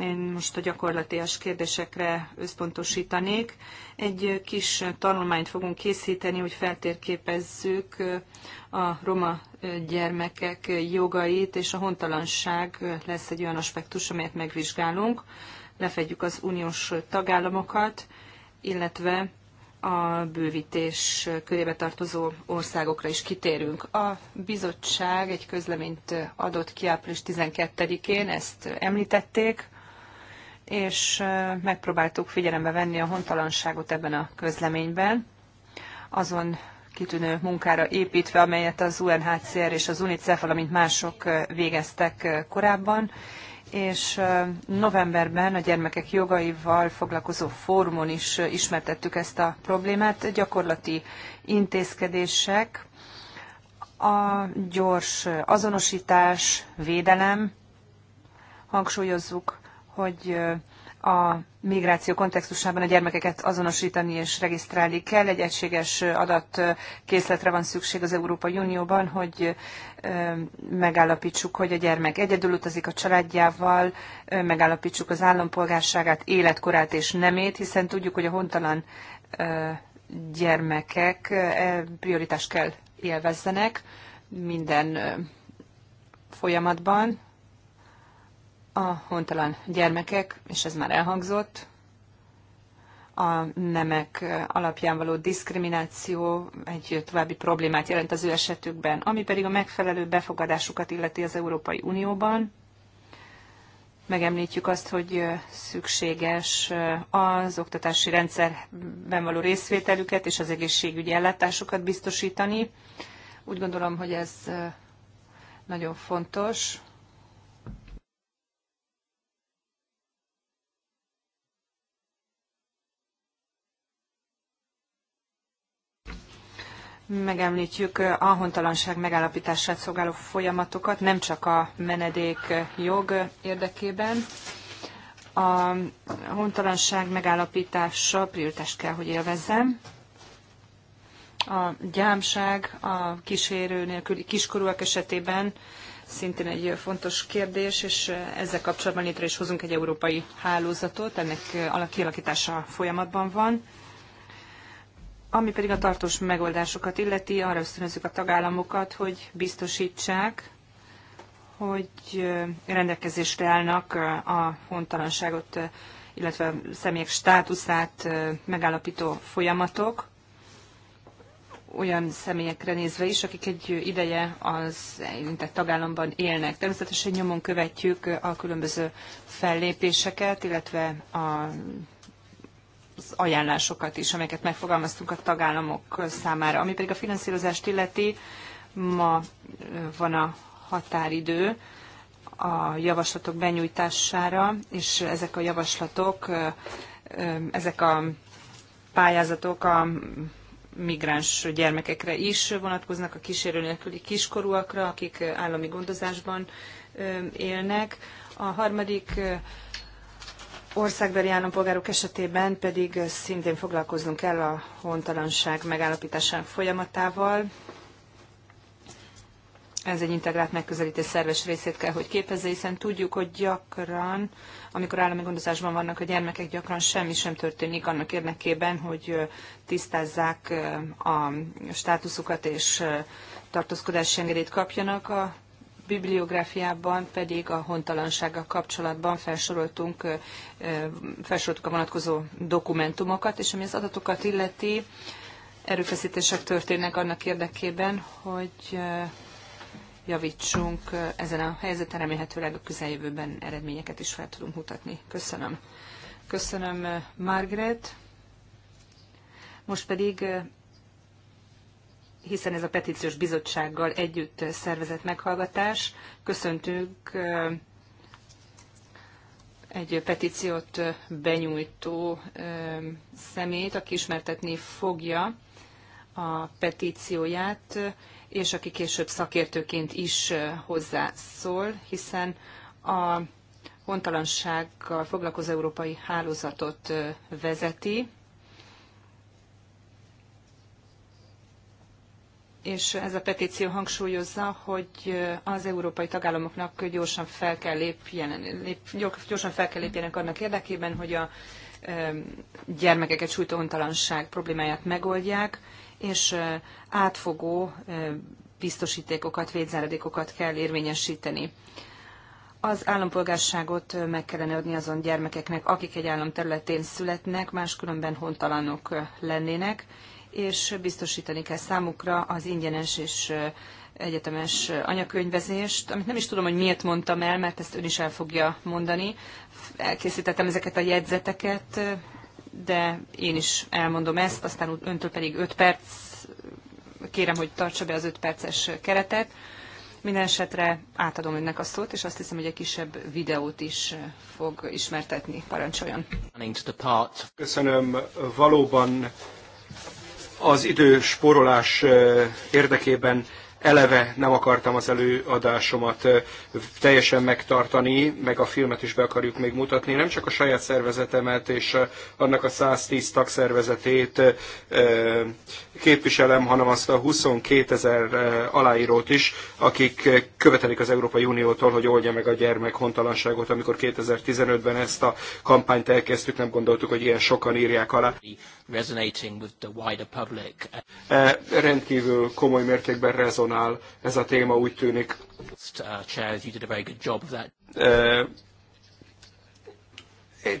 Én most a gyakorlatias kérdésekre összpontosítanék. Egy kis tanulmányt fogunk készíteni, hogy feltérképezzük a roma gyermekek jogait, és a hontalanság lesz egy olyan aspektus, amelyet megvizsgálunk. Lefedjük az uniós tagállamokat, illetve a bővítés körébe tartozó országokra is kitérünk. A bizottság egy közleményt adott ki április 12-én, ezt említették, és megpróbáltuk figyelembe venni a hontalanságot ebben a közleményben, azon kitűnő munkára építve, amelyet az UNHCR és az UNICEF, valamint mások végeztek korábban, és novemberben a gyermekek jogaival foglalkozó fórumon is ismertettük ezt a problémát. Gyakorlati intézkedések, a gyors azonosítás, védelem. Hangsúlyozzuk, hogy a migráció kontextusában a gyermekeket azonosítani és regisztrálni kell. Egy egységes adatkészletre van szükség az Európai Unióban, hogy megállapítsuk, hogy a gyermek egyedül utazik a családjával, megállapítsuk az állampolgárságát, életkorát és nemét, hiszen tudjuk, hogy a hontalan gyermekek e, prioritást kell élvezzenek minden folyamatban, a hontalan gyermekek, és ez már elhangzott, a nemek alapján való diszkrimináció egy további problémát jelent az ő esetükben, ami pedig a megfelelő befogadásukat illeti az Európai Unióban. Megemlítjük azt, hogy szükséges az oktatási rendszerben való részvételüket és az egészségügyi ellátásukat biztosítani. Úgy gondolom, hogy ez nagyon fontos megemlítjük a hontalanság megállapítását szolgáló folyamatokat, nem csak a menedék jog érdekében. A hontalanság megállapítása prioritást kell, hogy élvezzem. A gyámság a kísérő nélküli kiskorúak esetében szintén egy fontos kérdés, és ezzel kapcsolatban létre is hozunk egy európai hálózatot, ennek kialakítása folyamatban van ami pedig a tartós megoldásokat illeti, arra ösztönözzük a tagállamokat, hogy biztosítsák, hogy rendelkezésre állnak a hontalanságot, illetve személyek státuszát megállapító folyamatok, olyan személyekre nézve is, akik egy ideje az érintett tagállamban élnek. Természetesen nyomon követjük a különböző fellépéseket, illetve a az ajánlásokat is, amelyeket megfogalmaztunk a tagállamok számára. Ami pedig a finanszírozást illeti, ma van a határidő a javaslatok benyújtására, és ezek a javaslatok, ezek a pályázatok a migráns gyermekekre is vonatkoznak, a kísérő nélküli kiskorúakra, akik állami gondozásban élnek. A harmadik országbeli állampolgárok esetében pedig szintén foglalkoznunk kell a hontalanság megállapításának folyamatával. Ez egy integrált megközelítés szerves részét kell, hogy képezze, hiszen tudjuk, hogy gyakran, amikor állami gondozásban vannak a gyermekek, gyakran semmi sem történik annak érdekében, hogy tisztázzák a státuszukat és tartózkodási engedélyt kapjanak. A bibliográfiában pedig a hontalansággal kapcsolatban felsoroltunk, felsoroltuk a vonatkozó dokumentumokat, és ami az adatokat illeti, erőfeszítések történnek annak érdekében, hogy javítsunk ezen a helyzeten, remélhetőleg a közeljövőben eredményeket is fel tudunk mutatni. Köszönöm. Köszönöm, Margaret. Most pedig hiszen ez a petíciós bizottsággal együtt szervezett meghallgatás. Köszöntünk egy petíciót benyújtó szemét, aki ismertetni fogja a petícióját, és aki később szakértőként is hozzászól, hiszen a hontalansággal foglalkozó európai hálózatot vezeti, és ez a petíció hangsúlyozza, hogy az európai tagállamoknak gyorsan fel kell lépjenek, lép, gyorsan fel kell lépjenek annak érdekében, hogy a gyermekeket sújtó ontalanság problémáját megoldják, és átfogó biztosítékokat, védzáradékokat kell érvényesíteni. Az állampolgárságot meg kellene adni azon gyermekeknek, akik egy állam területén születnek, máskülönben hontalanok lennének, és biztosítani kell számukra az ingyenes és egyetemes anyakönyvezést, amit nem is tudom, hogy miért mondtam el, mert ezt ön is el fogja mondani. Elkészítettem ezeket a jegyzeteket, de én is elmondom ezt, aztán öntől pedig 5 perc, kérem, hogy tartsa be az 5 perces keretet. Minden esetre átadom önnek a szót, és azt hiszem, hogy egy kisebb videót is fog ismertetni. Parancsoljon! Köszönöm, valóban az időspórolás eh, érdekében eleve nem akartam az előadásomat teljesen megtartani, meg a filmet is be akarjuk még mutatni. Nem csak a saját szervezetemet és annak a 110 tagszervezetét képviselem, hanem azt a 22 ezer aláírót is, akik követelik az Európai Uniótól, hogy oldja meg a gyermek hontalanságot. Amikor 2015-ben ezt a kampányt elkezdtük, nem gondoltuk, hogy ilyen sokan írják alá. Resonating with the wider public. Rendkívül komoly mértékben rezonál áll ez a téma, úgy tűnik.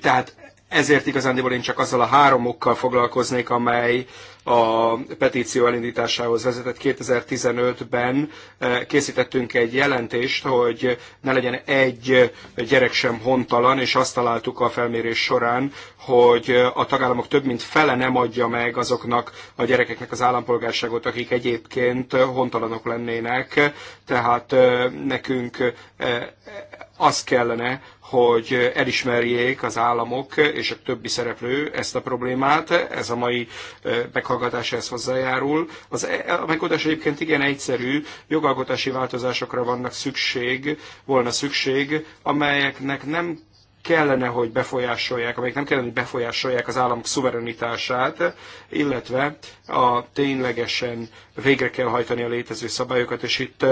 Tehát ezért igazándiból én csak azzal a három okkal foglalkoznék, amely a petíció elindításához vezetett 2015-ben eh, készítettünk egy jelentést, hogy ne legyen egy gyerek sem hontalan, és azt találtuk a felmérés során, hogy a tagállamok több mint fele nem adja meg azoknak a gyerekeknek az állampolgárságot, akik egyébként hontalanok lennének. Tehát eh, nekünk eh, az kellene, hogy elismerjék az államok és a többi szereplő ezt a problémát, ez a mai meghallgatás ehhez hozzájárul. Az, e, a megoldás egyébként igen egyszerű, jogalkotási változásokra vannak szükség, volna szükség, amelyeknek nem kellene, hogy befolyásolják, amelyek nem kellene, hogy befolyásolják az államok szuverenitását, illetve a ténylegesen végre kell hajtani a létező szabályokat, és itt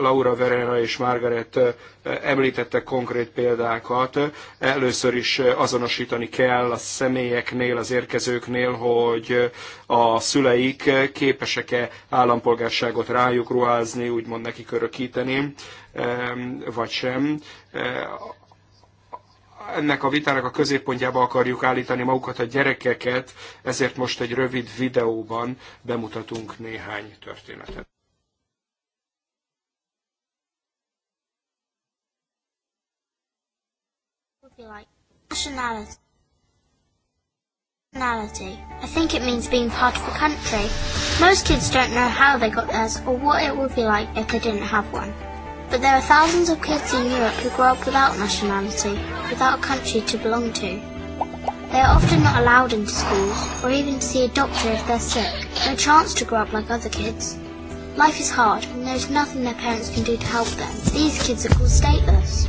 Laura Verena és Margaret említettek konkrét példákat. Először is azonosítani kell a személyeknél, az érkezőknél, hogy a szüleik képesek-e állampolgárságot rájuk ruházni, úgymond nekik örökíteni, vagy sem ennek a vitának a középpontjába akarjuk állítani magukat a gyerekeket, ezért most egy rövid videóban bemutatunk néhány történetet. Nationality. I think it means being part of the country. Most kids don't know how they got theirs or what it would be like if they didn't have one. But there are thousands of kids in Europe who grow up without nationality, without a country to belong to. They are often not allowed into schools, or even to see a doctor if they're sick, no chance to grow up like other kids. Life is hard, and there is nothing their parents can do to help them. These kids are called stateless.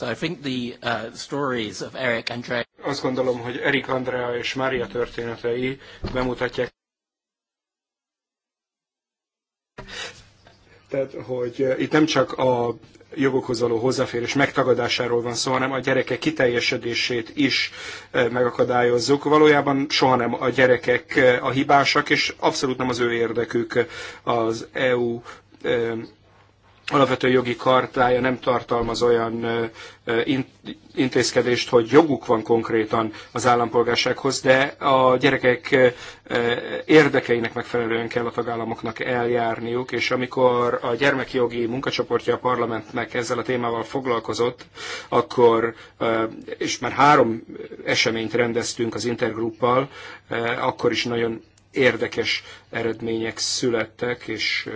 Uh, Azt gondolom, hogy Erik Andrea és Mária történetei bemutatják tehát, hogy uh, itt nem csak a jogokhoz való hozzáférés megtagadásáról van szó, hanem a gyerekek kiteljesedését is uh, megakadályozzuk. Valójában soha nem a gyerekek a hibásak, és abszolút nem az ő érdekük az EU um, alapvető jogi kartája nem tartalmaz olyan intézkedést, hogy joguk van konkrétan az állampolgársághoz, de a gyerekek érdekeinek megfelelően kell a tagállamoknak eljárniuk, és amikor a gyermekjogi munkacsoportja a parlamentnek ezzel a témával foglalkozott, akkor, és már három eseményt rendeztünk az intergruppal, akkor is nagyon érdekes eredmények születtek, és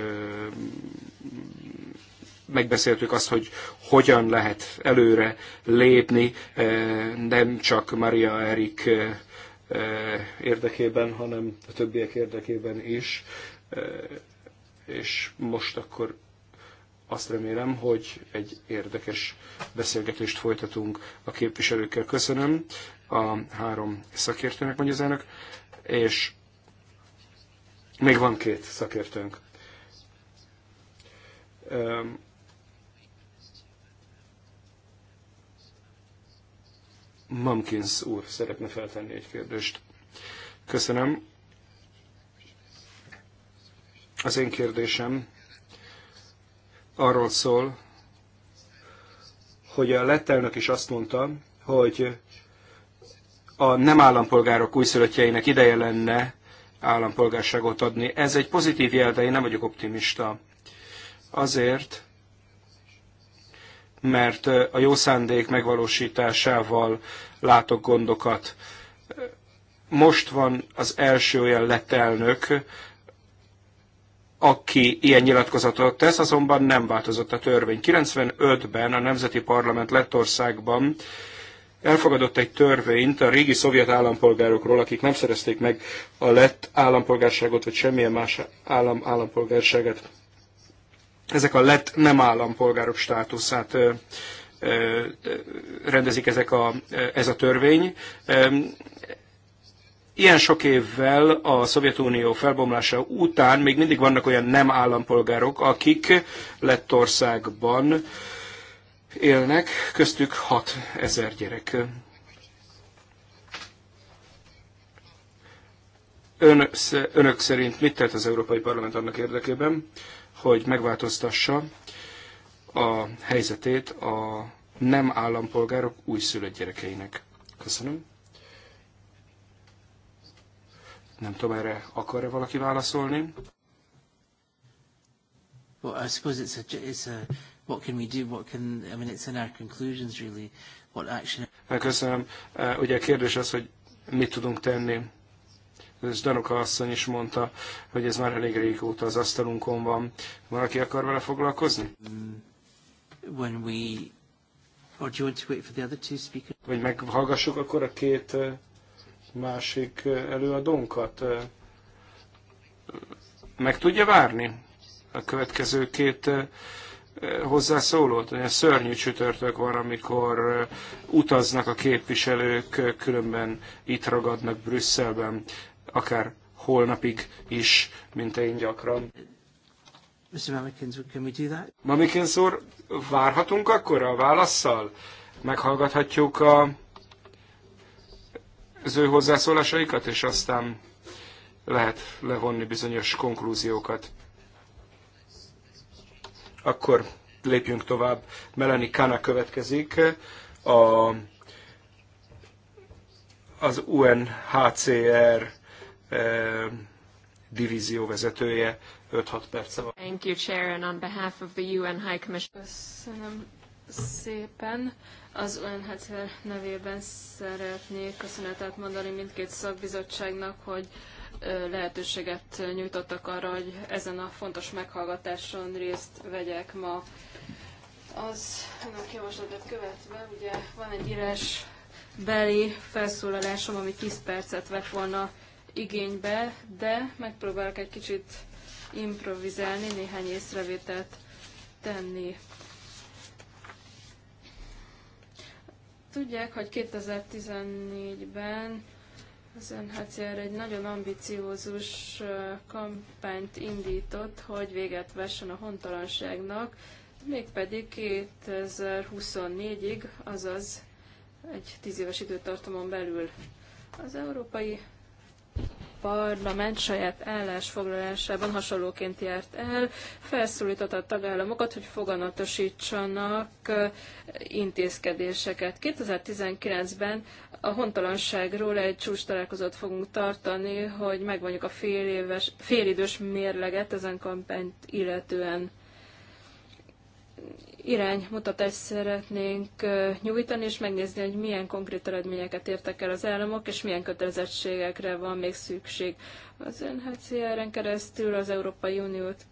megbeszéltük azt, hogy hogyan lehet előre lépni, eh, nem csak Maria Erik eh, eh, érdekében, hanem a többiek érdekében is. És most akkor azt remélem, hogy egy érdekes beszélgetést folytatunk a képviselőkkel. Köszönöm a három szakértőnek, mondja az elnök, és még van két szakértőnk. Mamkins úr szeretne feltenni egy kérdést. Köszönöm. Az én kérdésem arról szól, hogy a lett elnök is azt mondta, hogy a nem állampolgárok újszülöttjeinek ideje lenne állampolgárságot adni. Ez egy pozitív jel, de én nem vagyok optimista. Azért, mert a jó szándék megvalósításával látok gondokat. Most van az első olyan lett elnök, aki ilyen nyilatkozatot tesz, azonban nem változott a törvény. 95-ben a Nemzeti Parlament Lettországban elfogadott egy törvényt a régi szovjet állampolgárokról, akik nem szerezték meg a lett állampolgárságot, vagy semmilyen más állam állampolgárságát ezek a lett nem állampolgárok státuszát rendezik ezek a, ez a törvény. Ilyen sok évvel a Szovjetunió felbomlása után még mindig vannak olyan nem állampolgárok, akik Lettországban élnek, köztük 6 ezer gyerek. Ön, önök szerint mit tett az Európai Parlament annak érdekében, hogy megváltoztassa a helyzetét a nem állampolgárok újszülött gyerekeinek. Köszönöm. Nem tudom, erre akar-e valaki válaszolni? Well, I suppose it's a, it's a, what can we do, what can, I mean, it's in our conclusions really, what action... Köszönöm. Ugye a kérdés az, hogy mit tudunk tenni ez Danuka asszony is mondta, hogy ez már elég régóta az asztalunkon van. Van, aki akar vele foglalkozni? When we... Or do you want to wait for the other two speakers? Vagy meghallgassuk akkor a két másik előadónkat? Meg tudja várni a következő két hozzászólót? Olyan szörnyű csütörtök van, amikor utaznak a képviselők, különben itt ragadnak Brüsszelben akár holnapig is, mint én gyakran. Mr. Mamikins, can we do that? Mamikins úr, várhatunk akkor a válaszsal? Meghallgathatjuk a, az ő hozzászólásaikat, és aztán lehet levonni bizonyos konklúziókat. Akkor lépjünk tovább. Melanie Kana következik. A, az UNHCR divízió vezetője. 5-6 perce van. Thank you, Chair, and on behalf of the UN High Commission. Köszönöm szépen. Az UNHCR nevében szeretnék köszönetet mondani mindkét szakbizottságnak, hogy lehetőséget nyújtottak arra, hogy ezen a fontos meghallgatáson részt vegyek ma. Az önök javaslatot követve, ugye van egy írás beli felszólalásom, ami 10 percet vett volna igénybe, de megpróbálok egy kicsit improvizálni, néhány észrevételt tenni. Tudják, hogy 2014-ben az NHCR egy nagyon ambiciózus kampányt indított, hogy véget vessen a hontalanságnak, mégpedig 2024-ig, azaz egy tíz éves időtartamon belül. Az Európai parlament saját állásfoglalásában hasonlóként járt el, felszólította a tagállamokat, hogy foganatosítsanak intézkedéseket. 2019-ben a hontalanságról egy csúcs találkozót fogunk tartani, hogy megvonjuk a fél éves, félidős mérleget ezen kampányt illetően iránymutatást szeretnénk nyújtani, és megnézni, hogy milyen konkrét eredményeket értek el az államok, és milyen kötelezettségekre van még szükség. Az UNHCR-en keresztül, az Európai Uniót,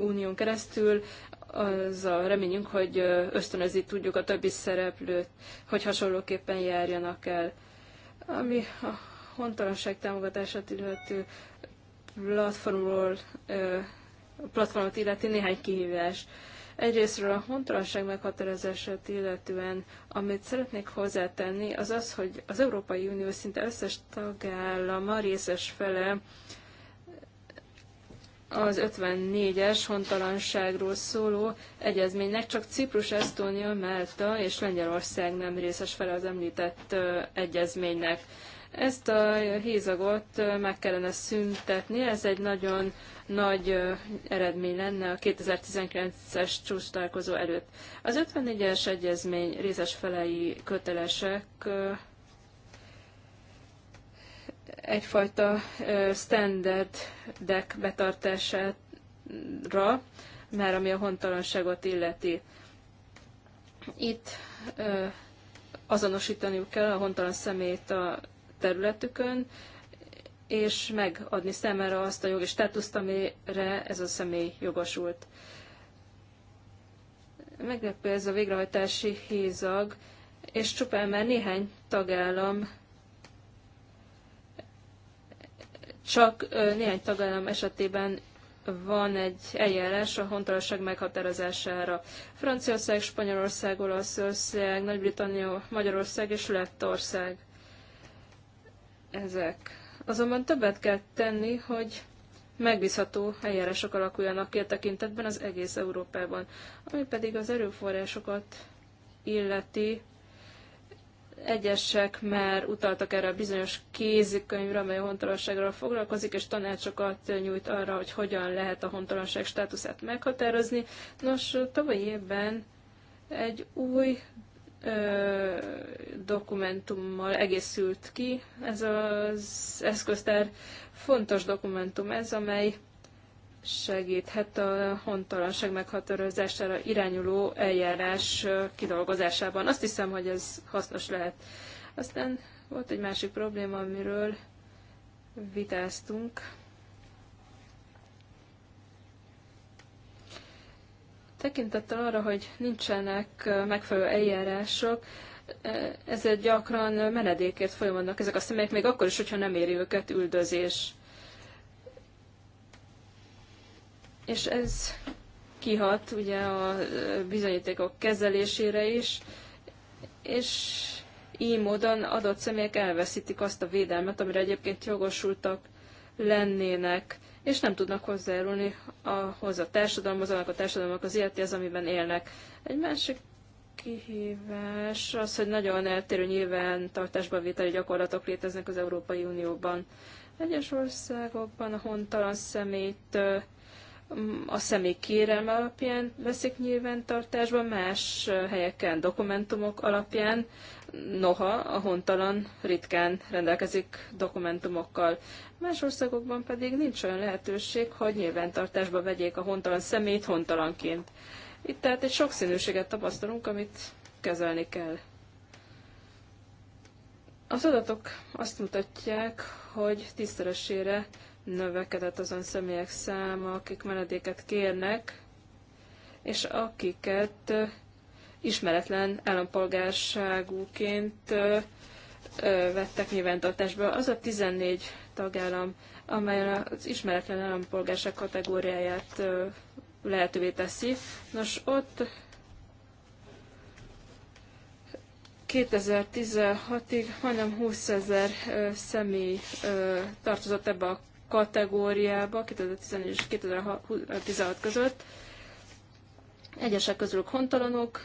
Unión keresztül az a reményünk, hogy ösztönözni tudjuk a többi szereplőt, hogy hasonlóképpen járjanak el. Ami a hontalanság támogatását illető platformról, platformot illeti néhány kihívás. Egyrésztről a hontalanság meghatározását illetően, amit szeretnék hozzátenni, az az, hogy az Európai Unió szinte összes tagállama részes fele az 54-es hontalanságról szóló egyezménynek csak Ciprus, Esztónia, Málta és Lengyelország nem részes fele az említett egyezménynek. Ezt a hézagot meg kellene szüntetni, ez egy nagyon nagy eredmény lenne a 2019-es csúcs találkozó előtt. Az 54-es egyezmény részes felei kötelesek egyfajta standardek betartására, mert ami a hontalanságot illeti. Itt azonosítaniuk kell a hontalan szemét a területükön, és megadni szemére azt a jogi státuszt, amire ez a személy jogosult. Meglepő ez a végrehajtási hézag, és csupán már néhány tagállam csak néhány tagállam esetében van egy eljárás a hontalasság meghatározására. Franciaország, Spanyolország, Olaszország, Nagy-Britannia, Magyarország és Lettország ezek. Azonban többet kell tenni, hogy megbízható eljárások alakuljanak ki a tekintetben az egész Európában. Ami pedig az erőforrásokat illeti, egyesek már utaltak erre a bizonyos kézikönyvre, amely a hontalanságról foglalkozik, és tanácsokat nyújt arra, hogy hogyan lehet a hontalanság státuszát meghatározni. Nos, tavaly évben egy új ö, dokumentummal egészült ki. Ez az eszköztár fontos dokumentum ez, amely segíthet a hontalanság meghatározására irányuló eljárás kidolgozásában. Azt hiszem, hogy ez hasznos lehet. Aztán volt egy másik probléma, amiről vitáztunk. Tekintettel arra, hogy nincsenek megfelelő eljárások, ezért gyakran menedékért folyamodnak ezek a személyek, még akkor is, hogyha nem éri őket üldözés. És ez kihat ugye a bizonyítékok kezelésére is, és így módon adott személyek elveszítik azt a védelmet, amire egyébként jogosultak lennének és nem tudnak hozzájárulni ahhoz a társadalomhoz, annak a társadalomnak az életéhez, amiben élnek. Egy másik kihívás az, hogy nagyon eltérő nyilván tartásba vételi gyakorlatok léteznek az Európai Unióban. Egyes országokban a hontalan szemét a személy kérelme alapján veszik nyilvántartásba, más helyeken dokumentumok alapján, noha a hontalan ritkán rendelkezik dokumentumokkal. Más országokban pedig nincs olyan lehetőség, hogy nyilvántartásba vegyék a hontalan szemét hontalanként. Itt tehát egy sokszínűséget tapasztalunk, amit kezelni kell. Az adatok azt mutatják, hogy tízszeresére növekedett azon személyek száma, akik menedéket kérnek, és akiket ismeretlen állampolgárságúként vettek nyilvántartásba. Az a 14 tagállam, amely az ismeretlen állampolgárság kategóriáját lehetővé teszi. Nos, ott 2016-ig majdnem 20 ezer személy tartozott ebbe a kategóriába 2010 és 2016 között. Egyesek közülük hontalanok.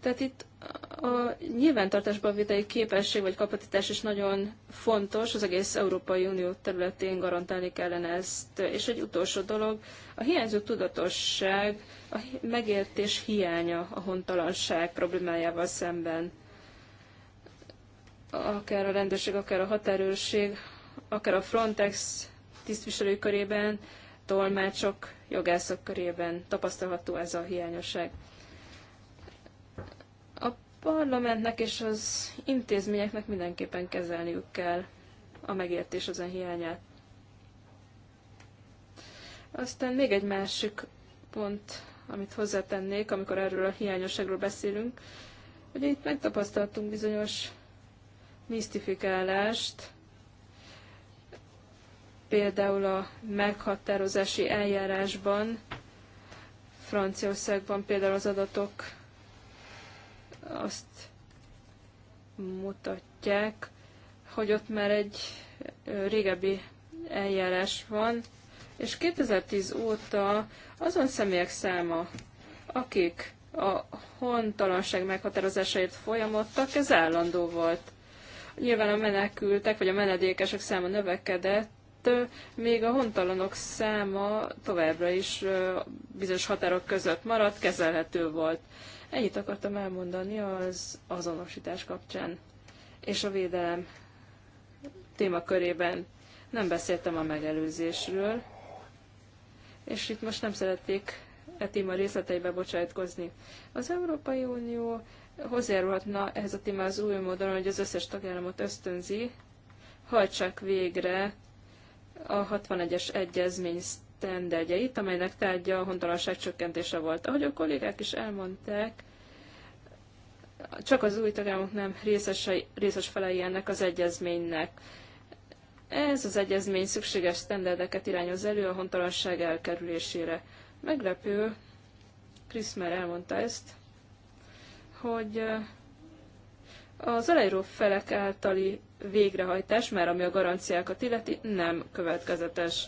Tehát itt a nyilvántartásba vételi képesség vagy kapacitás is nagyon fontos, az egész Európai Unió területén garantálni kellene ezt. És egy utolsó dolog, a hiányzó tudatosság, a megértés hiánya a hontalanság problémájával szemben. Akár a rendőrség, akár a határőrség akár a Frontex tisztviselői körében, tolmácsok, jogászok körében tapasztalható ez a hiányosság. A parlamentnek és az intézményeknek mindenképpen kezelniük kell a megértés ezen hiányát. Aztán még egy másik pont, amit hozzátennék, amikor erről a hiányosságról beszélünk, hogy itt megtapasztaltunk bizonyos misztifikálást, például a meghatározási eljárásban, Franciaországban például az adatok azt mutatják, hogy ott már egy régebbi eljárás van, és 2010 óta azon személyek száma, akik a hontalanság meghatározásait folyamodtak, ez állandó volt. Nyilván a menekültek vagy a menedékesek száma növekedett, mellett hát, még a hontalanok száma továbbra is bizonyos határok között maradt, kezelhető volt. Ennyit akartam elmondani az azonosítás kapcsán és a védelem témakörében. Nem beszéltem a megelőzésről, és itt most nem szeretnék e téma részleteibe bocsájtkozni. Az Európai Unió hozzájárulhatna ehhez a témához új módon, hogy az összes tagállamot ösztönzi, hajtsák végre a 61-es egyezmény sztenderdjeit, amelynek tárgya a hontalanság csökkentése volt. Ahogy a kollégák is elmondták, csak az új tagállamok nem részesei, részes felei ennek az egyezménynek. Ez az egyezmény szükséges sztenderdeket irányoz elő a hontalanság elkerülésére. Meglepő, Krisz már elmondta ezt, hogy az aláíró felek általi végrehajtás, mert ami a garanciákat illeti, nem következetes.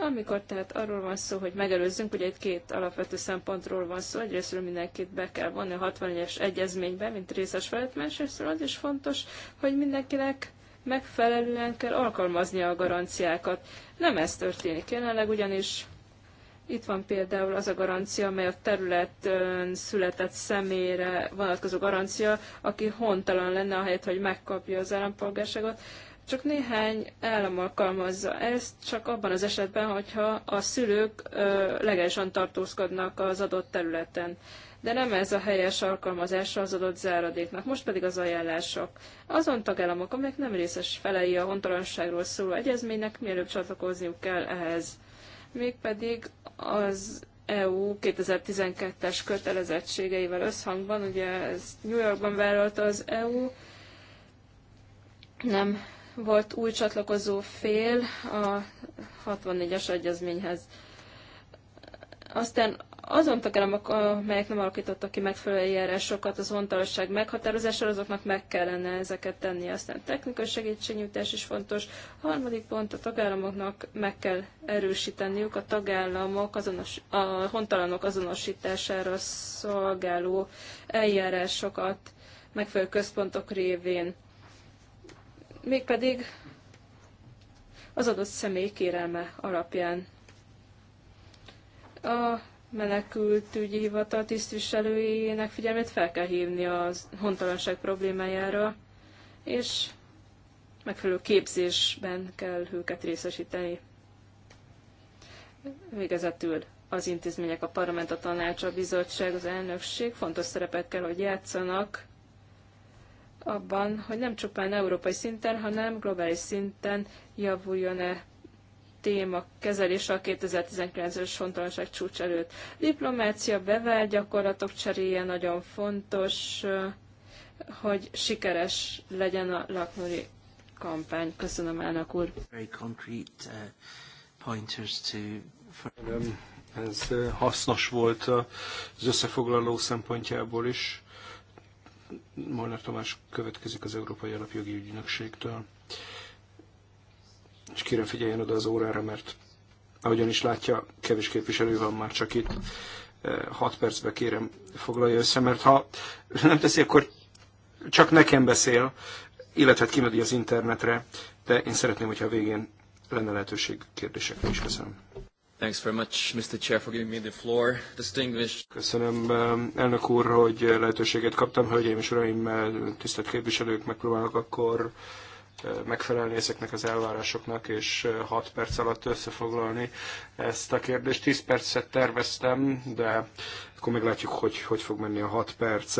Amikor tehát arról van szó, hogy megelőzzünk, ugye itt két alapvető szempontról van szó, egyrésztről mindenkit be kell vonni a 61-es egyezménybe, mint részes felett, másrésztről az is fontos, hogy mindenkinek megfelelően kell alkalmaznia a garanciákat. Nem ez történik jelenleg, ugyanis itt van például az a garancia, amely a területen született személyre vonatkozó garancia, aki hontalan lenne, ahelyett, hogy megkapja az állampolgárságot. Csak néhány állam alkalmazza ezt, csak abban az esetben, hogyha a szülők legálisan tartózkodnak az adott területen. De nem ez a helyes alkalmazása az adott záradéknak, most pedig az ajánlások. Azon tagállamok, amelyek nem részes felei a hontalanságról szóló egyezménynek, mielőbb csatlakozniuk kell ehhez mégpedig az EU 2012-es kötelezettségeivel összhangban, ugye ezt New Yorkban vállalta az EU, nem volt új csatlakozó fél a 64-es egyezményhez. Aztán azon tagállamok, amelyek nem alakítottak ki megfelelő eljárásokat az vontalosság meghatározására, azoknak meg kellene ezeket tenni. Aztán technikai segítségnyújtás is fontos. A harmadik pont a tagállamoknak meg kell erősíteniük a tagállamok azonos, a hontalanok azonosítására szolgáló eljárásokat megfelelő központok révén. Mégpedig az adott személy kérelme alapján. A menekült ügyi hivatal tisztviselőjének figyelmét fel kell hívni a hontalanság problémájára, és megfelelő képzésben kell őket részesíteni. Végezetül az intézmények, a parlament, a tanács, a bizottság, az elnökség fontos szerepet kell, hogy játszanak abban, hogy nem csupán európai szinten, hanem globális szinten javuljon-e téma kezelése a 2019-es fontosság csúcs előtt. Diplomácia, bevált gyakorlatok cseréje nagyon fontos, eh, hogy sikeres legyen a laknori kampány. Köszönöm, elnök úr. Very concrete, uh, pointers to... Ez eh, hasznos volt az összefoglaló szempontjából is. Molnár Tamás következik az Európai Alapjogi Ügynökségtől és kire figyeljen oda az órára, mert ahogyan is látja, kevés képviselő van már csak itt. 6 e, percbe kérem foglalja össze, mert ha nem teszi, akkor csak nekem beszél, illetve kimegy az internetre, de én szeretném, hogyha a végén lenne lehetőség kérdésekre is. Köszönöm. Thanks very much, Mr. Chair, for giving me the floor. Distinguished. Köszönöm, e, elnök úr, hogy lehetőséget kaptam. Hölgyeim és uraim, e, tisztelt képviselők, megpróbálok akkor megfelelni ezeknek az elvárásoknak, és 6 perc alatt összefoglalni ezt a kérdést. 10 percet terveztem, de akkor meglátjuk, hogy hogy fog menni a 6 perc.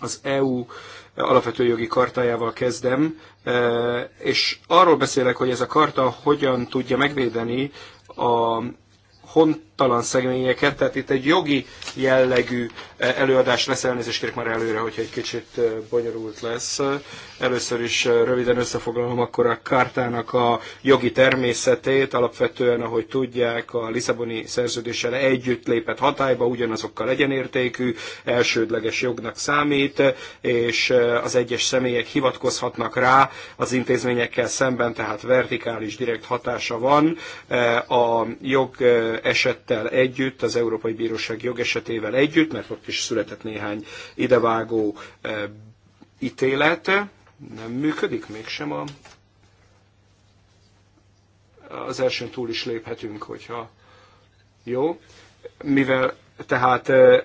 Az EU alapvető jogi kartájával kezdem, és arról beszélek, hogy ez a karta hogyan tudja megvédeni a hon jogtalan szegényeket. tehát itt egy jogi jellegű eh, előadás lesz, elnézést kérek már előre, hogyha egy kicsit eh, bonyolult lesz. Először is eh, röviden összefoglalom akkor a kártának a jogi természetét, alapvetően, ahogy tudják, a Lisszaboni szerződéssel együtt lépett hatályba, ugyanazokkal egyenértékű, elsődleges jognak számít, és az egyes személyek hivatkozhatnak rá az intézményekkel szemben, tehát vertikális, direkt hatása van. A jog eset esettel együtt, az Európai Bíróság jogesetével együtt, mert ott is született néhány idevágó eh, ítélet. Nem működik mégsem a... Az elsőn túl is léphetünk, hogyha jó. Mivel tehát eh,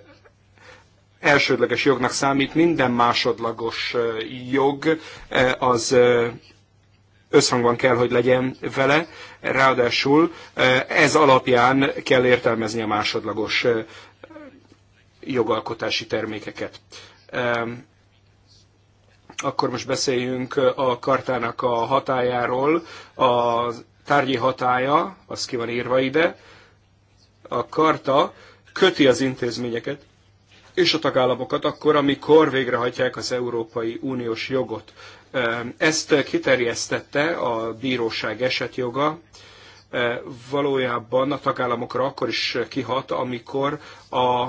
elsődleges jognak számít, minden másodlagos eh, jog az összhangban kell, hogy legyen vele, ráadásul e, ez alapján kell értelmezni a másodlagos e, jogalkotási termékeket. E, akkor most beszéljünk a kartának a hatájáról. A tárgyi hatája, az ki van írva ide, a karta köti az intézményeket és a tagállamokat akkor, amikor végrehajtják az Európai Uniós jogot. Ezt kiterjesztette a bíróság esetjoga, valójában a tagállamokra akkor is kihat, amikor a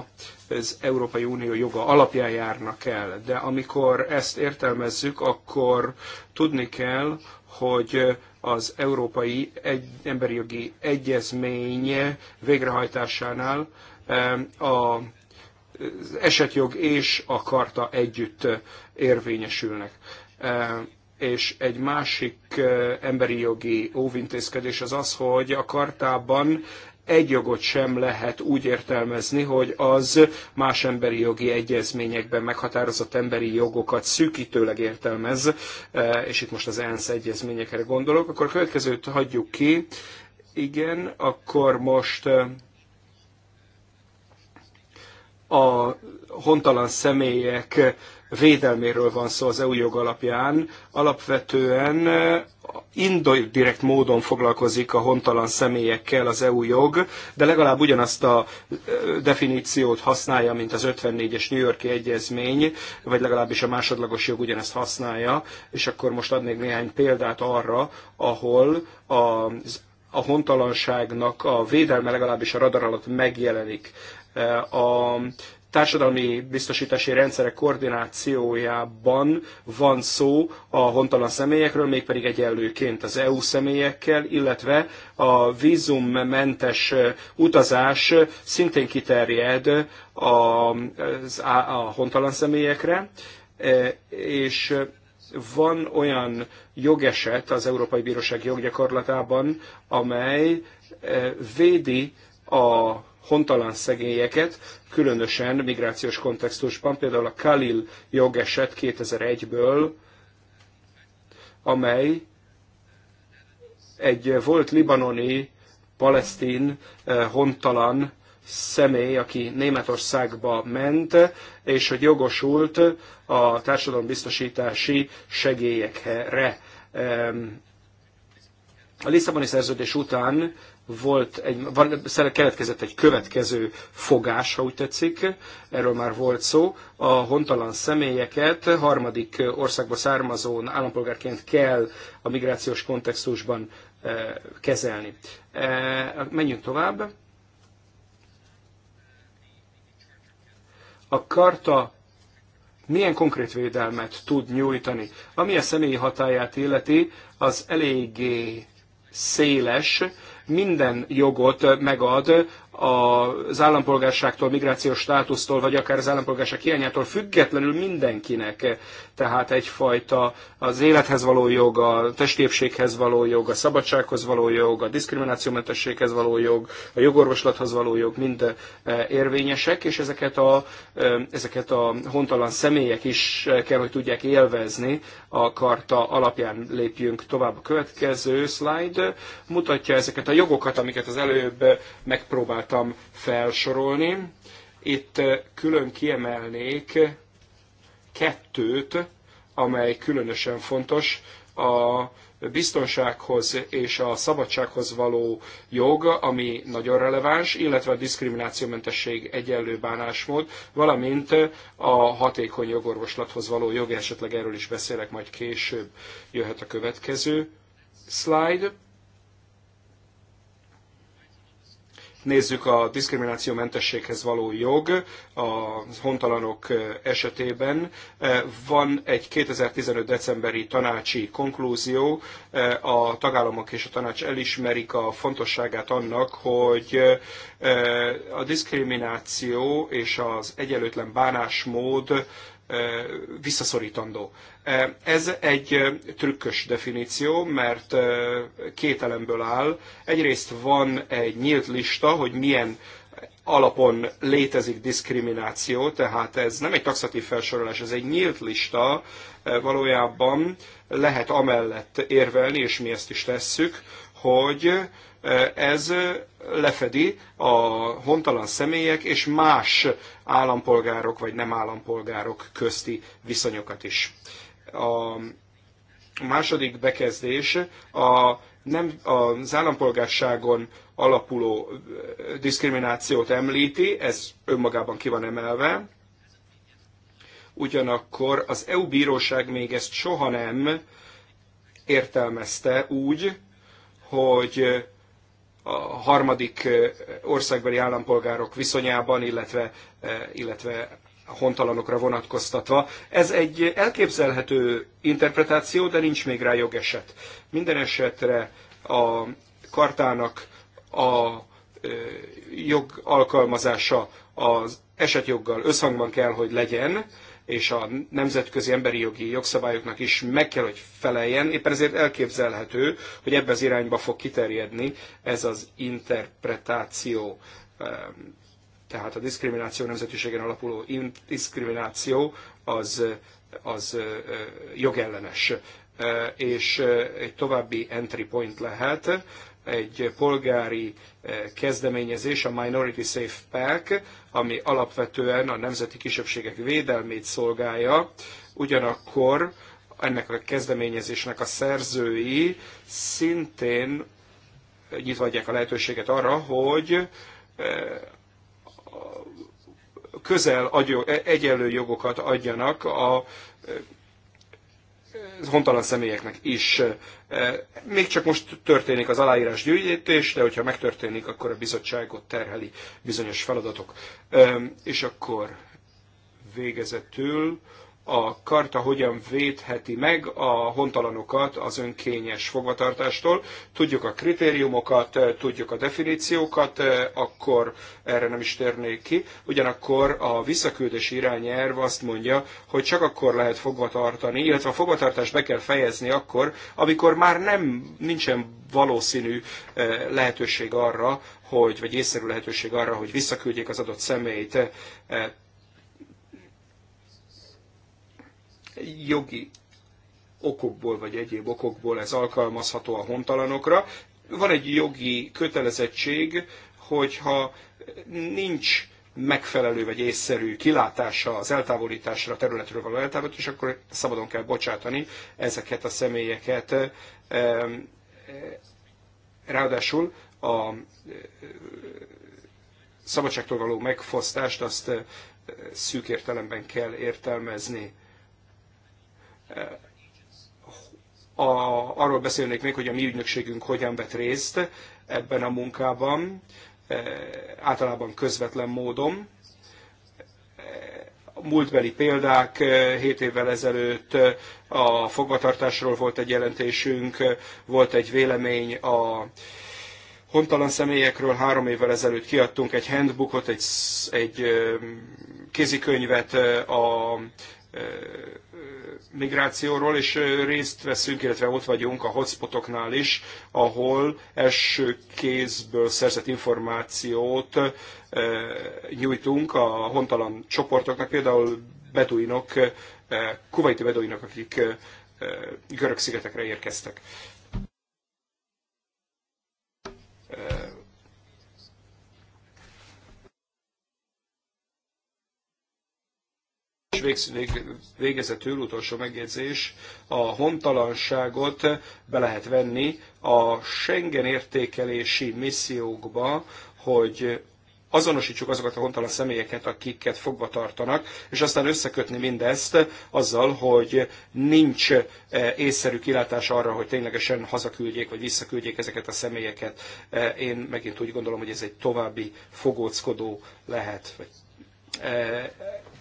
az Európai Unió joga alapján járnak el. De amikor ezt értelmezzük, akkor tudni kell, hogy az Európai Egy- Emberi Jogi Egyezmény végrehajtásánál a esetjog és a karta együtt érvényesülnek. E, és egy másik e, emberi jogi óvintézkedés az az, hogy a kartában egy jogot sem lehet úgy értelmezni, hogy az más emberi jogi egyezményekben meghatározott emberi jogokat szűkítőleg értelmez, e, és itt most az ENSZ egyezményekre gondolok, akkor a következőt hagyjuk ki. Igen, akkor most a hontalan személyek védelméről van szó az EU jog alapján. Alapvetően indirekt módon foglalkozik a hontalan személyekkel az EU jog, de legalább ugyanazt a definíciót használja, mint az 54-es New Yorki egyezmény, vagy legalábbis a másodlagos jog ugyanezt használja, és akkor most adnék néhány példát arra, ahol az a hontalanságnak a védelme legalábbis a radar alatt megjelenik a társadalmi biztosítási rendszerek koordinációjában van szó a hontalan személyekről, mégpedig egyenlőként az EU személyekkel, illetve a vízummentes utazás szintén kiterjed a, a hontalan személyekre, e, és van olyan jogeset az Európai Bíróság joggyakorlatában, amely e, védi a hontalan szegélyeket, különösen migrációs kontextusban, például a Kalil jogeset 2001-ből, amely egy volt libanoni, palesztin, eh, hontalan személy, aki Németországba ment, és hogy jogosult a társadalombiztosítási segélyekre. A Lisszaboni szerződés után volt egy, van, keletkezett egy következő fogás, ha úgy tetszik, erről már volt szó. A hontalan személyeket harmadik országba származó, állampolgárként kell a migrációs kontextusban eh, kezelni. Eh, menjünk tovább. A karta milyen konkrét védelmet tud nyújtani? Ami a személyi hatáját illeti, az eléggé széles, minden jogot megad az állampolgárságtól, migrációs státusztól, vagy akár az állampolgárság hiányától függetlenül mindenkinek tehát egyfajta az élethez való jog, a testépséghez való jog, a szabadsághoz való jog, a diszkriminációmentességhez való jog, a jogorvoslathoz való jog mind e, érvényesek, és ezeket a, e, ezeket a hontalan személyek is e, kell, hogy tudják élvezni a karta alapján lépjünk tovább. A következő slide mutatja ezeket a jogokat, amiket az előbb megpróbáltam felsorolni. Itt külön kiemelnék kettőt, amely különösen fontos, a biztonsághoz és a szabadsághoz való jog, ami nagyon releváns, illetve a diszkriminációmentesség egyenlő bánásmód, valamint a hatékony jogorvoslathoz való jog, esetleg erről is beszélek majd később. Jöhet a következő slide. Nézzük a diszkriminációmentességhez való jog a hontalanok esetében. E, van egy 2015. decemberi tanácsi konklúzió, e, a tagállamok és a tanács elismerik a fontosságát annak, hogy e, a diszkrimináció és az egyenlőtlen bánásmód visszaszorítandó. Ez egy trükkös definíció, mert két elemből áll. Egyrészt van egy nyílt lista, hogy milyen alapon létezik diszkrimináció, tehát ez nem egy taxatív felsorolás, ez egy nyílt lista, valójában lehet amellett érvelni, és mi ezt is tesszük, hogy eh, ez eh, lefedi a hontalan személyek és más állampolgárok vagy nem állampolgárok közti viszonyokat is. A második bekezdés a nem az állampolgárságon alapuló eh, diszkriminációt említi, ez önmagában ki van emelve, ugyanakkor az EU bíróság még ezt soha nem értelmezte úgy, hogy a harmadik országbeli állampolgárok viszonyában, illetve, illetve hontalanokra vonatkoztatva. Ez egy elképzelhető interpretáció, de nincs még rá jogeset. Minden esetre a kartának a jog alkalmazása az esetjoggal összhangban kell, hogy legyen, és a nemzetközi emberi jogi jogszabályoknak is meg kell, hogy feleljen. Éppen ezért elképzelhető, hogy ebbe az irányba fog kiterjedni ez az interpretáció. Ehm, tehát a diszkrimináció, nemzetiségen alapuló diszkrimináció az, az jogellenes, és egy további entry point lehet egy polgári eh, kezdeményezés, a Minority Safe Pack, ami alapvetően a nemzeti kisebbségek védelmét szolgálja, ugyanakkor ennek a kezdeményezésnek a szerzői szintén nyitva adják a lehetőséget arra, hogy eh, közel e-, egyenlő jogokat adjanak a hontalan személyeknek is. Még csak most történik az aláírás gyűjtés, de hogyha megtörténik, akkor a bizottságot terheli bizonyos feladatok. És akkor végezetül a karta hogyan védheti meg a hontalanokat az önkényes fogvatartástól. Tudjuk a kritériumokat, tudjuk a definíciókat, akkor erre nem is térnék ki. Ugyanakkor a visszaküldés irányelv azt mondja, hogy csak akkor lehet fogvatartani, illetve a fogvatartást be kell fejezni akkor, amikor már nem nincsen valószínű eh, lehetőség arra, hogy, vagy észszerű lehetőség arra, hogy visszaküldjék az adott személyt. Eh, jogi okokból vagy egyéb okokból ez alkalmazható a hontalanokra. Van egy jogi kötelezettség, hogyha nincs megfelelő vagy észszerű kilátása az eltávolításra, a területről való eltávolítás, akkor szabadon kell bocsátani ezeket a személyeket. Ráadásul a szabadságtól való megfosztást azt szűk értelemben kell értelmezni a, arról beszélnék még, hogy a mi ügynökségünk hogyan vett részt ebben a munkában, e, általában közvetlen módon. E, múltbeli példák, 7 e, évvel ezelőtt a fogvatartásról volt egy jelentésünk, volt egy vélemény a hontalan személyekről, három évvel ezelőtt kiadtunk egy handbookot, egy, egy kézikönyvet a migrációról, és részt veszünk, illetve ott vagyunk a hotspotoknál is, ahol első kézből szerzett információt nyújtunk a hontalan csoportoknak, például beduinok, kuvaiti beduinok, akik görög szigetekre érkeztek. végezetül utolsó megjegyzés, a hontalanságot be lehet venni a Schengen értékelési missziókba, hogy azonosítsuk azokat a hontalan személyeket, akiket fogva tartanak, és aztán összekötni mindezt azzal, hogy nincs eh, észszerű kilátás arra, hogy ténylegesen hazaküldjék vagy visszaküldjék ezeket a személyeket. Eh, én megint úgy gondolom, hogy ez egy további fogóckodó lehet. Eh,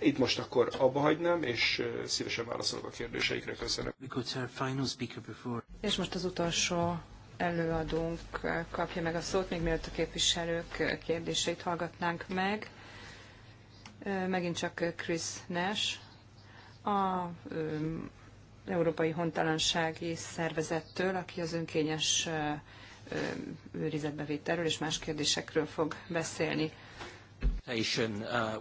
itt most akkor abba hagynám, és szívesen válaszolok a kérdéseikre. Köszönöm. És most az utolsó előadónk kapja meg a szót, még mielőtt a képviselők kérdéseit hallgatnánk meg. Megint csak Chris Nash, a Európai Hontalansági Szervezettől, aki az önkényes őrizetbevételről és más kérdésekről fog beszélni. A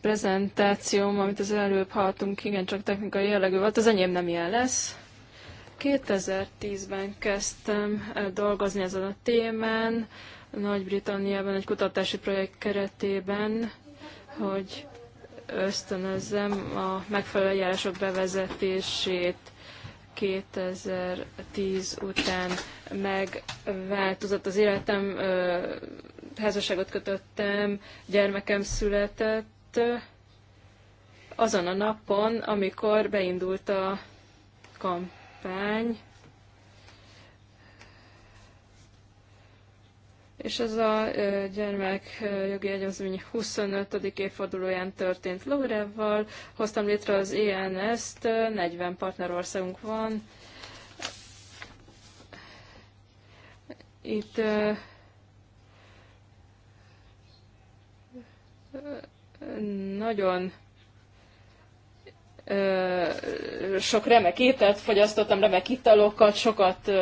prezentációm, amit az előbb hallottunk, igen, csak technikai jellegű volt, az enyém nem ilyen lesz. 2010-ben kezdtem dolgozni ezen a témán, Nagy-Britanniában egy kutatási projekt keretében, hogy ösztönözzem a megfelelő eljárások bevezetését. 2010 után megváltozott az életem, házasságot kötöttem, gyermekem született azon a napon, amikor beindult a kampány, és ez a gyermekjogi egyezmény 25. évfordulóján történt Logrevval. Hoztam létre az ENS-t, 40 partnerországunk van. Itt nagyon sok remek ételt fogyasztottam, remek italokat, sokat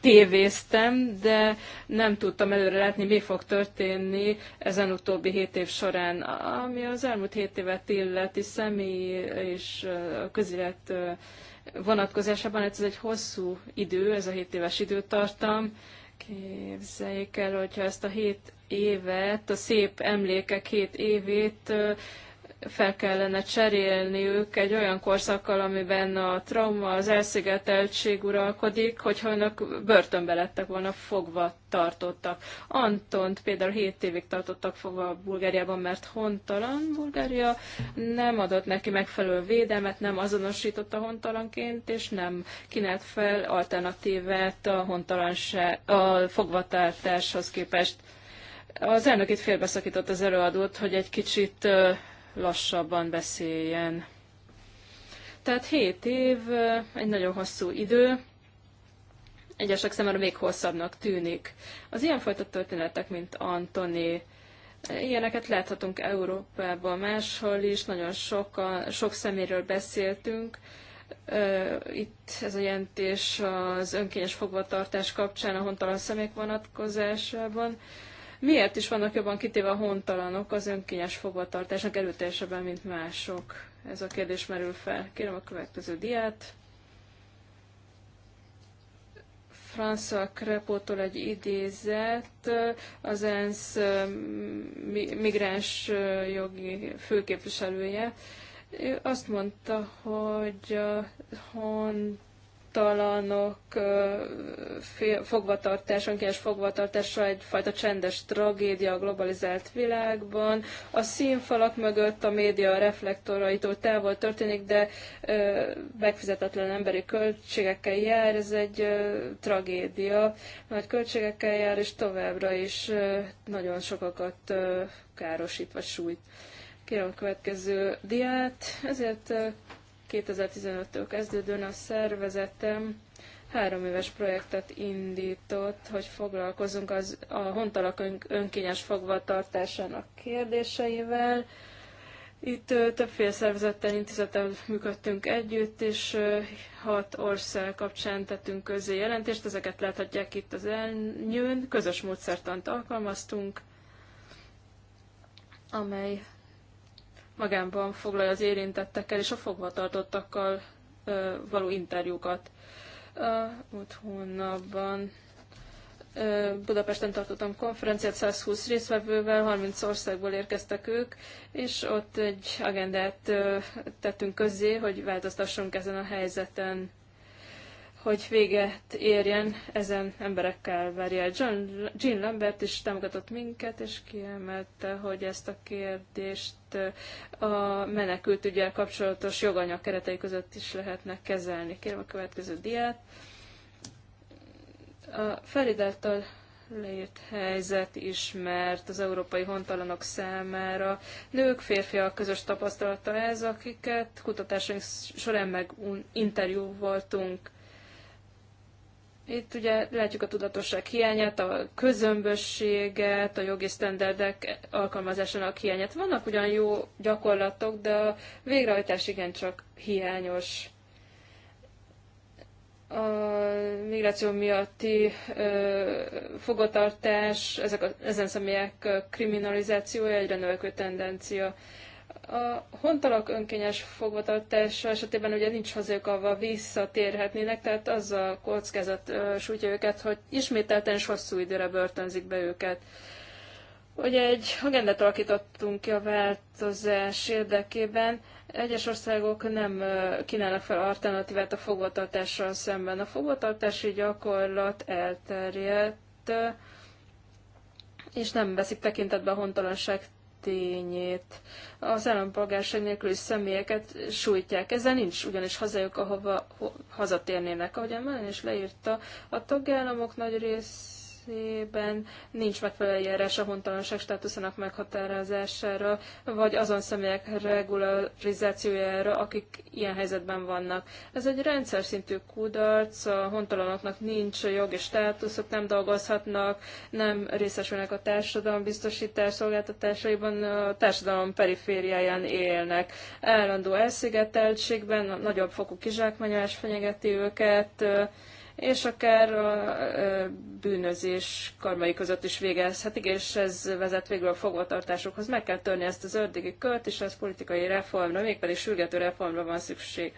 tévéztem, de nem tudtam előre látni, mi fog történni ezen utóbbi hét év során, ami az elmúlt hét évet illeti személy és közélet vonatkozásában. Hát ez egy hosszú idő, ez a hét éves időtartam. Képzeljék el, hogyha ezt a hét évet, a szép emlékek hét évét fel kellene cserélni ők egy olyan korszakkal, amiben a trauma, az elszigeteltség uralkodik, hogyha önök börtönbe lettek volna fogva tartottak. Antont például 7 évig tartottak fogva Bulgáriában, mert hontalan Bulgária nem adott neki megfelelő védelmet, nem azonosította hontalanként, és nem kínált fel alternatívet a hontalanság, a fogvatartáshoz képest. Az elnök itt félbeszakított az előadót, hogy egy kicsit lassabban beszéljen. Tehát 7 év egy nagyon hosszú idő, egyesek számára még hosszabbnak tűnik. Az ilyenfajta történetek, mint Antoni, ilyeneket láthatunk Európában máshol is, nagyon sok, a, sok szeméről beszéltünk. Itt ez a jelentés az önkényes fogvatartás kapcsán a hontalan személyek vonatkozásában. Miért is vannak jobban kitéve a hontalanok az önkényes fogvatartásnak erőteljesebben, mint mások? Ez a kérdés merül fel. Kérem a következő diát. François Crepótól egy idézet, az ENSZ migráns jogi főképviselője. Ő azt mondta, hogy a jogtalanok fogvatartás, önkéntes fogvatartása egyfajta csendes tragédia a globalizált világban. A színfalak mögött a média reflektoraitól távol történik, de megfizetetlen emberi költségekkel jár, ez egy tragédia. Nagy költségekkel jár, és továbbra is nagyon sokakat károsít vagy sújt. Kérem a következő diát. Ezért 2015-től kezdődően a szervezetem három éves projektet indított, hogy foglalkozunk az, a hontalak önkényes fogvatartásának kérdéseivel. Itt többféle szervezettel, intézettel működtünk együtt, és hat ország kapcsán tettünk közé jelentést, ezeket láthatják itt az elnyőn. Közös módszertant alkalmaztunk, amely magánban foglalja az érintettekkel és a fogvatartottakkal való interjúkat. Múlt hónapban Budapesten tartottam konferenciát 120 részvevővel, 30 országból érkeztek ők, és ott egy agendát tettünk közzé, hogy változtassunk ezen a helyzeten hogy véget érjen ezen emberekkel verje. John, Jean Lambert is támogatott minket, és kiemelte, hogy ezt a kérdést a menekült ügyel kapcsolatos joganyag keretei között is lehetne kezelni. Kérem a következő diát. A Feridától leírt helyzet ismert az európai hontalanok számára. Nők, férfiak közös tapasztalata ez, akiket kutatásaink során meg interjú voltunk itt ugye látjuk a tudatosság hiányát, a közömbösséget, a jogi sztenderdek alkalmazásának hiányát. Vannak ugyan jó gyakorlatok, de a végrehajtás igencsak hiányos. A migráció miatti ö, fogotartás, ezek a, ezen személyek kriminalizációja egyre növekvő tendencia. A hontalak önkényes fogvatartása esetében ugye nincs hazajukalva, visszatérhetnének, tehát az a kockázat sújtja őket, hogy ismételten és hosszú időre börtönzik be őket. Ugye egy agendát alakítottunk ki a változás érdekében, egyes országok nem kínálnak fel alternatívát a fogvatartással szemben. A fogvatartási gyakorlat elterjedt, és nem veszik tekintetbe a hontalanság tényét. Az állampolgárság nélküli személyeket sújtják. Ezzel nincs ugyanis hazajuk, ahova ho, hazatérnének. Ahogy Mellen is leírta, a tagállamok nagy rész esetében nincs megfelelő eljárás a hontalanság státuszának meghatározására, vagy azon személyek regularizációjára, akik ilyen helyzetben vannak. Ez egy rendszer szintű kudarc, a hontalanoknak nincs jogi státuszok, nem dolgozhatnak, nem részesülnek a társadalom biztosítás szolgáltatásaiban, a társadalom perifériáján élnek. Állandó elszigeteltségben, nagyobb fokú kizsákmányolás fenyegeti őket, és akár a bűnözés karmai között is végezhetik, és ez vezet végül a fogvatartásokhoz. Meg kell törni ezt az ördögi kört, és ez politikai reformra, mégpedig sürgető reformra van szükség.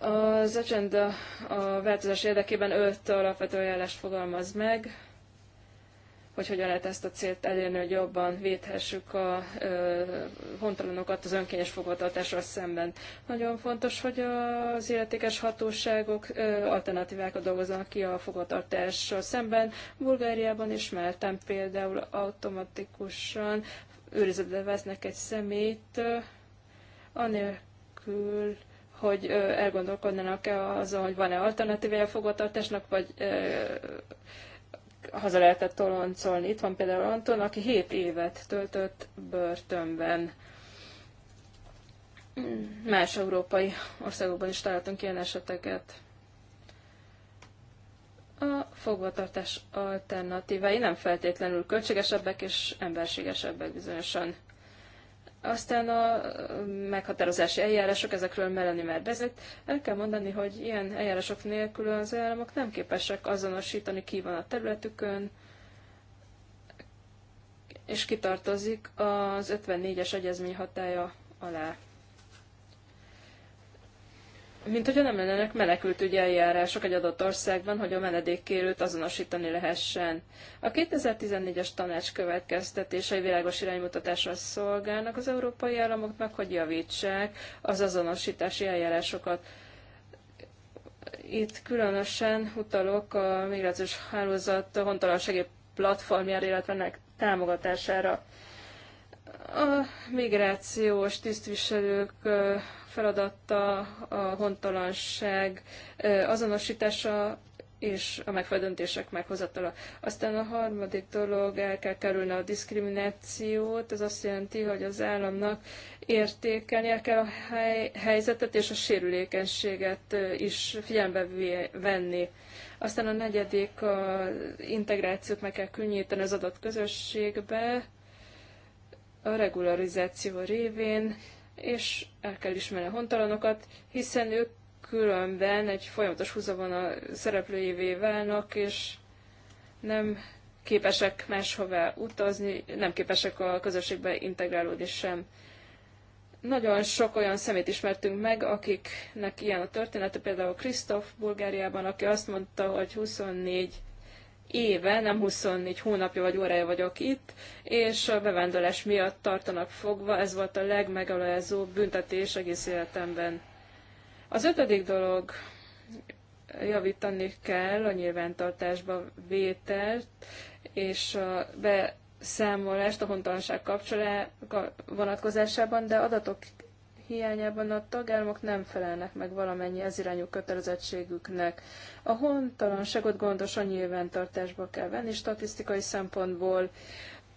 Az agenda a változás érdekében öt alapvető ajánlást fogalmaz meg, hogy hogyan lehet ezt a célt elérni, hogy jobban védhessük a ö, hontalanokat az önkényes fogvatartással szemben. Nagyon fontos, hogy az illetékes hatóságok ö, alternatívákat dolgoznak ki a fogvatartással szemben. Bulgáriában ismertem például automatikusan őrizetbe vesznek egy szemét, anélkül, hogy elgondolkodnának-e azon, hogy van-e alternatívája a fogvatartásnak, vagy ö, haza lehetett toloncolni. Itt van például Anton, aki 7 évet töltött börtönben. Más európai országokban is találtunk ilyen eseteket. A fogvatartás alternatívái nem feltétlenül költségesebbek és emberségesebbek bizonyosan. Aztán a meghatározási eljárások, ezekről Melanie már bezett, el kell mondani, hogy ilyen eljárások nélkül az államok nem képesek azonosítani, ki van a területükön, és kitartozik az 54-es egyezmény hatája alá mint hogyha nem lennének menekültügyi eljárások egy adott országban, hogy a menedékkérőt azonosítani lehessen. A 2014-es tanács következtetései világos iránymutatásra szolgálnak az európai államoknak, hogy javítsák az azonosítási eljárásokat. Itt különösen utalok a migrációs hálózat hontalansági platformjára, illetve ennek támogatására. A migrációs tisztviselők feladata a hontalanság azonosítása és a megfelelő döntések meghozatala. Aztán a harmadik dolog, el kell kerülni a diszkriminációt, ez azt jelenti, hogy az államnak értékelnie kell a hely, helyzetet és a sérülékenységet is figyelembe venni. Aztán a negyedik, a integrációt meg kell könnyíteni az adott közösségbe, a regularizáció révén, és el kell ismerni a hontalanokat, hiszen ők különben egy folyamatos a szereplőjévé válnak, és nem képesek máshová utazni, nem képesek a közösségbe integrálódni sem. Nagyon sok olyan szemét ismertünk meg, akiknek ilyen a története, például Krisztof Bulgáriában, aki azt mondta, hogy 24 éve, nem 24 hónapja vagy órája vagyok itt, és a bevándorlás miatt tartanak fogva, ez volt a legmegalázóbb büntetés egész életemben. Az ötödik dolog, javítani kell a nyilvántartásba vételt, és a beszámolást a hontalanság kapcsolá vonatkozásában, de adatok hiányában a tagállamok nem felelnek meg valamennyi ez irányú kötelezettségüknek. A hontalanságot gondosan nyilvántartásba kell venni statisztikai szempontból,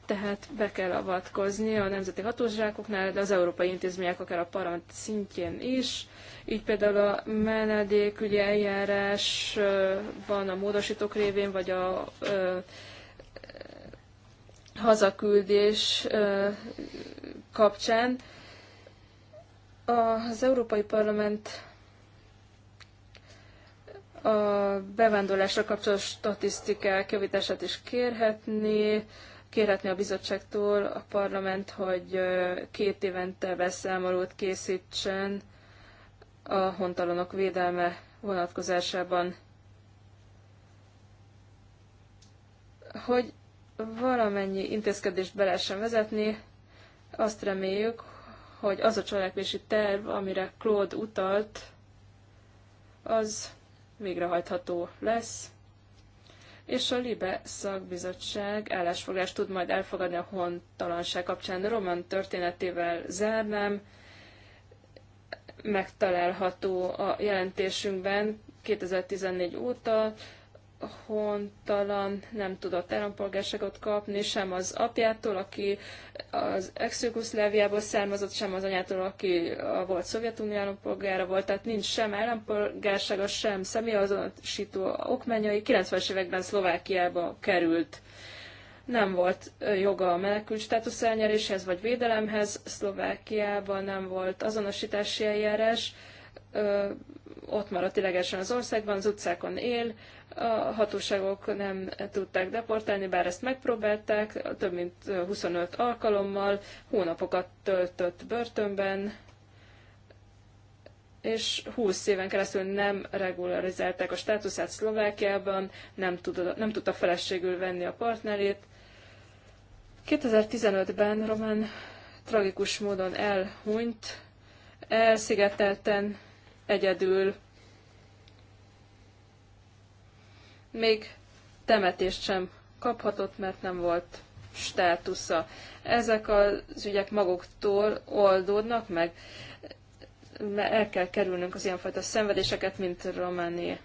tehát be kell avatkozni a nemzeti hatóságoknál, de az európai intézmények akár a parlament szintjén is. Így például a menedékügyi eljárás van a módosítók révén, vagy a hazaküldés kapcsán az Európai Parlament a bevándorlásra kapcsolatos statisztikák javítását is kérhetné, kérhetné a bizottságtól a parlament, hogy két évente beszámolót készítsen a hontalanok védelme vonatkozásában. Hogy valamennyi intézkedést be lehessen vezetni, azt reméljük, hogy az a cselekvési terv, amire Claude utalt, az végrehajtható lesz, és a LIBE szakbizottság állásfogást tud majd elfogadni a hontalanság kapcsán. A román történetével zárnám, megtalálható a jelentésünkben 2014 óta, hontalan nem tudott állampolgárságot kapni, sem az apjától, aki az ex-Jugoszláviából származott, sem az anyától, aki a volt Szovjetunió állampolgára volt, tehát nincs sem állampolgársága, sem személyazonosító okmányai. 90-es években Szlovákiába került. Nem volt joga a menekült státusz elnyeréshez vagy védelemhez, Szlovákiában nem volt azonosítási eljárás, ö, ott maradt ilegesen az országban, az utcákon él, a hatóságok nem tudták deportálni, bár ezt megpróbálták, több mint 25 alkalommal, hónapokat töltött börtönben, és 20 éven keresztül nem regularizálták a státuszát Szlovákiában, nem, tudta, nem tudta feleségül venni a partnerét. 2015-ben Roman tragikus módon elhunyt, elszigetelten egyedül. Még temetést sem kaphatott, mert nem volt státusza. Ezek az ügyek maguktól oldódnak meg, mert el kell kerülnünk az ilyenfajta szenvedéseket, mint Románé.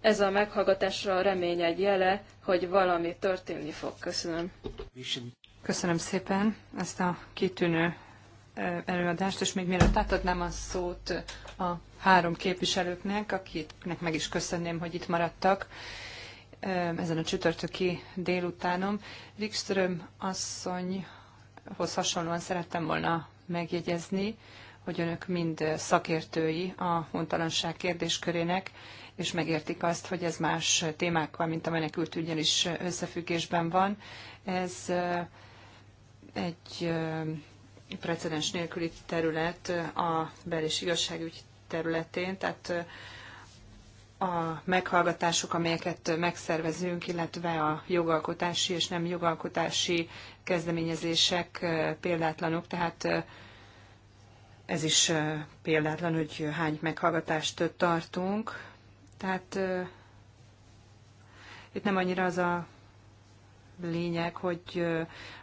Ez a meghallgatásra a remény egy jele, hogy valami történni fog. Köszönöm. Köszönöm szépen ezt a kitűnő előadást, és még mielőtt átadnám a szót a három képviselőknek, akiknek meg is köszönném, hogy itt maradtak ezen a csütörtöki délutánom. Rikström asszonyhoz hasonlóan szerettem volna megjegyezni, hogy önök mind szakértői a hontalanság kérdéskörének, és megértik azt, hogy ez más témákkal, mint a menekült ügyen is összefüggésben van. Ez egy precedens nélküli terület a bel- és igazságügy területén, tehát a meghallgatások, amelyeket megszervezünk, illetve a jogalkotási és nem jogalkotási kezdeményezések példátlanok, tehát ez is példátlan, hogy hány meghallgatást tartunk. Tehát itt nem annyira az a lényeg, hogy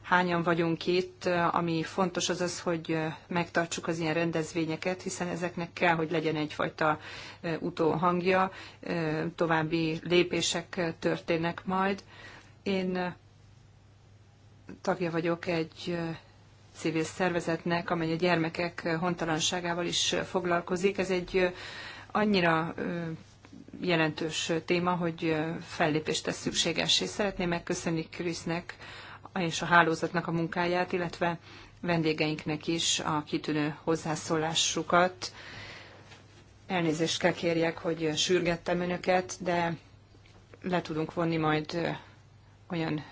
hányan vagyunk itt. Ami fontos az az, hogy megtartsuk az ilyen rendezvényeket, hiszen ezeknek kell, hogy legyen egyfajta utóhangja, további lépések történnek majd. Én tagja vagyok egy civil szervezetnek, amely a gyermekek hontalanságával is foglalkozik. Ez egy annyira jelentős téma, hogy fellépést tesz és Szeretném megköszönni Krisznek és a hálózatnak a munkáját, illetve vendégeinknek is a kitűnő hozzászólásukat. Elnézést kell kérjek, hogy sürgettem önöket, de le tudunk vonni majd olyan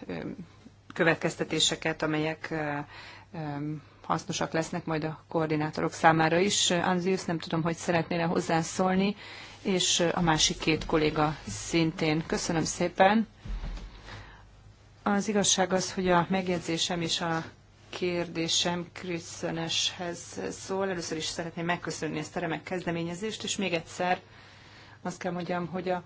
következtetéseket, amelyek hasznosak lesznek majd a koordinátorok számára is. Anzius, nem tudom, hogy szeretnél -e hozzászólni, és a másik két kolléga szintén. Köszönöm szépen. Az igazság az, hogy a megjegyzésem és a kérdésem Krisztöneshez szól. Először is szeretném megköszönni ezt a remek kezdeményezést, és még egyszer azt kell mondjam, hogy a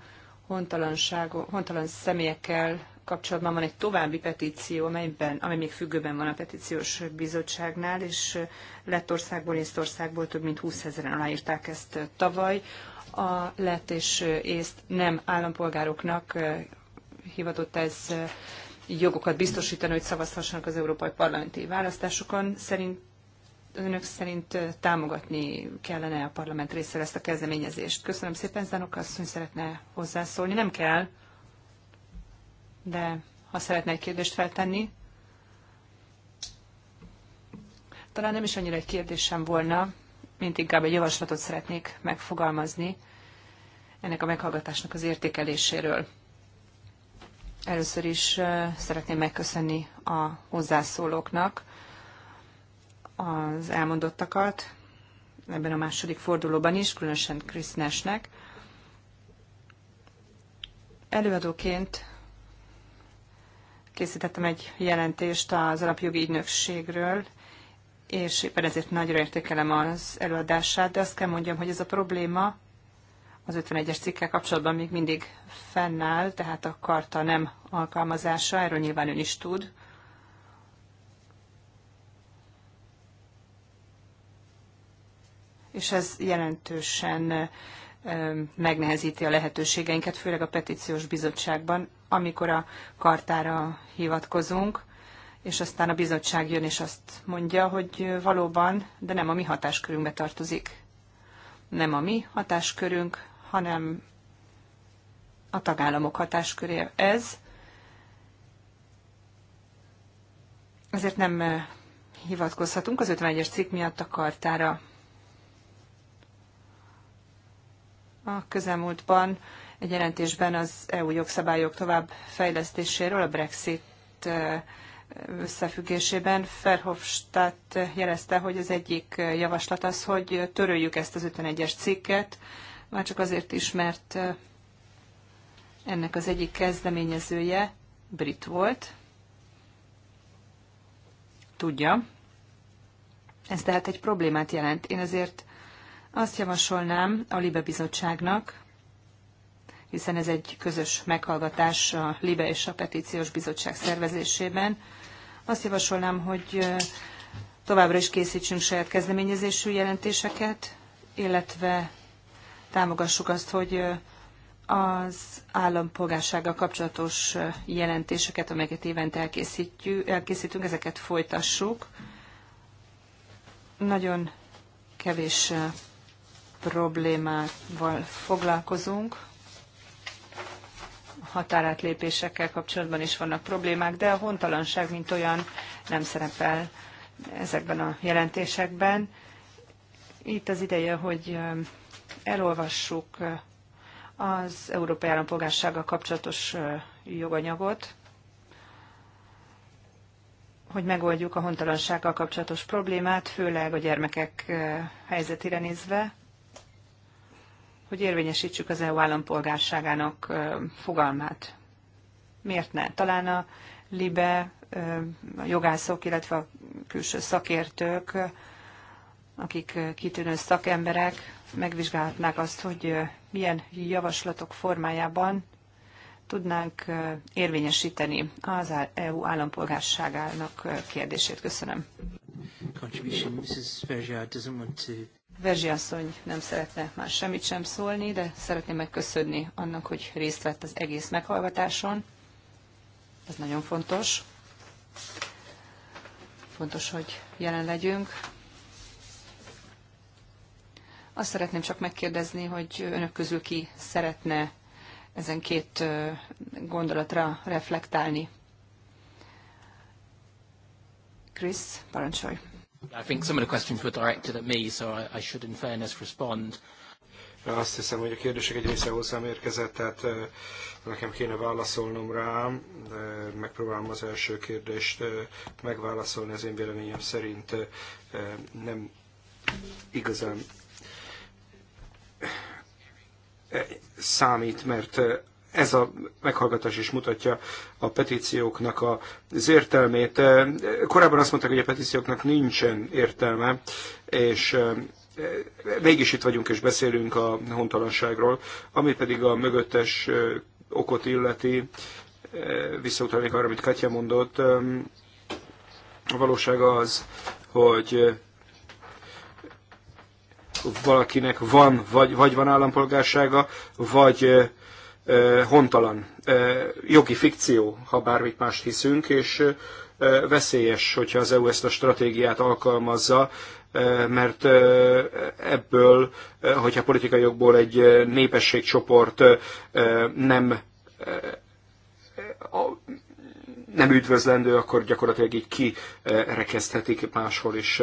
hontalan személyekkel kapcsolatban van egy további petíció, amelyben, amely még függőben van a petíciós bizottságnál, és Lettországból, Észtországból több mint 20 ezeren aláírták ezt tavaly a lett és észt nem állampolgároknak hivatott ez jogokat biztosítani, hogy szavazhassanak az európai parlamenti választásokon. Szerint önök szerint támogatni kellene a parlament részéről ezt a kezdeményezést. Köszönöm szépen, Zánok asszony szeretne hozzászólni. Nem kell, de ha szeretne egy kérdést feltenni, talán nem is annyira egy sem volna, mint inkább egy javaslatot szeretnék megfogalmazni ennek a meghallgatásnak az értékeléséről. Először is szeretném megköszönni a hozzászólóknak az elmondottakat, ebben a második fordulóban is, különösen Chris Előadóként készítettem egy jelentést az alapjogi ügynökségről, és éppen ezért nagyra értékelem az előadását, de azt kell mondjam, hogy ez a probléma az 51-es cikkel kapcsolatban még mindig fennáll, tehát a karta nem alkalmazása, erről nyilván ön is tud. És ez jelentősen megnehezíti a lehetőségeinket, főleg a petíciós bizottságban, amikor a kartára hivatkozunk és aztán a bizottság jön és azt mondja, hogy valóban, de nem a mi hatáskörünkbe tartozik. Nem a mi hatáskörünk, hanem a tagállamok hatásköré ez. Ezért nem eh, hivatkozhatunk az 51-es cikk miatt a kartára. A közelmúltban egy jelentésben az EU jogszabályok tovább fejlesztéséről a Brexit eh, összefüggésében Ferhofstadt jelezte, hogy az egyik javaslat az, hogy töröljük ezt az 51-es cikket, már csak azért is, mert ennek az egyik kezdeményezője brit volt. Tudja. Ez tehát egy problémát jelent. Én azért azt javasolnám a Libe Bizottságnak, hiszen ez egy közös meghallgatás a LIBE és a Petíciós Bizottság szervezésében. Azt javasolnám, hogy továbbra is készítsünk saját kezdeményezésű jelentéseket, illetve támogassuk azt, hogy az állampolgársággal kapcsolatos jelentéseket, amelyeket évente elkészítjük, elkészítünk, ezeket folytassuk. Nagyon kevés problémával foglalkozunk határátlépésekkel kapcsolatban is vannak problémák, de a hontalanság, mint olyan, nem szerepel ezekben a jelentésekben. Itt az ideje, hogy um, elolvassuk uh, az Európai Állampolgársággal kapcsolatos uh, joganyagot, hogy megoldjuk a hontalansággal kapcsolatos problémát, főleg a gyermekek uh, helyzetére nézve, hogy érvényesítsük az EU állampolgárságának fogalmát. Miért ne? Talán a LIBE, a jogászok, illetve a külső szakértők, akik kitűnő szakemberek, megvizsgálhatnák azt, hogy milyen javaslatok formájában tudnánk érvényesíteni az EU állampolgárságának kérdését. Köszönöm. Contribution. Mrs. doesn't want to Verzsi asszony nem szeretne már semmit sem szólni, de szeretném megköszönni annak, hogy részt vett az egész meghallgatáson. Ez nagyon fontos. Fontos, hogy jelen legyünk. Azt szeretném csak megkérdezni, hogy önök közül ki szeretne ezen két gondolatra reflektálni. Krisz, parancsolj! I think some of the questions were directed at me, so I, I should in fairness respond. Azt hiszem, hogy a kérdések egy része hozzám érkezett, tehát nekem kéne válaszolnom rá, de megpróbálom az első kérdést megválaszolni. Az én véleményem szerint nem igazán számít, mert ez a meghallgatás is mutatja a petícióknak az értelmét. Korábban azt mondták, hogy a petícióknak nincsen értelme, és mégis itt vagyunk és beszélünk a hontalanságról, ami pedig a mögöttes okot illeti, visszautalnék arra, amit Katya mondott, a valóság az, hogy valakinek van, vagy, vagy van állampolgársága, vagy hontalan jogi fikció, ha bármit mást hiszünk, és veszélyes, hogyha az EU ezt a stratégiát alkalmazza, mert ebből, hogyha politikai jogból egy népességcsoport nem nem üdvözlendő, akkor gyakorlatilag így kirekezthetik máshol is.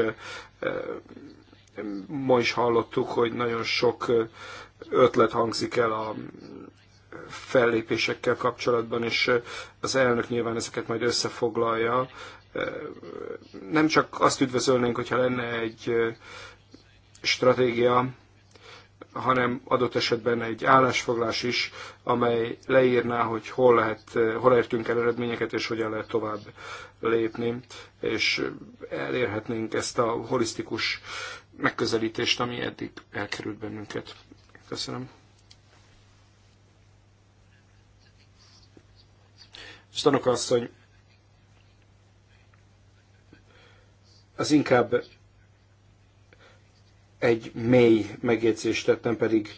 Ma is hallottuk, hogy nagyon sok ötlet hangzik el a fellépésekkel kapcsolatban, és az elnök nyilván ezeket majd összefoglalja. Nem csak azt üdvözölnénk, hogyha lenne egy stratégia, hanem adott esetben egy állásfoglás is, amely leírná, hogy hol, lehet, hol értünk el eredményeket, és hogyan lehet tovább lépni, és elérhetnénk ezt a holisztikus megközelítést, ami eddig elkerült bennünket. Köszönöm. azt, hogy az inkább egy mély megjegyzést tett, nem pedig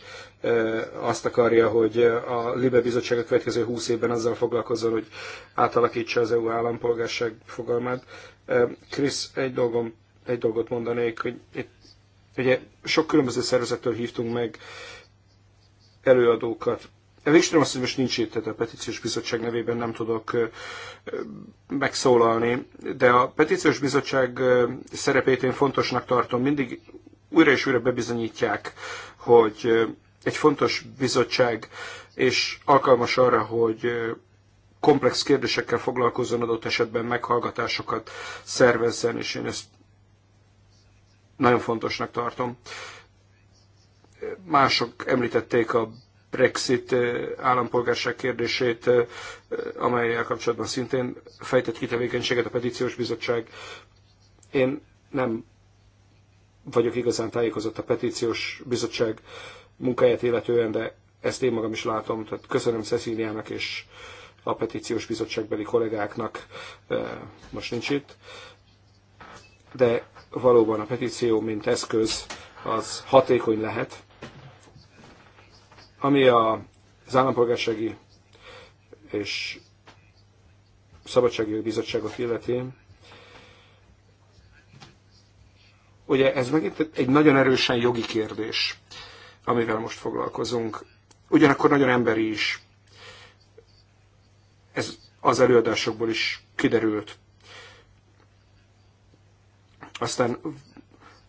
azt akarja, hogy a Libe Bizottság a következő húsz évben azzal foglalkozzon, hogy átalakítsa az EU állampolgárság fogalmát. Krisz, egy, dolgom, egy dolgot mondanék, hogy itt, ugye sok különböző szervezettől hívtunk meg előadókat, Wikström azt most nincs itt, tehát a petíciós bizottság nevében nem tudok megszólalni, de a petíciós bizottság szerepét én fontosnak tartom. Mindig újra és újra bebizonyítják, hogy egy fontos bizottság, és alkalmas arra, hogy komplex kérdésekkel foglalkozzon adott esetben meghallgatásokat szervezzen, és én ezt nagyon fontosnak tartom. Mások említették a Brexit eh, állampolgárság kérdését, eh, amelyel kapcsolatban szintén fejtett ki tevékenységet a petíciós bizottság. Én nem vagyok igazán tájékozott a petíciós bizottság munkáját illetően, de ezt én magam is látom, tehát köszönöm Cecíliának és a petíciós bizottságbeli kollégáknak, eh, most nincs itt, de valóban a petíció, mint eszköz, az hatékony lehet, ami a, az állampolgársági és szabadsági bizottságot illeti, ugye ez megint egy nagyon erősen jogi kérdés, amivel most foglalkozunk. Ugyanakkor nagyon emberi is. Ez az előadásokból is kiderült. Aztán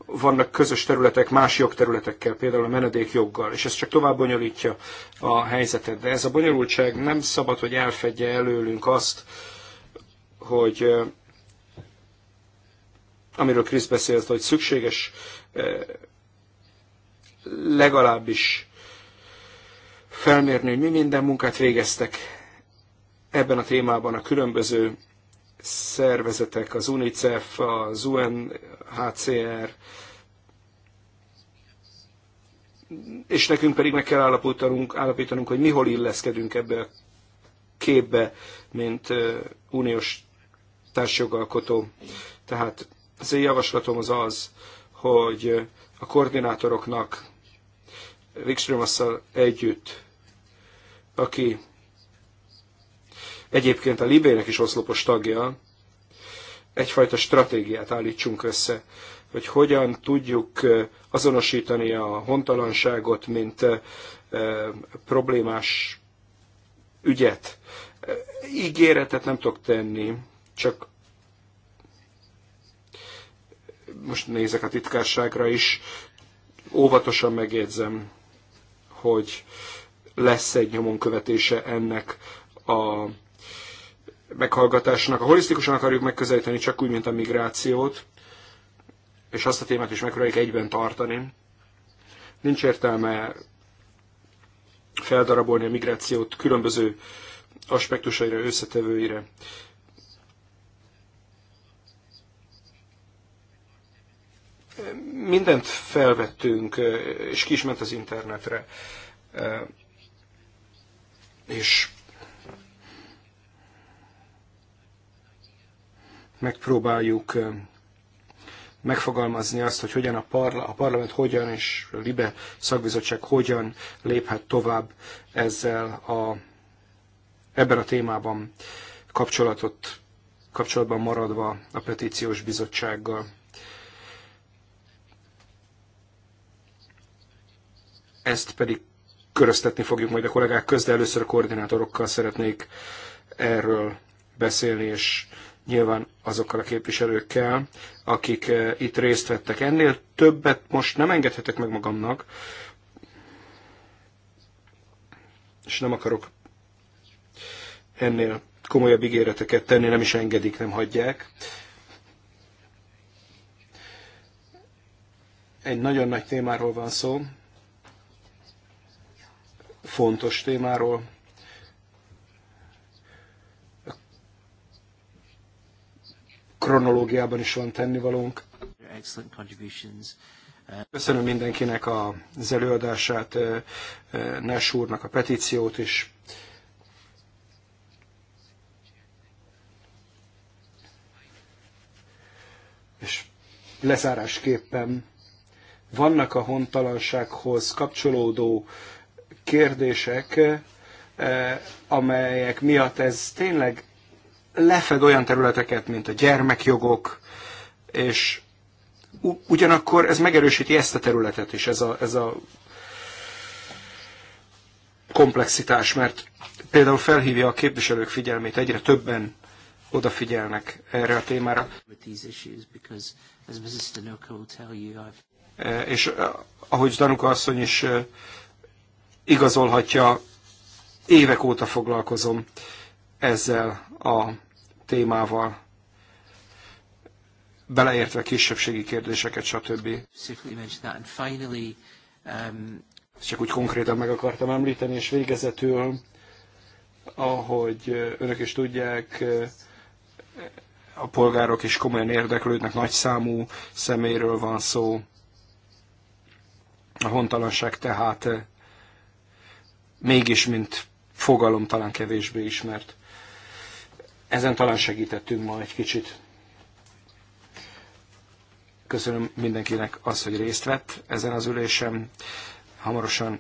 vannak közös területek más jogterületekkel, például a menedékjoggal, és ez csak tovább bonyolítja a helyzetet. De ez a bonyolultság nem szabad, hogy elfedje előlünk azt, hogy amiről Krisz beszélt, hogy szükséges legalábbis felmérni, hogy mi minden munkát végeztek ebben a témában a különböző szervezetek, az UNICEF, az UNHCR, és nekünk pedig meg kell állapítanunk, állapítanunk hogy mihol illeszkedünk ebbe a képbe, mint uniós társjogalkotó. Tehát az én javaslatom az az, hogy a koordinátoroknak Wikström együtt, aki egyébként a Libének is oszlopos tagja, egyfajta stratégiát állítsunk össze, hogy hogyan tudjuk azonosítani a hontalanságot, mint problémás ügyet. Ígéretet nem tudok tenni, csak most nézek a titkárságra is, óvatosan megjegyzem, hogy lesz egy nyomonkövetése ennek a meghallgatásnak. A holisztikusan akarjuk megközelíteni csak úgy, mint a migrációt, és azt a témát is megpróbáljuk egyben tartani. Nincs értelme feldarabolni a migrációt különböző aspektusaira, összetevőire. Mindent felvettünk, és kisment az internetre. És megpróbáljuk megfogalmazni azt, hogy hogyan a, parla, a parlament hogyan és a LIBE szakbizottság hogyan léphet tovább ezzel a, ebben a témában kapcsolatot, kapcsolatban maradva a petíciós bizottsággal. Ezt pedig köröztetni fogjuk majd a kollégák köz, de először a koordinátorokkal szeretnék erről beszélni, és nyilván azokkal a képviselőkkel, akik eh, itt részt vettek. Ennél többet most nem engedhetek meg magamnak, és nem akarok ennél komolyabb ígéreteket tenni, nem is engedik, nem hagyják. Egy nagyon nagy témáról van szó, fontos témáról, kronológiában is van tennivalónk. Köszönöm mindenkinek az előadását, Nes úrnak a petíciót is. És lezárásképpen vannak a hontalansághoz kapcsolódó kérdések, amelyek miatt ez tényleg lefed olyan területeket, mint a gyermekjogok, és ugyanakkor ez megerősíti ezt a területet is, ez a, ez a komplexitás, mert például felhívja a képviselők figyelmét, egyre többen odafigyelnek erre a témára. E, és e, ahogy Danuka asszony is e, igazolhatja, évek óta foglalkozom ezzel a témával, beleértve kisebbségi kérdéseket, stb. Um, Ezt csak úgy konkrétan meg akartam említeni, és végezetül, ahogy önök is tudják, a polgárok is komolyan érdeklődnek, nagy számú szeméről van szó. A hontalanság tehát mégis, mint fogalom talán kevésbé ismert. Ezen talán segítettünk ma egy kicsit. Köszönöm mindenkinek az, hogy részt vett ezen az ülésem. Hamarosan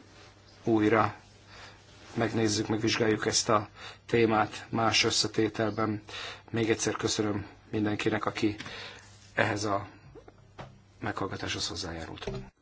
újra megnézzük, megvizsgáljuk ezt a témát más összetételben. Még egyszer köszönöm mindenkinek, aki ehhez a meghallgatáshoz hozzájárult.